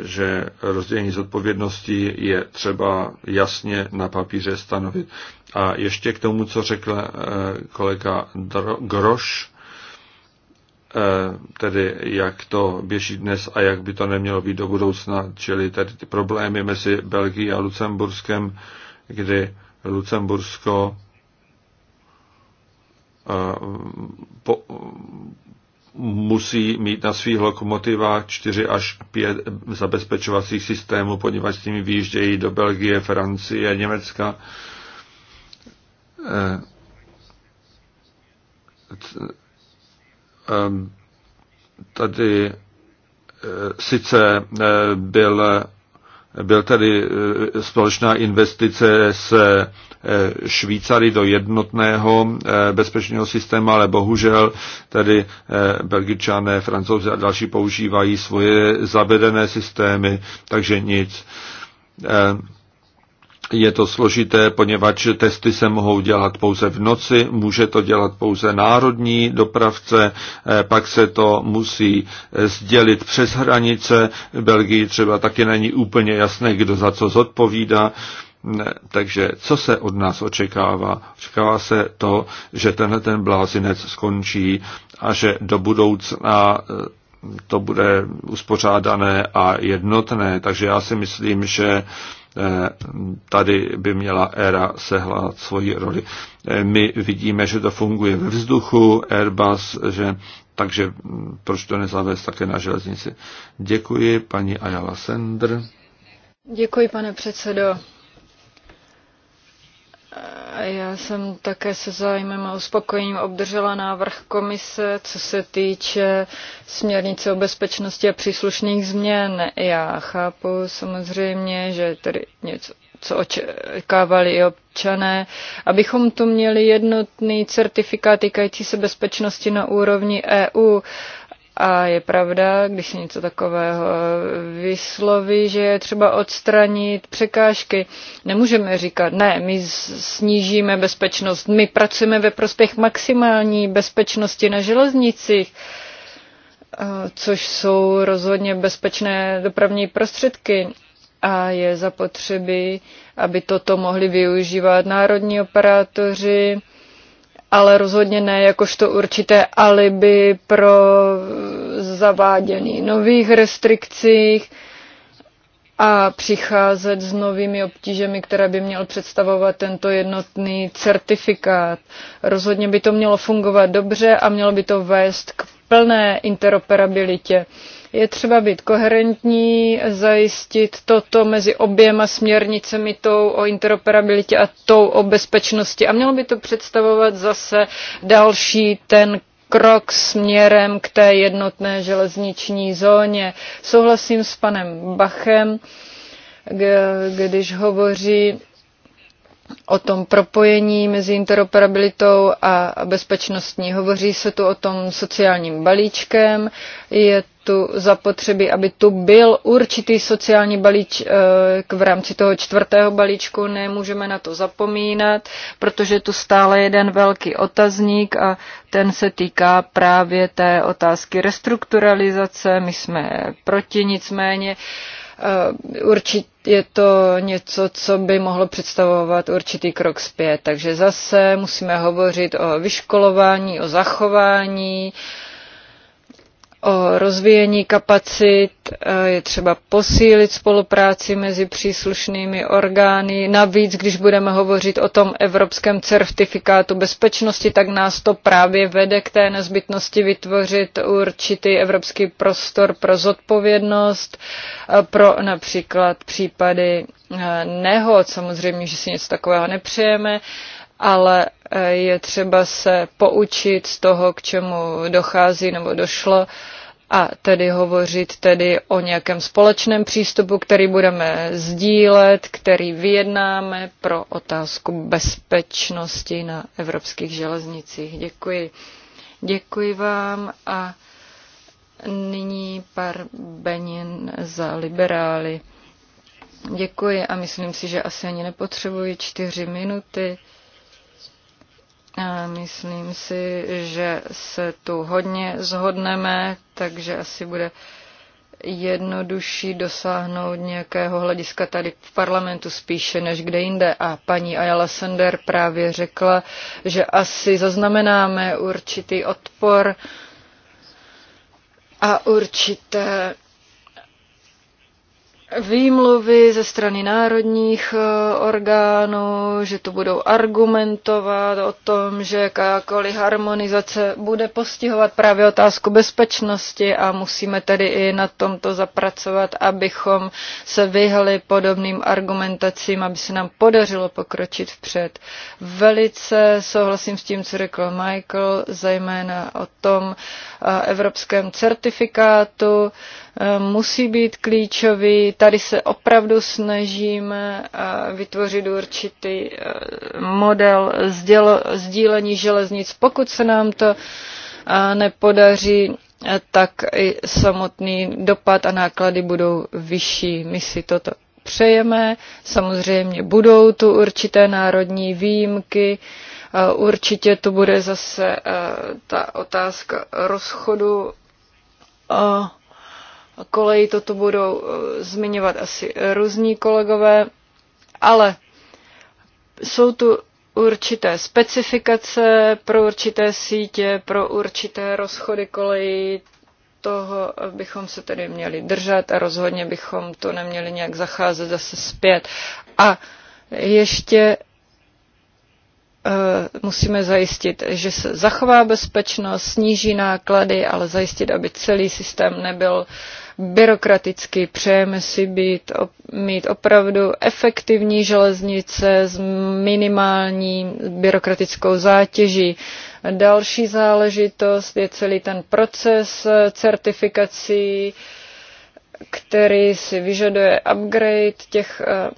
že rozdělení zodpovědnosti je třeba jasně na papíře stanovit. A ještě k tomu, co řekl eh, kolega Groš, eh, tedy jak to běží dnes a jak by to nemělo být do budoucna, čili tady ty problémy mezi Belgií a Lucemburskem, kdy Lucembursko eh, po, musí mít na svých lokomotivách 4 až 5 zabezpečovacích systémů, poněvadž s nimi výjíždějí do Belgie, Francie, Německa. Eh, eh, tady eh, sice byl, byl tady společná investice s Eh, Švýcary do jednotného eh, bezpečného systému, ale bohužel tedy eh, Belgičané, Francouzi a další používají svoje zavedené systémy, takže nic. Je to složité, poněvadž testy se mohou dělat pouze v noci, může to dělat pouze národní dopravce, pak se to musí sdělit přes hranice. V Belgii třeba taky není úplně jasné, kdo za co zodpovídá. Ne, takže co se od nás očekává? Očekává se to, že tenhle ten blázinec skončí a že do budoucna eh, to bude uspořádané a jednotné. Takže já si myslím, že eh, tady by měla éra sehlát svoji roli. Eh, my vidíme, že to funguje ve vzduchu, Airbus, že, takže hm, proč to nezavést také na železnici. Děkuji, paní Ayala Sender. Děkuji, pane předsedo. Já jsem také se zájmem a uspokojením obdržela návrh komise, co se týče směrnice o bezpečnosti a příslušných změn. Já chápu samozřejmě, že tady něco co očekávali i občané, abychom tu měli jednotný certifikát týkající se bezpečnosti na úrovni EU. A je pravda, když se něco takového vysloví, že je třeba odstranit překážky. Nemůžeme říkat, ne, my snížíme bezpečnost, my pracujeme ve prospěch maximální bezpečnosti na železnicích což jsou rozhodně bezpečné dopravní prostředky a je zapotřebí, aby toto mohli využívat národní operátoři, ale rozhodně ne jakožto určité alibi pro zavádění nových restrikcích a přicházet s novými obtížemi, které by měl představovat tento jednotný certifikát. Rozhodně by to mělo fungovat dobře a mělo by to vést k plné interoperabilitě. Uh, je třeba být koherentní, zajistit toto mezi oběma směrnicemi, tou o interoperabilitě a tou o bezpečnosti. A mělo by to představovat zase další ten krok směrem k té jednotné železniční zóně. Souhlasím s panem Bachem, když hovoří o tom propojení mezi interoperabilitou a bezpečnostní. Hovoří se tu o tom sociálním balíčkem, je tu zapotřebí, aby tu byl určitý sociální balíček eh, v rámci toho čtvrtého balíčku, nemůžeme na to zapomínat, protože tu stále jeden velký otazník a ten se týká právě té otázky restrukturalizace. My jsme proti, nicméně uh, Eh, určitě je to něco, co by mohlo představovat určitý krok zpět. Takže zase musíme hovořit o vyškolování, o zachování, uh, o rozvíjení kapacit, e, je třeba posílit spolupráci mezi příslušnými orgány. Navíc, když budeme hovořit o tom evropském certifikátu bezpečnosti, tak nás to právě vede k té nezbytnosti vytvořit určitý evropský prostor pro zodpovědnost, e, pro například případy e, nehod. Samozřejmě, že si něco takového nepřejeme, ale eh, je třeba se poučit z toho, k čemu dochází nebo došlo a tedy hovořit tedy o nějakém společném přístupu, který budeme sdílet, který vyjednáme pro otázku bezpečnosti na evropských železnicích. Děkuji. Děkuji vám a nyní par Benin za liberály. Děkuji a myslím si, že asi ani nepotřebuji čtyři minuty. Myslím si, že se tu hodně zhodneme, takže asi bude jednodušší dosáhnout nějakého hlediska tady v parlamentu spíše než kde jinde. A paní Ayala Sender právě řekla, že asi zaznamenáme určitý odpor a určité výmluvy ze strany národních eh, orgánů, že to budou argumentovat o tom, že jakákoliv harmonizace bude postihovat právě otázku bezpečnosti a musíme tedy i na tomto zapracovat, abychom se vyhli podobným argumentacím, aby se nám podařilo pokročit vpřed. Velice souhlasím s tím, co řekl Michael, zejména o tom eh, evropském certifikátu, Eh, musí být klíčový. Tady se opravdu snažíme eh, vytvořit určitý eh, model sdílení železnic. Pokud se nám to nepodaří, tak i samotný dopad a náklady budou vyšší. My si toto přejeme. Samozřejmě budou tu určité národní výjimky. Určitě to bude zase ta otázka rozchodu koleji. Toto budou eh, zmiňovat asi různí kolegové, ale jsou tu určité specifikace pro určité sítě, pro určité rozchody kolejí, toho bychom se tedy měli držet a rozhodně bychom to neměli nějak zacházet zase zpět. A ještě eh, musíme zajistit, že se zachová bezpečnost, sníží náklady, ale zajistit, aby celý systém nebyl byrokraticky. Přejeme si být, mít opravdu efektivní železnice s minimální byrokratickou zátěží. Další záležitost je celý ten proces certifikací, který si vyžaduje upgrade těch eh,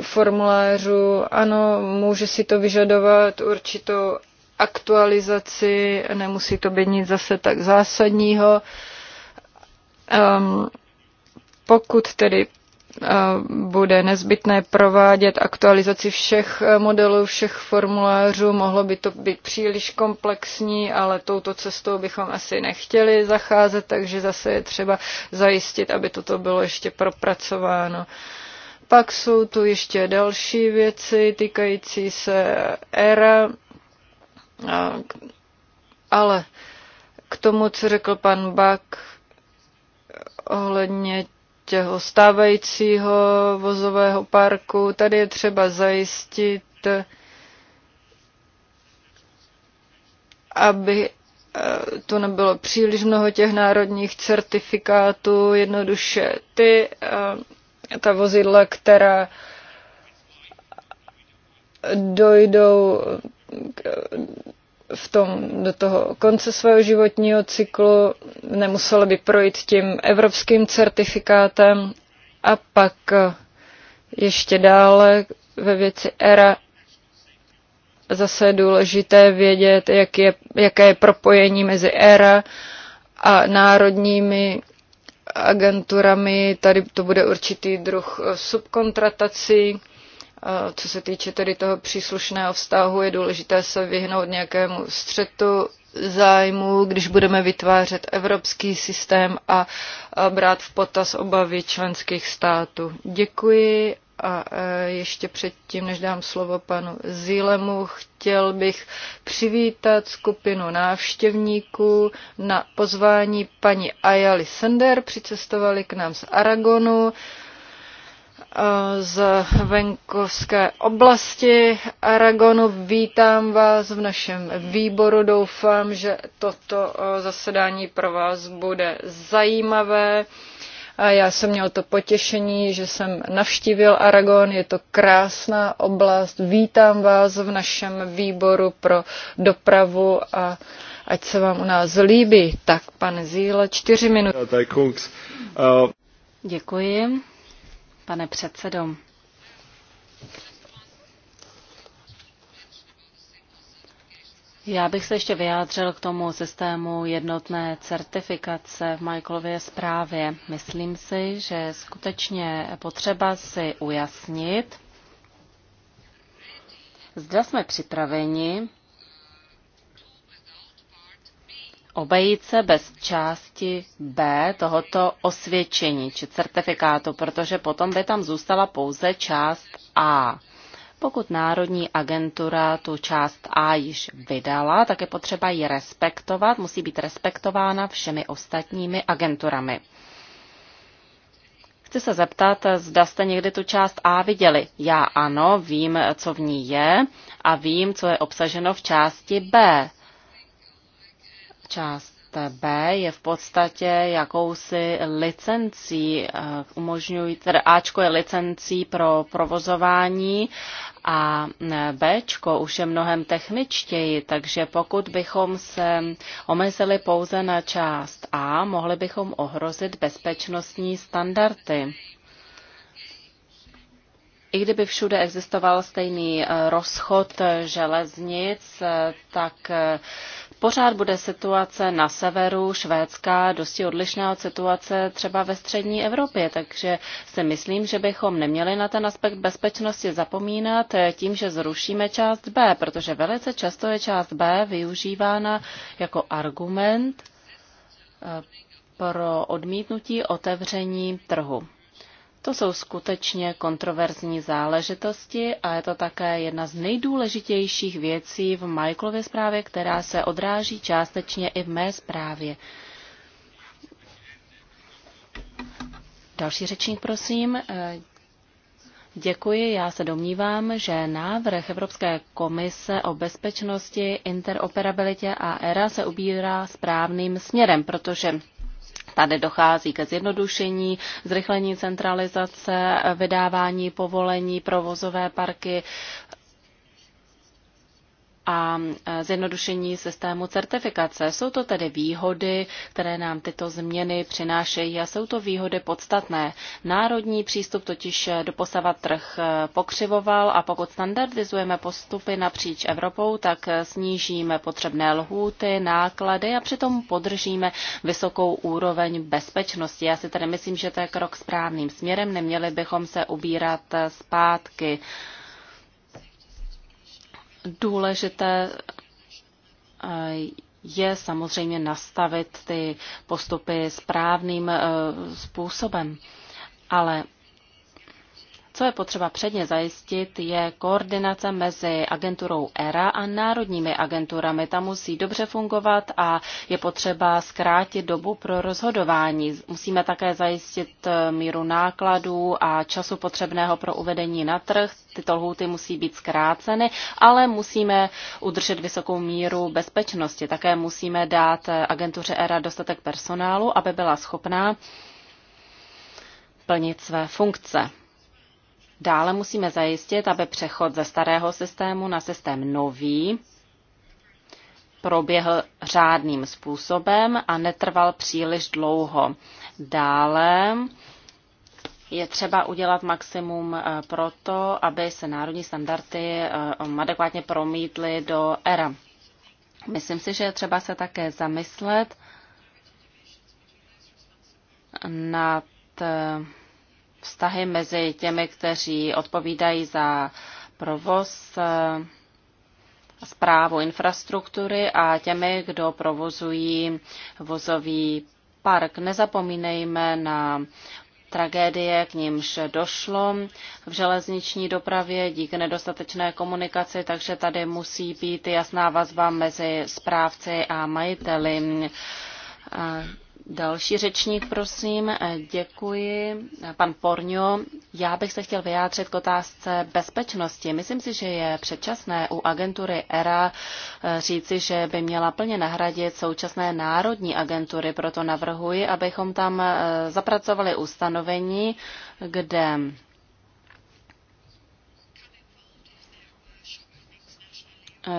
formulářů. Ano, může si to vyžadovat určitou aktualizaci, nemusí to být nic zase tak zásadního. Ehm, pokud tedy eh, bude nezbytné provádět aktualizaci všech eh, modelů, všech formulářů. Mohlo by to být příliš komplexní, ale touto cestou bychom asi nechtěli zacházet, takže zase je třeba zajistit, aby toto bylo ještě propracováno. Pak jsou tu ještě další věci týkající se era, eh, ale k tomu, co řekl pan Bak, ohledně těho stávajícího vozového parku. Tady je třeba zajistit, aby eh, to nebylo příliš mnoho těch národních certifikátů, jednoduše ty, eh, ta vozidla, která dojdou v tom, do toho konce svého životního cyklu, nemuselo by projít tím evropským certifikátem a pak eh, ještě dále ve věci ERA zase je důležité vědět, jak je, jaké je propojení mezi ERA a národními agenturami. Tady to bude určitý druh eh, subkontratací Eh, co se týče tedy toho příslušného vztahu, je důležité se vyhnout nějakému střetu zájmu, když budeme vytvářet evropský systém a brát v potaz obavy členských států. Děkuji a eh, ještě předtím, než dám slovo panu Zílemu, chtěl bych přivítat skupinu návštěvníků na pozvání paní Ayali Sender. Přicestovali k nám z Aragonu z venkovské oblasti Aragonu. Vítám vás v našem výboru. Doufám, že toto eh, zasedání pro vás bude zajímavé. Já jsem měl to potěšení, že jsem navštívil Aragon, je to krásná oblast. Vítám vás v našem výboru pro dopravu a ať se vám u nás líbí. Tak, pane Zíle, čtyři minuty. Eh, Děkuji pane předsedo. Já bych se ještě vyjádřil k tomu systému jednotné certifikace v Michaelově zprávě. Myslím si, že je skutečně potřeba si ujasnit, zda jsme připraveni obejít se bez části B tohoto osvědčení či certifikátu, protože potom by tam zůstala pouze část A. Pokud Národní agentura tu část A již vydala, tak je potřeba ji respektovat, musí být respektována všemi ostatními agenturami. Chci se zeptat, zda jste někdy tu část A viděli. Já ano, vím, co v ní je a vím, co je obsaženo v části B. Část B je v podstatě jakousi licencí, eh, umožňují, tedy Ačko je licencí pro provozování a eh, Bčko už je mnohem techničtěji, takže pokud bychom se omezili pouze na část A, mohli bychom ohrozit bezpečnostní standardy. I kdyby všude existoval stejný eh, rozchod železnic, tak pořád bude situace na severu Švédska dosti odlišná od situace třeba ve střední Evropě, takže si myslím, že bychom neměli na ten aspekt bezpečnosti zapomínat tím, že zrušíme část B, protože velice často je část B využívána jako argument eh, pro odmítnutí otevření trhu. To jsou skutečně kontroverzní záležitosti a je to také jedna z nejdůležitějších věcí v Michaelově zprávě, která se odráží částečně i v mé zprávě. Další řečník, prosím. Eh, děkuji. Já se domnívám, že návrh Evropské komise o bezpečnosti, interoperabilitě a ERA se ubírá správným směrem, protože Tady dochází ke zjednodušení, zrychlení centralizace, vydávání povolení, provozové parky, a e, zjednodušení systému certifikace. Jsou to tedy výhody, které nám tyto změny přinášejí a jsou to výhody podstatné. Národní přístup totiž e, doposavat trh e, pokřivoval a pokud standardizujeme postupy napříč Evropou, tak snížíme potřebné lhůty, náklady a přitom podržíme vysokou úroveň bezpečnosti. Já si tedy myslím, že to je krok správným směrem, neměli bychom se ubírat zpátky. Důležité eh, je samozřejmě nastavit ty postupy správným eh, způsobem. Ale co je potřeba předně zajistit, je koordinace mezi agenturou ERA a národními agenturami. Ta musí dobře fungovat a je potřeba zkrátit dobu pro rozhodování. Musíme také zajistit eh, míru nákladů a času potřebného pro uvedení na trh. Tyto lhuty musí být zkráceny, ale musíme udržet vysokou míru bezpečnosti. Také musíme dát eh, agentuře ERA dostatek personálu, aby byla schopná plnit své funkce. Dále musíme zajistit, aby přechod ze starého systému na systém nový proběhl řádným způsobem a netrval příliš dlouho. Dále je třeba udělat maximum eh, pro to, aby se národní standardy eh, um, adekvátně promítly do ERA. Myslím si, že je třeba se také zamyslet nad eh, vztahy mezi těmi, kteří odpovídají za provoz eh, zprávu infrastruktury a těmi, kdo provozují vozový park. Nezapomínejme na tragédie, k nímž došlo v železniční dopravě díky nedostatečné komunikaci, takže tady musí být jasná vazba mezi správci a majiteli. Další řečník, prosím, eh, děkuji. Pan Porňo, já bych se chtěl vyjádřit k otázce bezpečnosti. Myslím si, že je předčasné u agentury ERA eh, říci, že by měla plně nahradit současné národní agentury. Proto navrhuji, abychom tam eh, zapracovali ustanovení, kde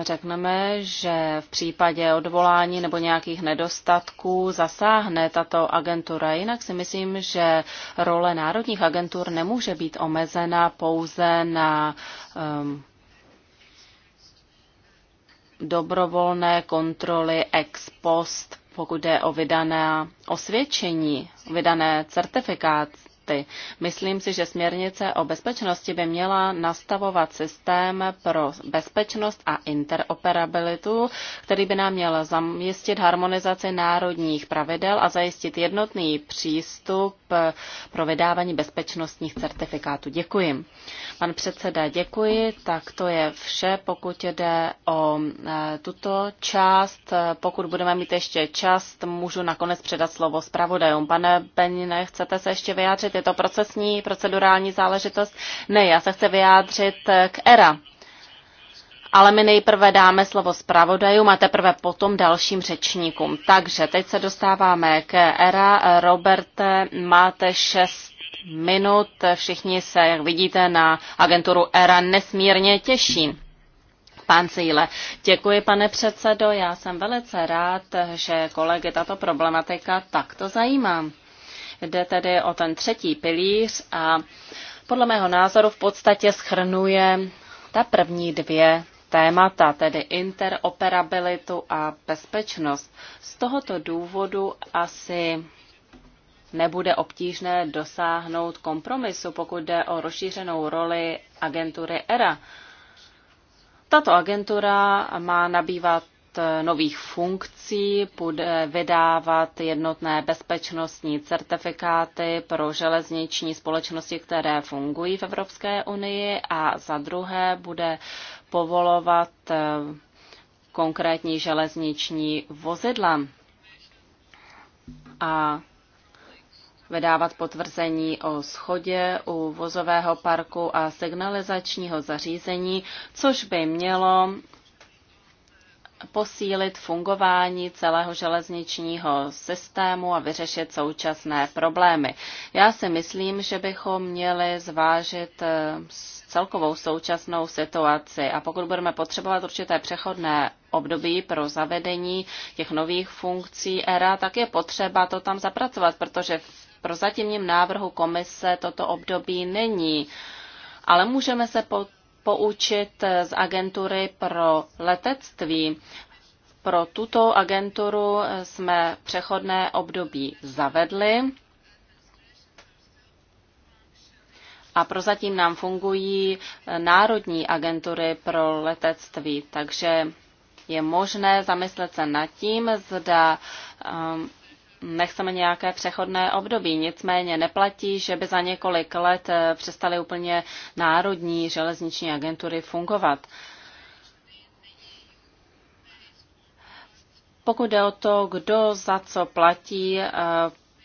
řekneme, že v případě odvolání nebo nějakých nedostatků zasáhne tato agentura. Jinak si myslím, že role národních agentur nemůže být omezena pouze na um, dobrovolné kontroly ex post, pokud jde o vydané osvědčení, vydané certifikáty státy. Myslím si, že směrnice o bezpečnosti by měla nastavovat systém pro bezpečnost a interoperabilitu, který by nám měl zajistit harmonizaci národních pravidel a zajistit jednotný přístup pro vydávání bezpečnostních certifikátů. Děkuji. Pan předseda, děkuji. Tak to je vše, pokud jde o e, tuto část. Pokud budeme mít ještě čas, můžu nakonec předat slovo zpravodajům. Pane Benine, chcete se ještě vyjádřit? Je to procesní, procedurální záležitost? Ne, já se chci vyjádřit eh, k ERA. Ale my nejprve dáme slovo zpravodajům a teprve potom dalším řečníkům. Takže teď se dostáváme k ERA. Roberte, máte šest minut. Všichni se, jak vidíte, na agenturu ERA nesmírně těší. Pán Cíle, děkuji pane předsedo, já jsem velice rád, že kolegy tato problematika takto zajímá. Jde tedy o ten třetí pilíř a podle mého názoru v podstatě schrnuje ta první dvě témata, tedy interoperabilitu a bezpečnost. Z tohoto důvodu asi nebude obtížné dosáhnout kompromisu, pokud jde o rozšířenou roli agentury ERA. Tato agentura má nabývat nových funkcí, bude vydávat jednotné bezpečnostní certifikáty pro železniční společnosti, které fungují v Evropské unii a za druhé bude povolovat eh, konkrétní železniční vozidla a vydávat potvrzení o schodě u vozového parku a signalizačního zařízení, což by mělo posílit fungování celého železničního systému a vyřešit současné problémy. Já si myslím, že bychom měli zvážit eh, celkovou současnou situaci a pokud budeme potřebovat určité přechodné období pro zavedení těch nových funkcí ERA, tak je potřeba to tam zapracovat, protože v prozatímním návrhu komise toto období není. Ale můžeme se potřebovat poučit z agentury pro letectví. Pro tuto agenturu jsme přechodné období zavedli a prozatím nám fungují národní agentury pro letectví, takže je možné zamyslet se nad tím, zda um, nechceme nějaké přechodné období. Nicméně neplatí, že by za několik let eh, přestaly úplně národní železniční agentury fungovat. Pokud jde o to, kdo za co platí eh,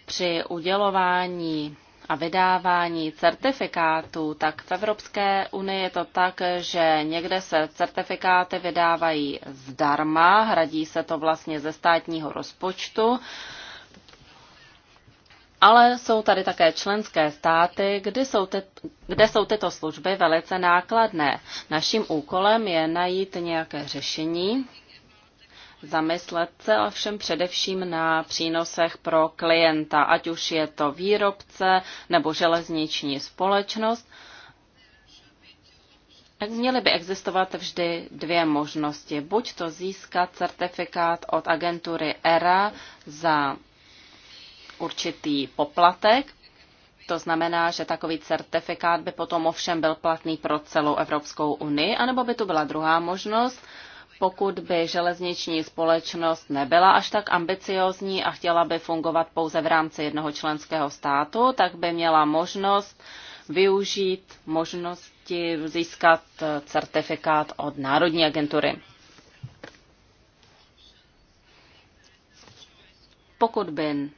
při udělování a vydávání certifikátů, tak v Evropské unii je to tak, že někde se certifikáty vydávají zdarma, hradí se to vlastně ze státního rozpočtu ale jsou tady také členské státy, kde jsou te, kde jsou tyto služby velice nákladné. Naším úkolem je najít nějaké řešení, zamyslet se ovšem především na přínosech pro klienta, ať už je to výrobce nebo železniční společnost. Měly by existovat vždy dvě možnosti. Buď to získat certifikát od agentury ERA za určitý poplatek. To znamená, že takový certifikát by potom ovšem byl platný pro celou Evropskou unii, anebo by tu byla druhá možnost, pokud by železniční společnost nebyla až tak ambiciozní a chtěla by fungovat pouze v rámci jednoho členského státu, tak by měla možnost využít možnosti získat certifikát od Národní agentury. Pokud by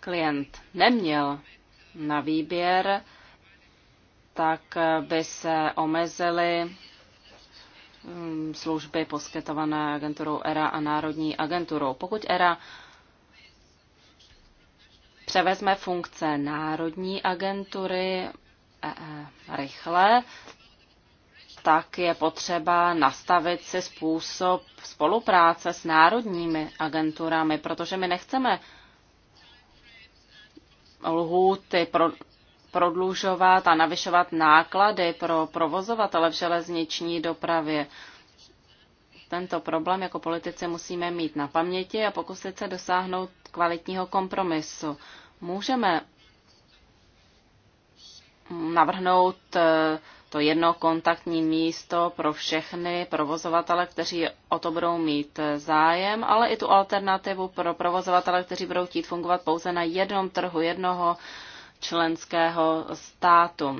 klient neměl na výběr, tak by se omezily mm, služby poskytované agenturou ERA a Národní agenturou. Pokud ERA převezme funkce Národní agentury eh, eh, rychle, tak je potřeba nastavit si způsob spolupráce s národními agenturami, protože my nechceme lhůty pro, prodlužovat a navyšovat náklady pro provozovatele v železniční dopravě. Tento problém jako politici musíme mít na paměti a pokusit se dosáhnout kvalitního kompromisu. Můžeme navrhnout eh, to jedno kontaktní místo pro všechny provozovatele, kteří o to budou mít zájem, ale i tu alternativu pro provozovatele, kteří budou chtít fungovat pouze na jednom trhu jednoho členského státu.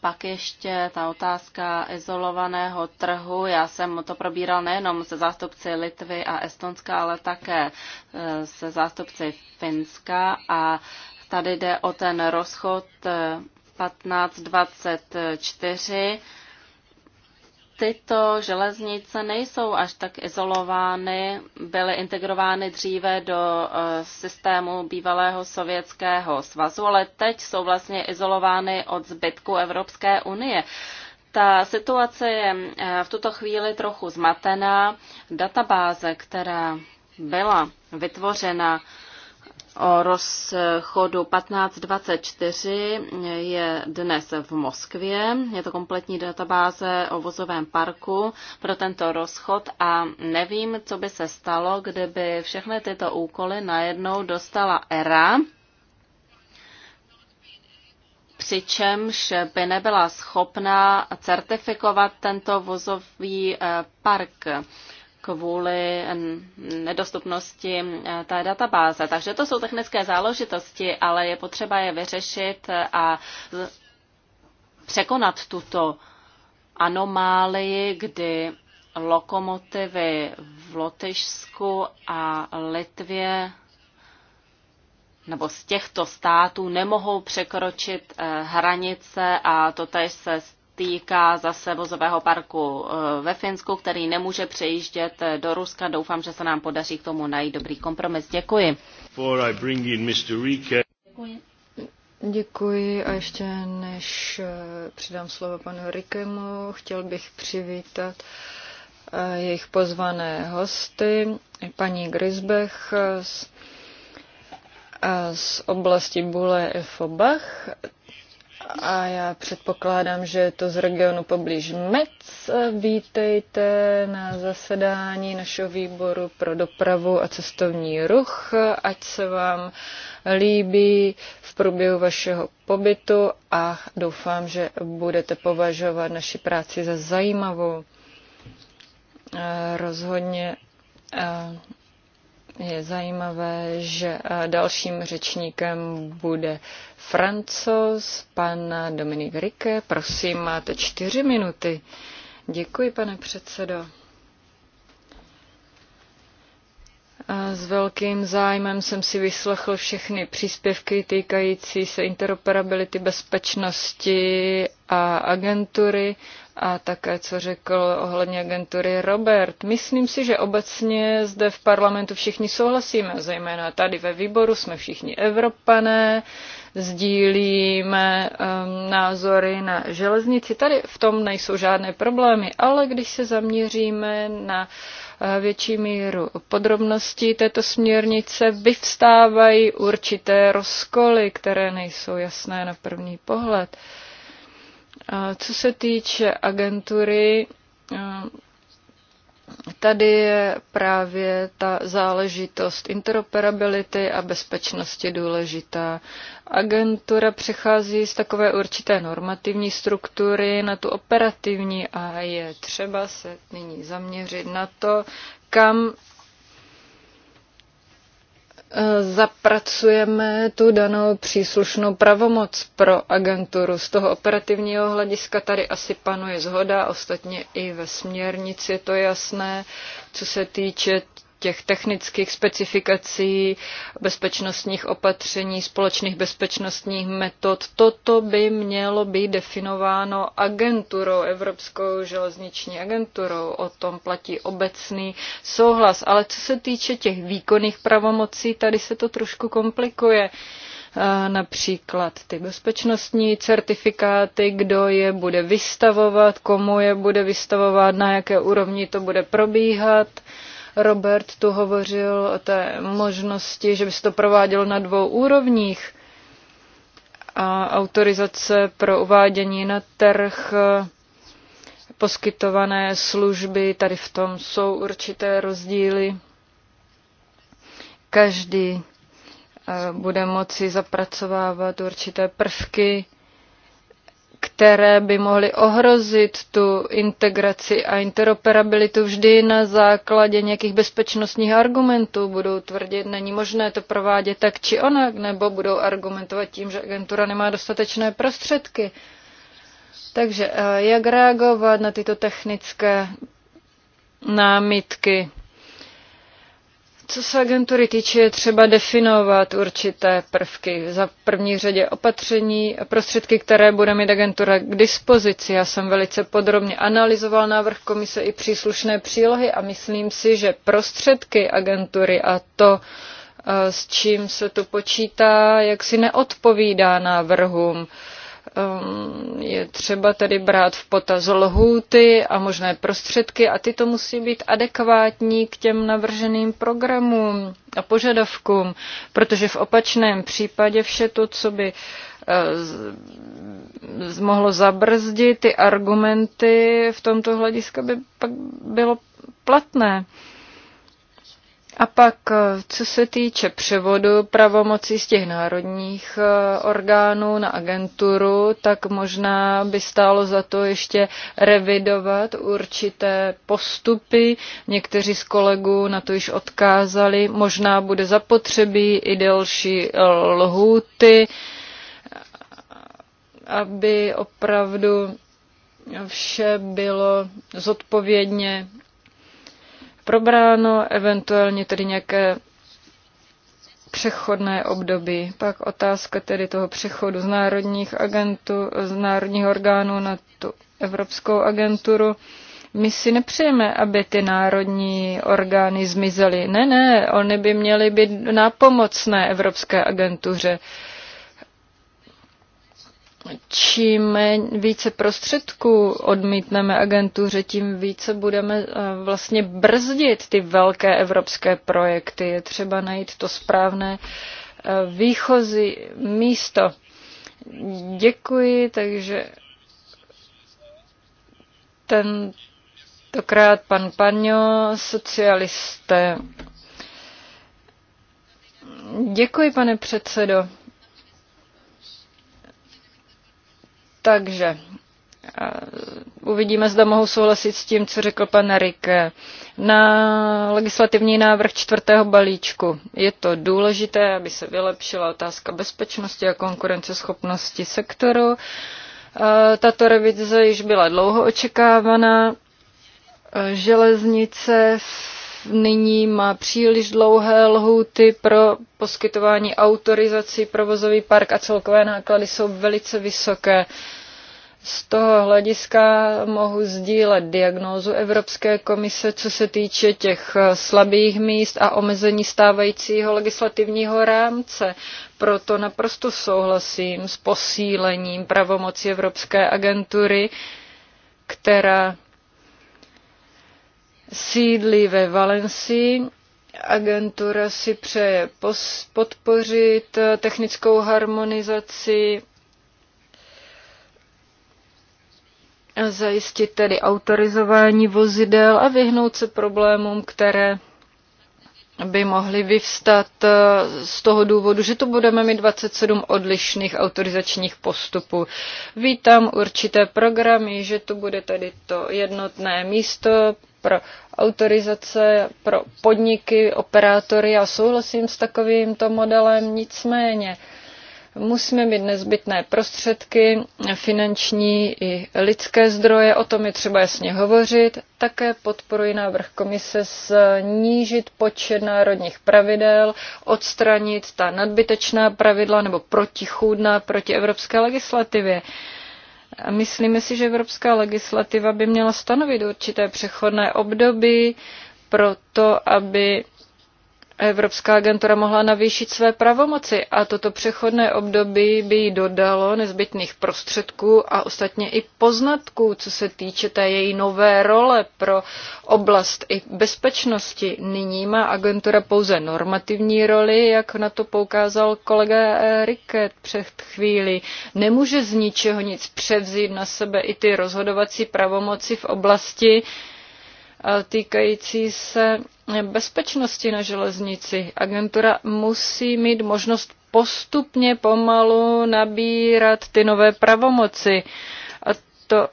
Pak ještě ta otázka izolovaného trhu. Já jsem to probíral nejenom se zástupci Litvy a Estonska, ale také e, se zástupci Finska a tady jde o ten rozchod e, 1524. Tyto železnice nejsou až tak izolovány, byly integrovány dříve do eh, systému bývalého sovětského svazu, ale teď jsou vlastně izolovány od zbytku Evropské unie. Ta situace je eh, v tuto chvíli trochu zmatená. Databáze, která byla vytvořena o rozchodu 1524 je dnes v Moskvě. Je to kompletní databáze o vozovém parku pro tento rozchod a nevím, co by se stalo, kdyby všechny tyto úkoly najednou dostala ERA, přičemž by nebyla schopna certifikovat tento vozový eh, park kvůli nedostupnosti eh, té databáze. Takže to jsou technické záležitosti, ale je potřeba je vyřešit a překonat tuto anomálii, kdy lokomotivy v Lotyšsku a Litvě nebo z těchto států nemohou překročit eh, hranice a to se týká zase vozového parku eh, ve Finsku, který nemůže přejíždět eh, do Ruska. Doufám, že se nám podaří k tomu najít dobrý kompromis. Děkuji. Děkuji. a ještě než eh, přidám slovo panu Rikemu, chtěl bych přivítat jejich pozvané hosty, paní Grisbech z, z oblasti Bule Efobach, a já předpokládám, že je to z regionu poblíž Mec. Vítejte na zasedání našeho výboru pro dopravu a cestovní ruch. Ať se vám líbí v průběhu vašeho pobytu a doufám, že budete považovat naši práci za zajímavou. Eh, rozhodně eh, je zajímavé, že eh, dalším řečníkem bude francouz, pan Dominik Rike. Prosím, máte čtyři minuty. Děkuji, pane předsedo. Eh, s velkým zájmem jsem si vyslechl všechny příspěvky týkající se interoperability, bezpečnosti a agentury a také, co řekl ohledně agentury Robert. Myslím si, že obecně zde v parlamentu všichni souhlasíme, zejména tady ve výboru jsme všichni Evropané, sdílíme um, názory na železnici. Tady v tom nejsou žádné problémy, ale když se zaměříme na eh, větší míru podrobností této směrnice, vyvstávají určité rozkoly, které nejsou jasné na první pohled. Co se týče agentury, tady je právě ta záležitost interoperability a bezpečnosti důležitá. Agentura přechází z takové určité normativní struktury na tu operativní a je třeba se nyní zaměřit na to, kam zapracujeme tu danou příslušnou pravomoc pro agenturu. Z toho operativního hlediska tady asi panuje zhoda, ostatně i ve směrnici je to jasné, co se týče těch technických specifikací, bezpečnostních opatření, společných bezpečnostních metod. Toto by mělo být definováno agenturou, Evropskou železniční agenturou. O tom platí obecný souhlas. Ale co se týče těch výkonných pravomocí, tady se to trošku komplikuje e, například ty bezpečnostní certifikáty, kdo je bude vystavovat, komu je bude vystavovat, na jaké úrovni to bude probíhat. Robert tu hovořil o té možnosti, že by se to provádělo na dvou úrovních. A autorizace pro uvádění na trh poskytované služby, tady v tom jsou určité rozdíly. Každý eh, bude moci zapracovávat určité prvky které by mohly ohrozit tu integraci a interoperabilitu vždy na základě nějakých bezpečnostních argumentů. Budou tvrdit, není možné to provádět tak či onak, nebo budou argumentovat tím, že agentura nemá dostatečné prostředky. Takže eh, jak reagovat na tyto technické námitky? Co se agentury týče, je třeba definovat určité prvky. Za první řadě opatření a prostředky, které bude mít agentura k dispozici. Já jsem velice podrobně analyzoval návrh komise i příslušné přílohy a myslím si, že prostředky agentury a to, eh, s čím se tu počítá, jak si neodpovídá návrhům. Ehm, je třeba tedy brát v potaz lhůty a možné prostředky a tyto musí být adekvátní k těm navrženým programům a požadavkům, protože v opačném případě vše to, co by eh, mohlo zabrzdit ty argumenty v tomto hlediska by pak bylo platné. A pak, eh, co se týče převodu pravomocí z těch národních eh, orgánů na agenturu, tak možná by stálo za to ještě revidovat určité postupy. Někteří z kolegů na to již odkázali. Možná bude zapotřebí i delší eh, lhůty, aby opravdu vše bylo zodpovědně probráno, eventuálně tedy nějaké přechodné období. Pak otázka tedy toho přechodu z národních agentů, z národních orgánů na tu Evropskou agenturu. My si nepřejeme, aby ty národní orgány zmizely. Ne, ne, oni by měly být nápomocné Evropské agentuře. Uh, čím více prostředků odmítneme agentuře, tím více budeme eh, vlastně brzdit ty velké evropské projekty. Je třeba najít to správné eh, výchozí místo. Děkuji, takže tentokrát pan Paňo, socialisté. Děkuji, pane předsedo. Takže eh, uvidíme, zda mohu souhlasit s tím, co řekl pan Rik. Na legislativní návrh čtvrtého balíčku je to důležité, aby se vylepšila otázka bezpečnosti a konkurenceschopnosti sektoru. Eh, tato revize již byla dlouho očekávaná. Eh, železnice nyní má příliš dlouhé lhuty pro poskytování autorizací, provozový park a celkové náklady jsou velice vysoké. Z toho hlediska mohu sdílet diagnózu Evropské komise, co se týče těch eh, slabých míst a omezení stávajícího legislativního rámce. Proto naprosto souhlasím s posílením pravomoci Evropské agentury, která sídlí ve Valencii. Agentura si přeje podpořit technickou harmonizaci a zajistit tedy autorizování vozidel a vyhnout se problémům, které by mohly vyvstat eh, z toho důvodu, že tu budeme mít 27 odlišných autorizačních postupů. Vítám určité programy, že tu bude tady to jednotné místo pro autorizace, pro podniky, operátory. Já souhlasím s takovýmto modelem, nicméně musíme mít nezbytné prostředky, finanční i lidské zdroje, o tom je třeba jasně hovořit. Také podporuji návrh komise snížit počet národních pravidel, odstranit ta nadbytečná pravidla nebo protichůdná proti evropské legislativě. Myslíme si, že evropská legislativa by měla stanovit určité přechodné období pro to, aby Evropská agentura mohla navýšit své pravomoci a toto přechodné období by jí dodalo nezbytných prostředků a ostatně i poznatků, co se týče té její nové role pro oblast i bezpečnosti. Nyní má agentura pouze normativní roli, jak na to poukázal kolega Riket před chvíli. Nemůže z ničeho nic převzít na sebe i ty rozhodovací pravomoci v oblasti, Eh, týkající se bezpečnosti na železnici. Agentura musí mít možnost postupně pomalu nabírat ty nové pravomoci. A to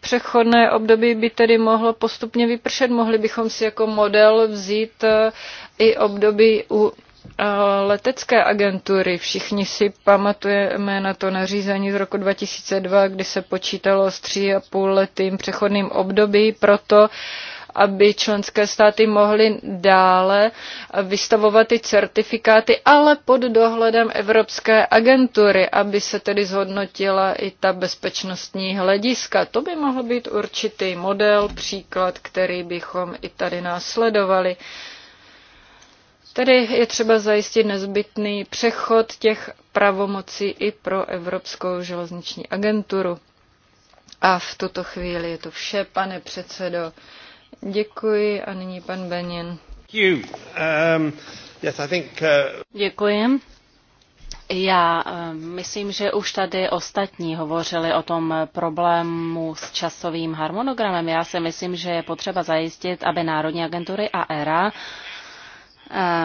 přechodné období by tedy mohlo postupně vypršet. Mohli bychom si jako model vzít eh, i období u letecké agentury. Všichni si pamatujeme na to nařízení z roku 2002, kdy se počítalo s půl letým přechodným období proto, aby členské státy mohly dále vystavovat ty certifikáty, ale pod dohledem Evropské agentury, aby se tedy zhodnotila i ta bezpečnostní hlediska. To by mohl být určitý model, příklad, který bychom i tady následovali. Tedy je třeba zajistit nezbytný přechod těch pravomocí i pro Evropskou železniční agenturu. A v tuto chvíli je to vše, pane předsedo. Děkuji a nyní pan Benin. Um, uh, Děkuji. Já um, myslím, že už tady ostatní hovořili o tom problému s časovým harmonogramem. Já si myslím, že je potřeba zajistit, aby Národní agentury a ERA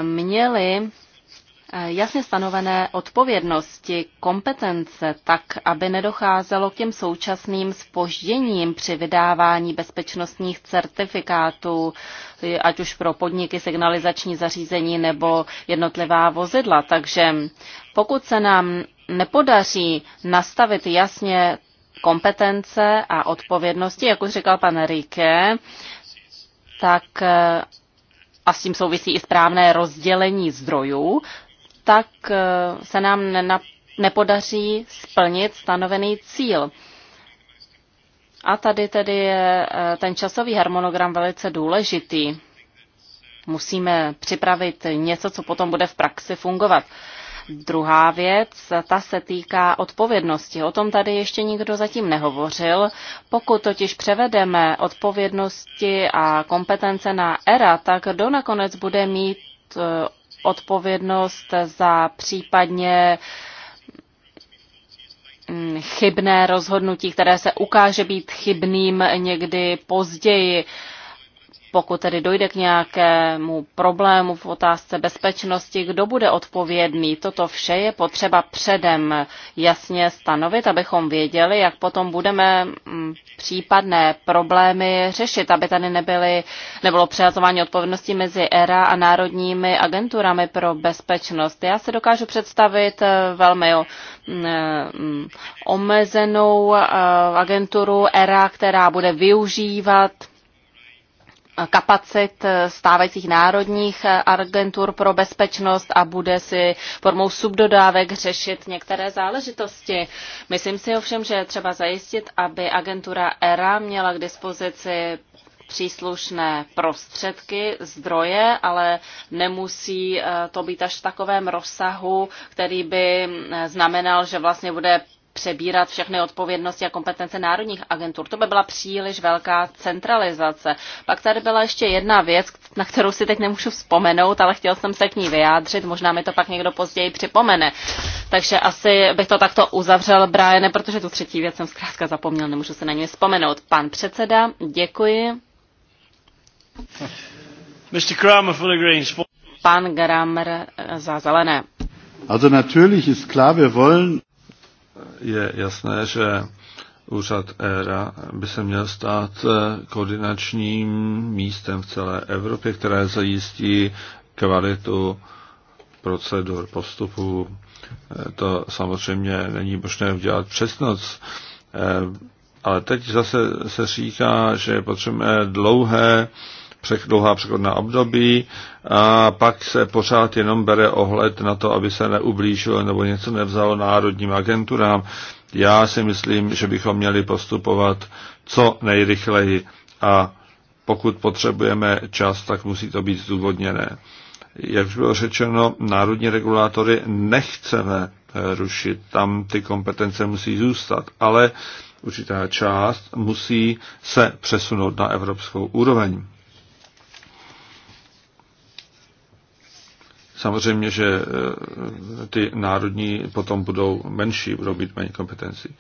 měli eh, jasně stanovené odpovědnosti, kompetence, tak, aby nedocházelo k těm současným spožděním při vydávání bezpečnostních certifikátů, ať už pro podniky, signalizační zařízení nebo jednotlivá vozidla. Takže pokud se nám nepodaří nastavit jasně kompetence a odpovědnosti, jak už říkal pan Rike, tak eh, a s tím souvisí i správné rozdělení zdrojů, tak eh, se nám nepodaří splnit stanovený cíl. A tady tedy je eh, ten časový harmonogram velice důležitý. Musíme připravit něco, co potom bude v praxi fungovat. Druhá věc, ta se týká odpovědnosti. O tom tady ještě nikdo zatím nehovořil. Pokud totiž převedeme odpovědnosti a kompetence na ERA, tak kdo nakonec bude mít e, odpovědnost za případně mm, chybné rozhodnutí, které se ukáže být chybným někdy později pokud tedy dojde k nějakému problému v otázce bezpečnosti, kdo bude odpovědný. Toto vše je potřeba předem jasně stanovit, abychom věděli, jak potom budeme mm, případné problémy řešit, aby tady nebyly, nebylo přehazování odpovědnosti mezi ERA a národními agenturami pro bezpečnost. Já se dokážu představit eh, velmi eh, mm, omezenou eh, agenturu ERA, která bude využívat kapacit stávajících národních agentur pro bezpečnost a bude si formou subdodávek řešit některé záležitosti. Myslím si ovšem, že je třeba zajistit, aby agentura ERA měla k dispozici příslušné prostředky, zdroje, ale nemusí eh, to být až v takovém rozsahu, který by eh, znamenal, že vlastně bude přebírat všechny odpovědnosti a kompetence národních agentur. To by byla příliš velká centralizace. Pak tady byla ještě jedna věc, na kterou si teď nemůžu vzpomenout, ale chtěl jsem se k ní vyjádřit, možná mi to pak někdo později připomene. Takže asi bych to takto uzavřel, Brian, protože tu třetí věc jsem zkrátka zapomněl, nemůžu se na ní vzpomenout. Pan předseda, děkuji. Mr. Kramer for the Greens. Pan Gramer za zelené. Also natürlich ist klar, wir wollen je jasné, že úřad ERA by se měl stát eh, koordinačním místem v celé Evropě, které zajistí kvalitu procedur, postupů. Eh, to samozřejmě není možné udělat přes noc. Eh, ale teď zase se říká, že potřebujeme dlouhé dlouhá přechodná období a pak se pořád jenom bere ohled na to, aby se neublížilo nebo něco nevzalo národním agenturám. Já si myslím, že bychom měli postupovat co nejrychleji a pokud potřebujeme čas, tak musí to být zdůvodněné. Jak už bylo řečeno, národní regulátory nechceme eh, rušit, tam ty kompetence musí zůstat, ale určitá část musí se přesunout na evropskou úroveň. Samozřejmě, že eh, ty národní potom budou menší, budou být méně kompetencí.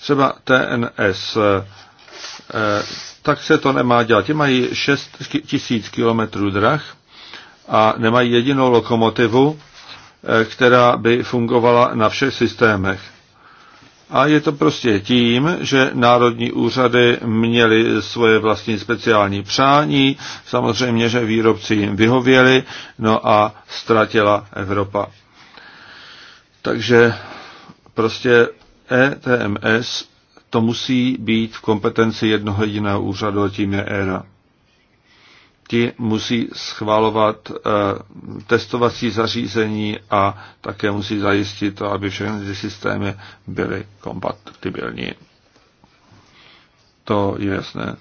Třeba TNS, eh, tak se to nemá dělat. Ti mají 6 tisíc kilometrů drah a nemají jedinou lokomotivu, eh, která by fungovala na všech systémech. A je to prostě tím, že národní úřady měly svoje vlastní speciální přání, samozřejmě, že výrobci jim vyhověli, no a ztratila Evropa. Takže prostě ETMS to musí být v kompetenci jednoho jediného úřadu, a tím je ERA ti musí schvalovat eh, testovací zařízení a také musí zajistit to, aby všechny ty systémy byly kompatibilní. To je jasné.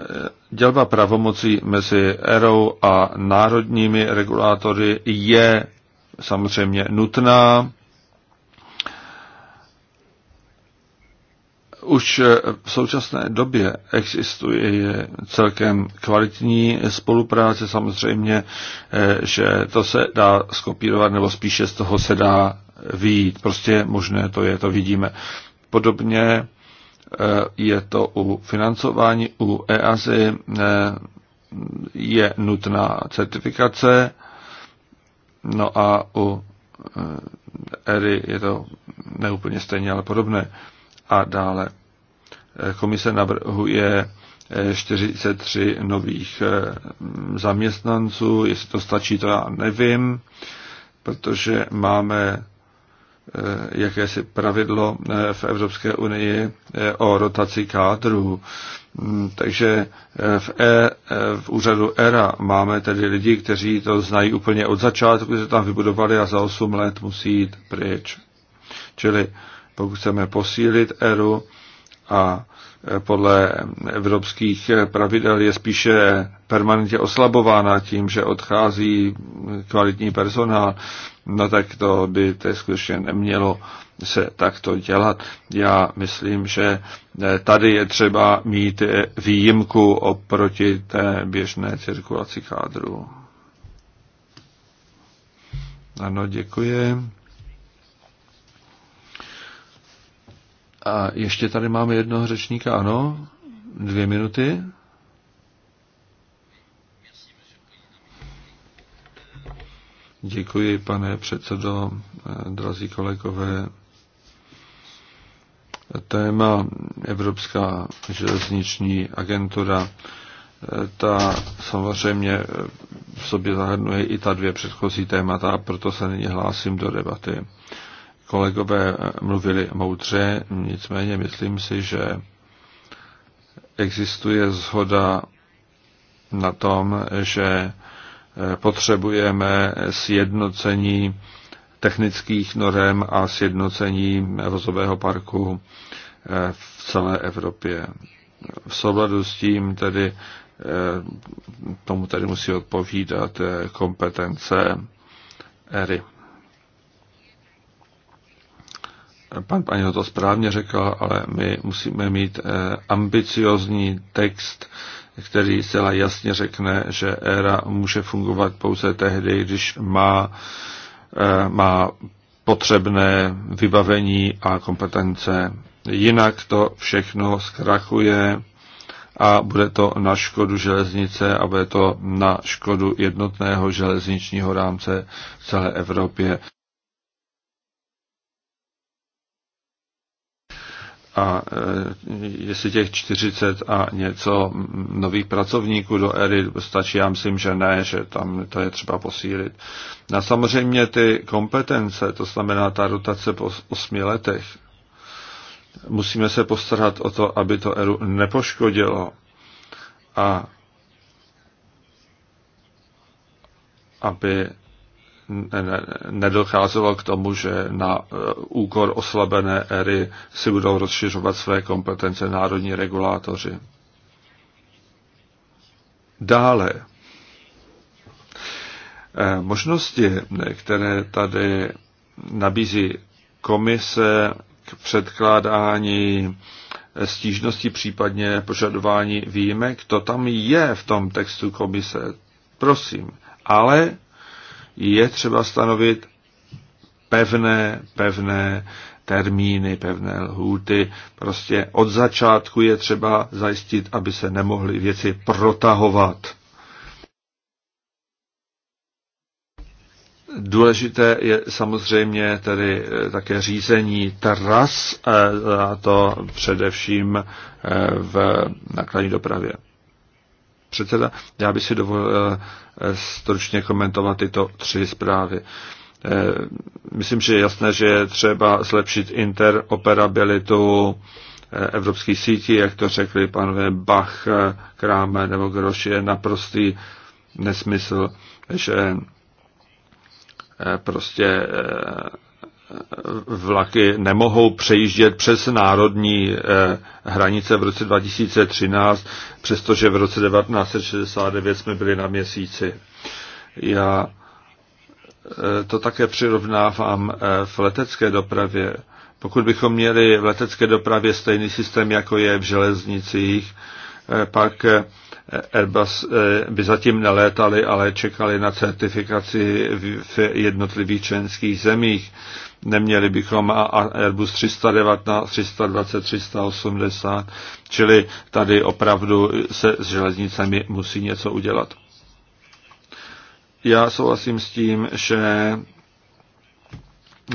Eh, dělba pravomocí mezi ERou a národními regulátory je samozřejmě nutná Už eh, v současné době existuje celkem kvalitní spolupráce, samozřejmě, eh, že to se dá skopírovat, nebo spíše z toho se dá výjít. Prostě možné to je, to vidíme. Podobně eh, je to u financování, u EASY je nutná certifikace, no a u ERY e je to neúplně stejně, ale podobné. A dále eh, komise navrhuje 43 eh, nových eh, zaměstnanců. Jestli to stačí, to já nevím, protože máme jakési pravidlo v Evropské unii o rotaci kádru. Mm, takže v, e, v úřadu ERA máme tedy lidi, kteří to znají úplně od začátku, že tam vybudovali a za 8 let musí jít pryč. Čili pokud chceme posílit ERU a e, podle evropských e, pravidel je spíše permanentně oslabována tím, že odchází kvalitní personál, no tak to by to skutečně nemělo se takto dělat. Já myslím, že e, tady je třeba mít výjimku oproti té běžné cirkulaci kádru. Ano, děkuji. A ještě tady máme jednoho řečníka, ano, dvě minuty. Děkuji, pane předsedo, drazí kolegové. Téma Evropská železniční agentura, ta samozřejmě v sobě zahrnuje i ta dvě předchozí témata, proto se nyní hlásím do debaty kolegové mluvili moudře, nicméně myslím si, že existuje zhoda na tom, že eh, potřebujeme sjednocení technických norem a sjednocení vozového parku eh, v celé Evropě. V souladu s tím tedy eh, tomu tedy musí odpovídat kompetence ERY. Pan paní to správně řekl, ale my musíme mít eh, ambiciozní text, který zcela jasně řekne, že éra může fungovat pouze tehdy, když má, eh, má potřebné vybavení a kompetence. Jinak to všechno zkrachuje a bude to na škodu železnice a bude to na škodu jednotného železničního rámce v celé Evropě. a e, jestli těch 40 a něco nových pracovníků do ERY stačí, já myslím, že ne, že tam to je třeba posílit. A samozřejmě ty kompetence, to znamená ta rotace po 8 letech, musíme se postarat o to, aby to ERU nepoškodilo a aby nedocházelo k tomu, že na e, úkor oslabené éry si budou rozšiřovat své kompetence národní regulátoři. Dále, e, možnosti, které tady nabízí komise k předkládání e, stížnosti, případně požadování výjimek, to tam je v tom textu komise. Prosím, ale je třeba stanovit pevné, pevné termíny, pevné lhůty. Prostě od začátku je třeba zajistit, aby se nemohly věci protahovat. Důležité je samozřejmě tedy eh, také řízení tras, eh, a to především eh, v nákladní dopravě předseda. Já bych si dovolil eh, eh, stručně komentovat tyto tři zprávy. Eh, myslím, že je jasné, že je třeba zlepšit interoperabilitu evropských sítí, jak to řekli panové Bach, Kráme nebo Groš, je naprostý nesmysl, že prostě vlaky nemohou přejíždět přes národní eh, hranice v roce 2013, přestože v roce 1969 jsme byli na měsíci. Já eh, to také přirovnávám eh, v letecké dopravě. Pokud bychom měli v letecké dopravě stejný systém, jako je v železnicích, pak Airbus by zatím nelétali, ale čekali na certifikaci v jednotlivých členských zemích neměli bychom Airbus 319, 320, 380, čili tady opravdu se s železnicemi musí něco udělat. Já souhlasím s tím, že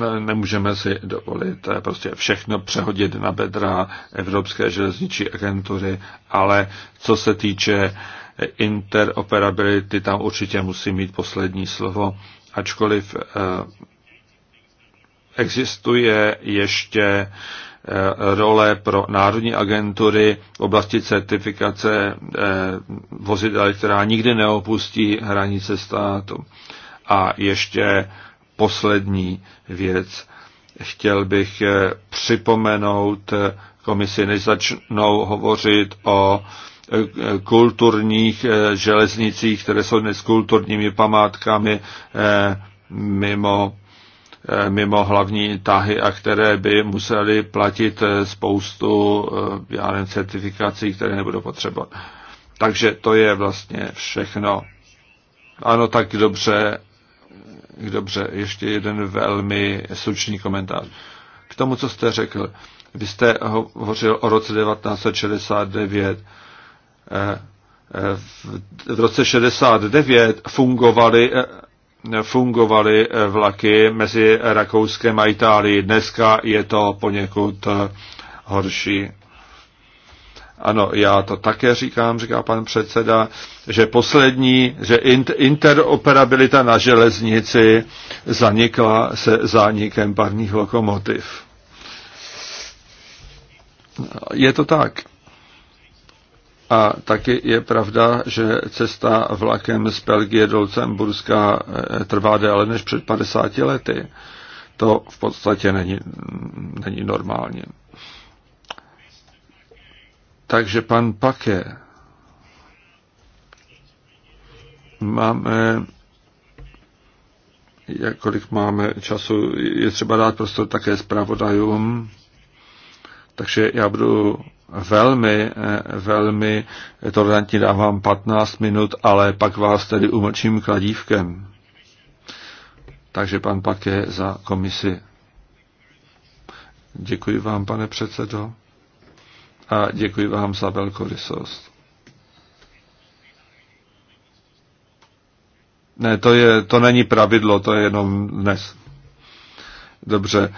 eh, nemůžeme si dovolit eh, prostě všechno přehodit na bedra Evropské železniční agentury, ale co se týče eh, interoperability, tam určitě musí mít poslední slovo, ačkoliv existuje ještě eh, role pro národní agentury v oblasti certifikace eh, vozidel, která nikdy neopustí hranice státu. A ještě poslední věc. Chtěl bych eh, připomenout komisi, než začnou hovořit o kulturních železnicích, které jsou dnes kulturními památkami mimo Eh, mimo hlavní tahy a které by museli platit eh, spoustu eh, já nevím, certifikací, které nebudou potřebovat. Takže to je vlastně všechno. Ano, tak dobře, dobře, ještě jeden velmi slučný komentář. K tomu, co jste řekl, vy jste hovořil o roce 1969. V roce 69 fungovaly fungovaly eh, vlaky mezi Rakouskem a Itálií. Dneska je to poněkud eh, horší. Ano, já to také říkám, říká pan předseda, že poslední, že interoperabilita na železnici zanikla se zánikem parních lokomotiv. Je to tak. A taky je pravda, že cesta vlakem z Belgie do Lucemburska eh, trvá déle než před 50 lety. To v podstatě není, není normální. Takže pan Pake. Máme jakkoliv máme času, je třeba dát prostor také zpravodajům. Takže já budu velmi, eh, velmi tolerantně dávám 15 minut, ale pak vás tedy umlčím kladívkem. Takže pan Paké za komisi. Děkuji vám, pane předsedo, a děkuji vám za velkorysost. Ne, to, je, to není pravidlo, to je jenom dnes. Dobře,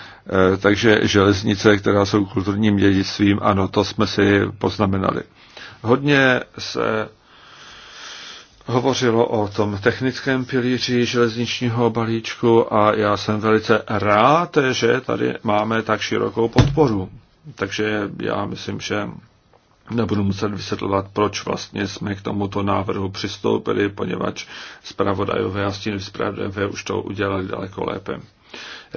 eh, takže železnice, která jsou kulturním dědictvím, ano, to jsme si poznamenali. Hodně se hovořilo o tom technickém pilíři železničního balíčku a já jsem velice rád, že tady máme tak širokou podporu. Takže já myslím, že nebudu muset vysvětlovat, proč vlastně jsme k tomuto návrhu přistoupili, poněvadž zpravodajové a stínoví zpravodajové už to udělali daleko lépe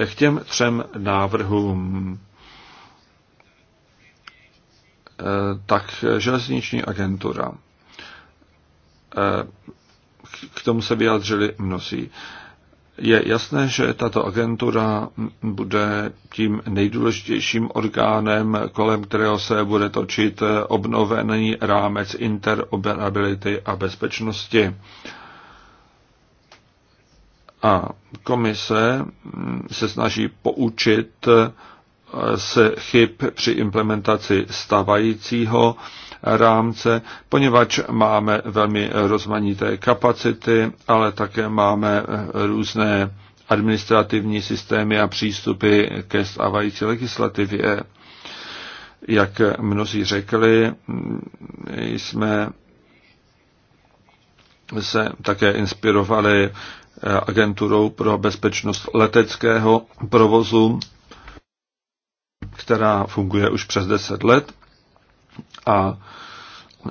k těm třem návrhům. Eh, tak železniční agentura. Eh, k tomu se vyjádřili mnozí. Je jasné, že tato agentura bude tím nejdůležitějším orgánem, kolem kterého se bude točit obnovený rámec interoperability a bezpečnosti. A komise mm, se snaží poučit eh, se chyb při implementaci stávajícího rámce, poněvadž máme velmi rozmanité kapacity, ale také máme eh, různé administrativní systémy a přístupy ke stávající legislativě. Jak mnozí řekli, mm, jsme se také inspirovali Eh, agenturou pro bezpečnost leteckého provozu, která funguje už přes 10 let. A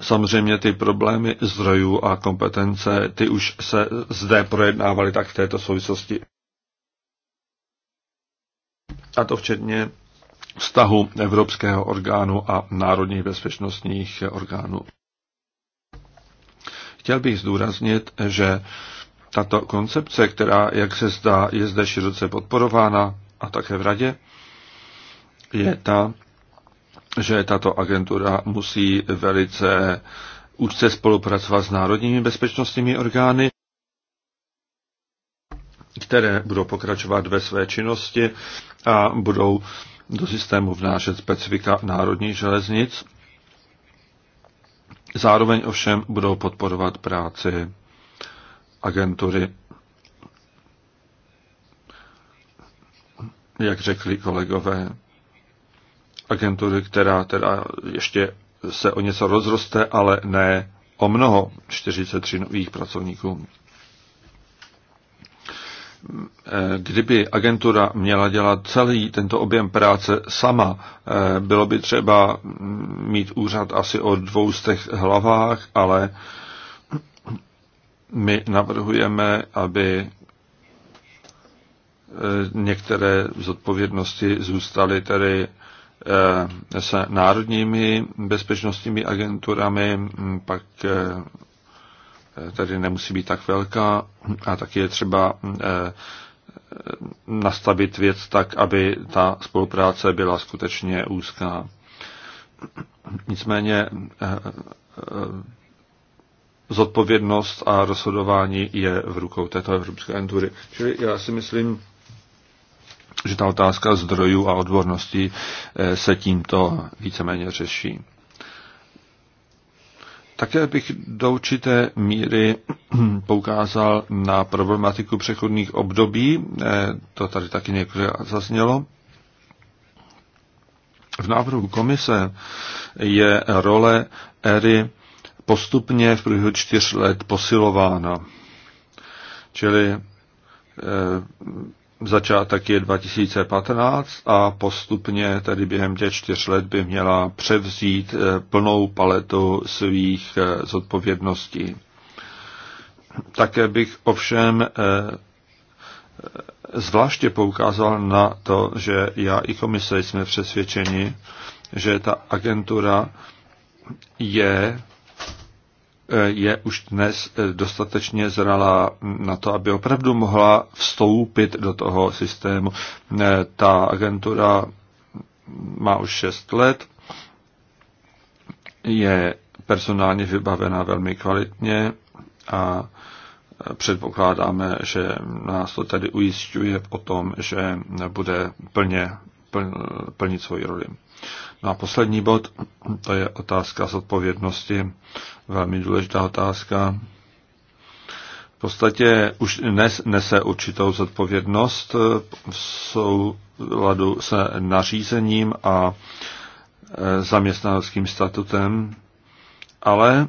samozřejmě ty problémy zdrojů a kompetence, ty už se zde projednávaly tak v této souvislosti. A to včetně vztahu Evropského orgánu a národních bezpečnostních orgánů. Chtěl bych zdůraznit, že tato koncepce, která, jak se zdá, je zde široce podporována a také v radě, je ta, že tato agentura musí velice úzce spolupracovat s národními bezpečnostními orgány, které budou pokračovat ve své činnosti a budou do systému vnášet specifika národních železnic. Zároveň ovšem budou podporovat práci agentury. Jak řekli kolegové, agentury, která teda ještě se o něco rozroste, ale ne o mnoho, 43 nových pracovníků. Kdyby agentura měla dělat celý tento objem práce sama, bylo by třeba mít úřad asi o dvoustech hlavách, ale my navrhujeme, aby e, některé zodpovědnosti zůstaly tedy e, s národními bezpečnostními agenturami, pak e, tedy nemusí být tak velká a taky je třeba nastavit věc tak, aby ta spolupráce byla skutečně úzká. Nicméně zodpovědnost a rozhodování je v rukou této Evropské agentury. Čili já si myslím, že ta otázka zdrojů a odborností eh, se tímto víceméně řeší. Také bych do určité míry poukázal na problematiku přechodných období, eh, to tady taky někde zaznělo. V návrhu komise je role ERY postupně v průběhu čtyř let posilována. Čili eh, začátek je 2015 a postupně tedy během těch čtyř let by měla převzít eh, plnou paletu svých eh, zodpovědností. Také bych ovšem zvláště poukázal na to, že já i komise jsme přesvědčeni, že ta agentura je je už dnes eh, dostatečně zralá na to, aby opravdu mohla vstoupit do toho systému. Eh, ta agentura má už 6 let, je personálně vybavená velmi kvalitně a eh, předpokládáme, že nás to tedy ujišťuje o tom, že bude plně plnit svoji roli. No a poslední bod, to je otázka z odpovědnosti, velmi důležitá otázka. V podstatě už dnes nese určitou zodpovědnost v souladu se nařízením a e, zaměstnaneckým statutem, ale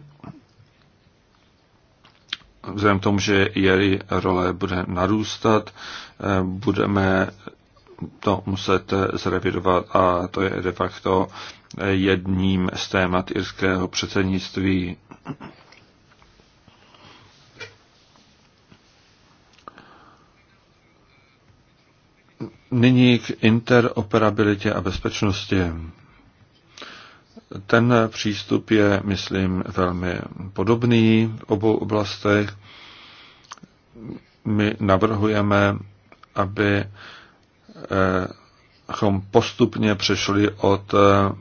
vzhledem k tomu, že její role bude narůstat, e, budeme to muset zrevidovat a to je de facto jedním z témat irského předsednictví. Nyní k interoperabilitě a bezpečnosti. Ten přístup je, myslím, velmi podobný v obou oblastech. My navrhujeme, aby Eh, abychom postupně přešli od eh,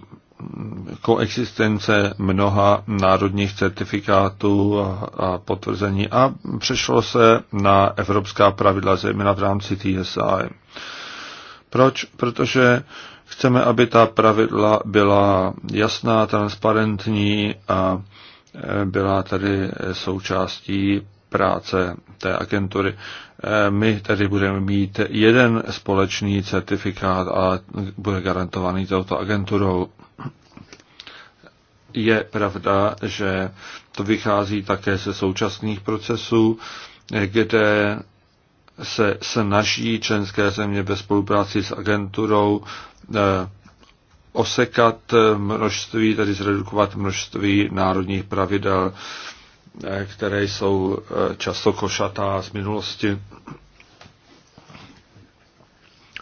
koexistence mnoha národních certifikátů a potvrzení a přešlo se na evropská pravidla, zejména v rámci TSI. Proč? Protože chceme, aby ta pravidla byla jasná, transparentní a eh, byla tady součástí práce té agentury. Eh, my tedy budeme mít jeden společný certifikát a bude garantovaný touto agenturou. Je pravda, že to vychází také ze současných procesů, kde se snaží členské země ve spolupráci s agenturou eh, osekat množství, tedy zredukovat množství národních pravidel. Eh, které jsou eh, často košatá z minulosti.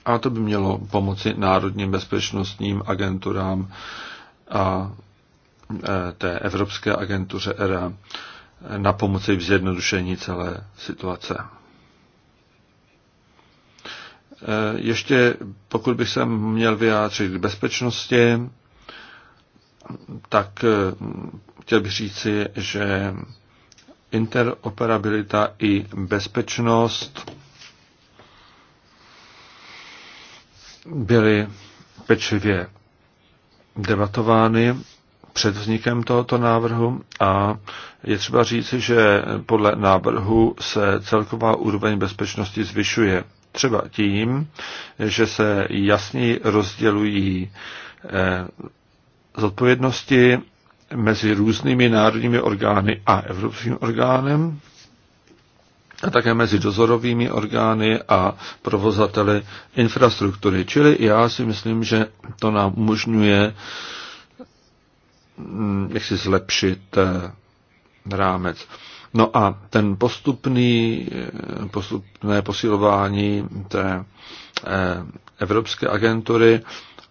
A to by mělo pomoci národním bezpečnostním agenturám a eh, té Evropské agentuře ERA na pomoci v zjednodušení celé situace. Ještě pokud bych se měl vyjádřit k bezpečnosti, tak chtěl bych říci, že interoperabilita i bezpečnost byly pečlivě debatovány před vznikem tohoto návrhu a je třeba říci, že podle návrhu se celková úroveň bezpečnosti zvyšuje. Třeba tím, že se jasně rozdělují eh, zodpovědnosti mezi různými národními orgány a evropským orgánem a také mezi dozorovými orgány a provozateli infrastruktury. Čili já si myslím, že to nám umožňuje mm, jak si zlepšit eh, rámec. No a ten postupný, eh, postupné posilování té eh, evropské agentury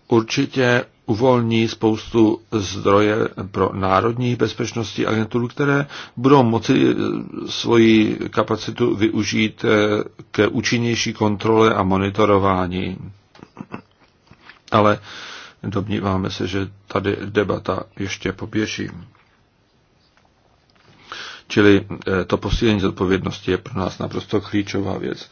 určitě uvolní spoustu zdroje pro národní bezpečnostní agenturu, které budou moci eh, svoji kapacitu využít eh, k účinnější kontrole a monitorování. Ale domníváme se, že tady debata ještě poběží. Čili eh, to posílení zodpovědnosti je pro nás naprosto klíčová věc.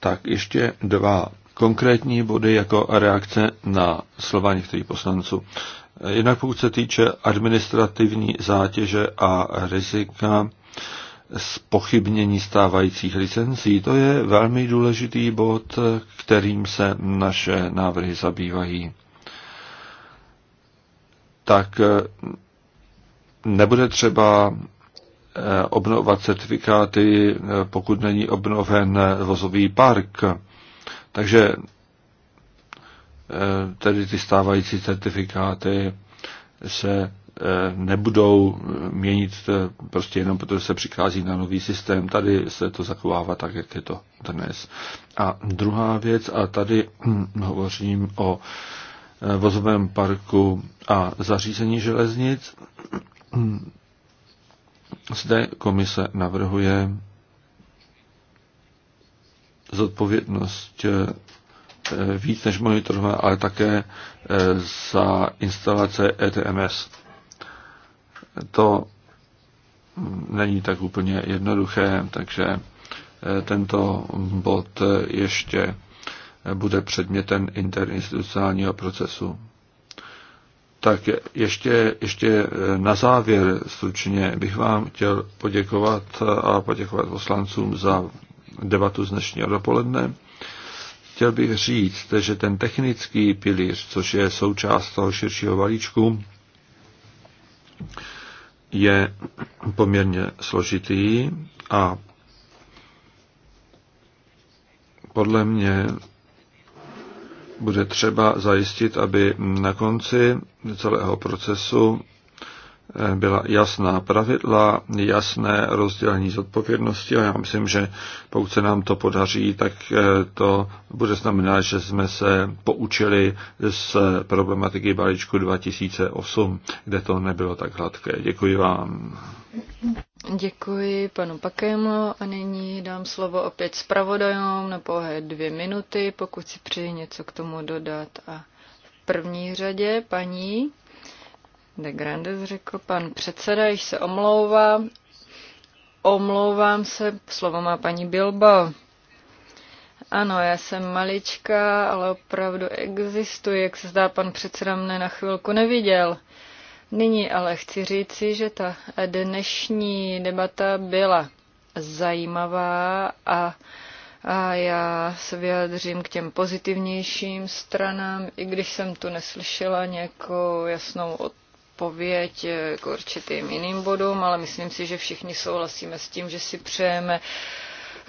Tak ještě dva konkrétní body jako reakce na slova některých poslanců. Jednak pokud se týče administrativní zátěže a rizika z pochybnění stávajících licencí, to je velmi důležitý bod, kterým se naše návrhy zabývají. Tak eh, nebude třeba eh, obnovovat certifikáty, eh, pokud není obnoven vozový park. Takže eh, tedy ty stávající certifikáty se eh, nebudou měnit eh, prostě jenom, protože se přichází na nový systém. Tady se to zachovává tak, jak je to dnes. A druhá věc, a tady hm, hovořím o vozovém parku a zařízení železnic. Hm, zde komise navrhuje zodpovědnost eh, víc než monitorová, ale také eh, za instalace ETMS. To není tak úplně jednoduché, takže eh, tento bod ještě bude předmětem interinstitucionálního procesu. Tak ještě, ještě na závěr stručně bych vám chtěl poděkovat a poděkovat poslancům za debatu z dnešního dopoledne. Chtěl bych říct, že ten technický pilíř, což je součást toho širšího valíčku, je poměrně složitý a podle mě bude třeba zajistit, aby na konci celého procesu byla jasná pravidla, jasné rozdělení zodpovědnosti a já myslím, že pokud se nám to podaří, tak eh, to bude znamenat, že jsme se poučili z problematiky balíčku 2008, kde to nebylo tak hladké. Děkuji vám. Děkuji panu Pakemu a nyní dám slovo opět zpravodajům na pohé dvě minuty, pokud si přeji něco k tomu dodat. A v první řadě paní De Grandes řekl pan předseda, již se omlouvá. Omlouvám se, slovo má paní Bilba. Ano, já jsem malička, ale opravdu existuji, jak se zdá, pan předseda mne na chvilku neviděl. Nyní ale chci říci, že ta dnešní debata byla zajímavá a, a já se vyjádřím k těm pozitivnějším stranám, i když jsem tu neslyšela nějakou jasnou odpověď odpověď eh, k určitým jiným bodům, ale myslím si, že všichni souhlasíme s tím, že si přejeme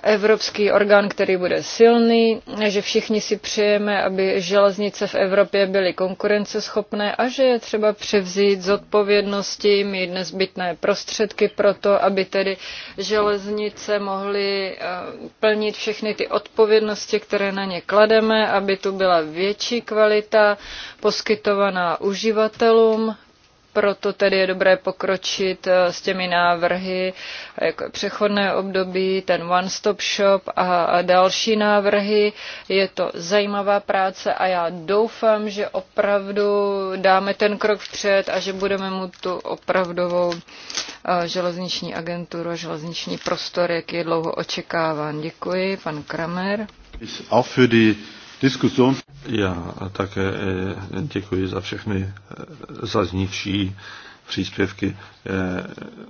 evropský orgán, který bude silný, že všichni si přejeme, aby železnice v Evropě byly konkurenceschopné a že je třeba převzít zodpovědnosti, mít nezbytné prostředky pro to, aby tedy železnice mohly eh, plnit všechny ty odpovědnosti, které na ně klademe, aby tu byla větší kvalita poskytovaná uživatelům proto tedy je dobré pokročit eh, s těmi návrhy, jako přechodné období, ten one-stop shop a další návrhy. Je to zajímavá práce a já doufám, že opravdu dáme ten krok vpřed a že budeme mu tu opravdovou eh, železniční agenturu a železniční prostor, jak je dlouho očekáván. Děkuji, pan Kramer. Auch für die já také eh, děkuji za všechny eh, zaznívší příspěvky. Eh,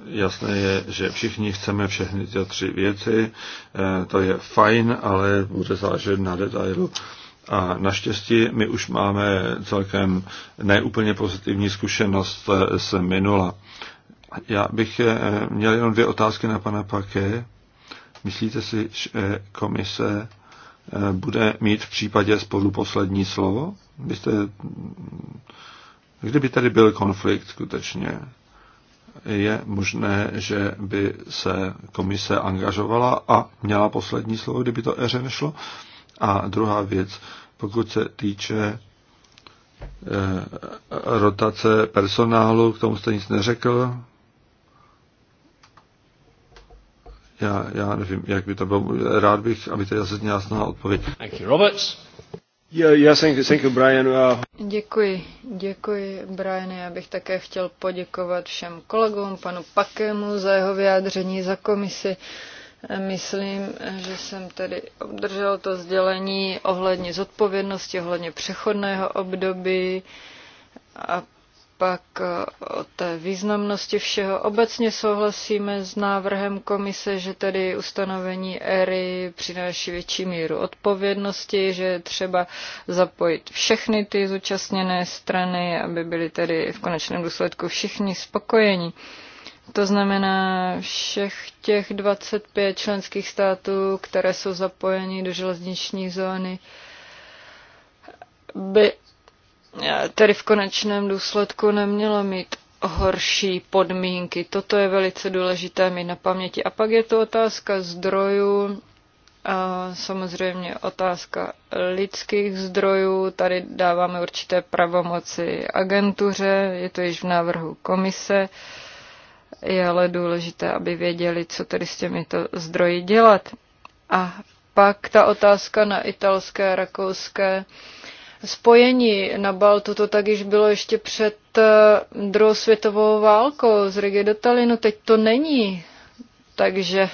jasné je, že všichni chceme všechny ty tři věci. To je fajn, ale bude záležet na detailu. A naštěstí my už máme celkem neúplně pozitivní zkušenost z minula. Já bych měl jenom dvě otázky na pana Paké. Myslíte si, že komise bude mít v případě sporu poslední slovo? Byste, kdyby tady byl konflikt skutečně, je možné, že by se komise angažovala a měla poslední slovo, kdyby to eře nešlo? A druhá věc, pokud se týče eh, rotace personálu, k tomu jste nic neřekl, Já, já nevím, jak by to bylo. Rád bych, aby tady zase jasná odpověď. Thank you, Roberts. Yeah, yeah, thank you, thank you, Brian. Uh... Děkuji, děkuji, Brian. Já bych také chtěl poděkovat všem kolegům, panu Pakemu za jeho vyjádření, za komisi. Myslím, že jsem tedy obdržel to sdělení ohledně zodpovědnosti, ohledně přechodného období a pak eh, o té významnosti všeho. Obecně souhlasíme s návrhem komise, že tedy ustanovení ERY přináší větší míru odpovědnosti, že je třeba zapojit všechny ty zúčastněné strany, aby byli tedy v konečném důsledku všichni spokojeni. To znamená všech těch 25 členských států, které jsou zapojeny do železniční zóny, by tedy v konečném důsledku nemělo mít horší podmínky. Toto je velice důležité mi na paměti. A pak je to otázka zdrojů, a samozřejmě otázka lidských zdrojů. Tady dáváme určité pravomoci agentuře, je to již v návrhu komise. Je ale důležité, aby věděli, co tedy s těmito zdroji dělat. A pak ta otázka na italské a rakouské uh, spojení na Baltu, to tak již bylo ještě před eh, druhou světovou válkou z Rigi do Talinu, teď to není. Takže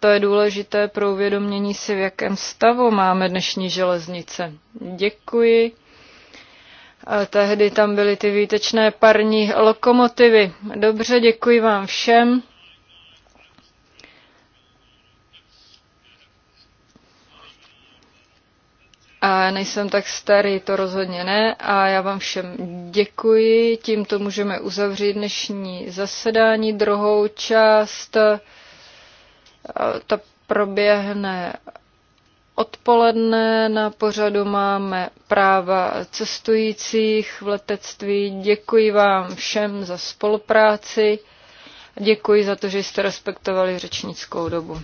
to je důležité pro uvědomění si, v jakém stavu máme dnešní železnice. Děkuji. A tehdy tam byly ty výtečné parní lokomotivy. Dobře, děkuji vám všem. A nejsem tak starý, to rozhodně ne. A já vám všem děkuji. Tímto můžeme uzavřít dnešní zasedání. Druhou část eh, ta proběhne odpoledne. Na pořadu máme práva cestujících v letectví. Děkuji vám všem za spolupráci. Děkuji za to, že jste respektovali řečnickou dobu.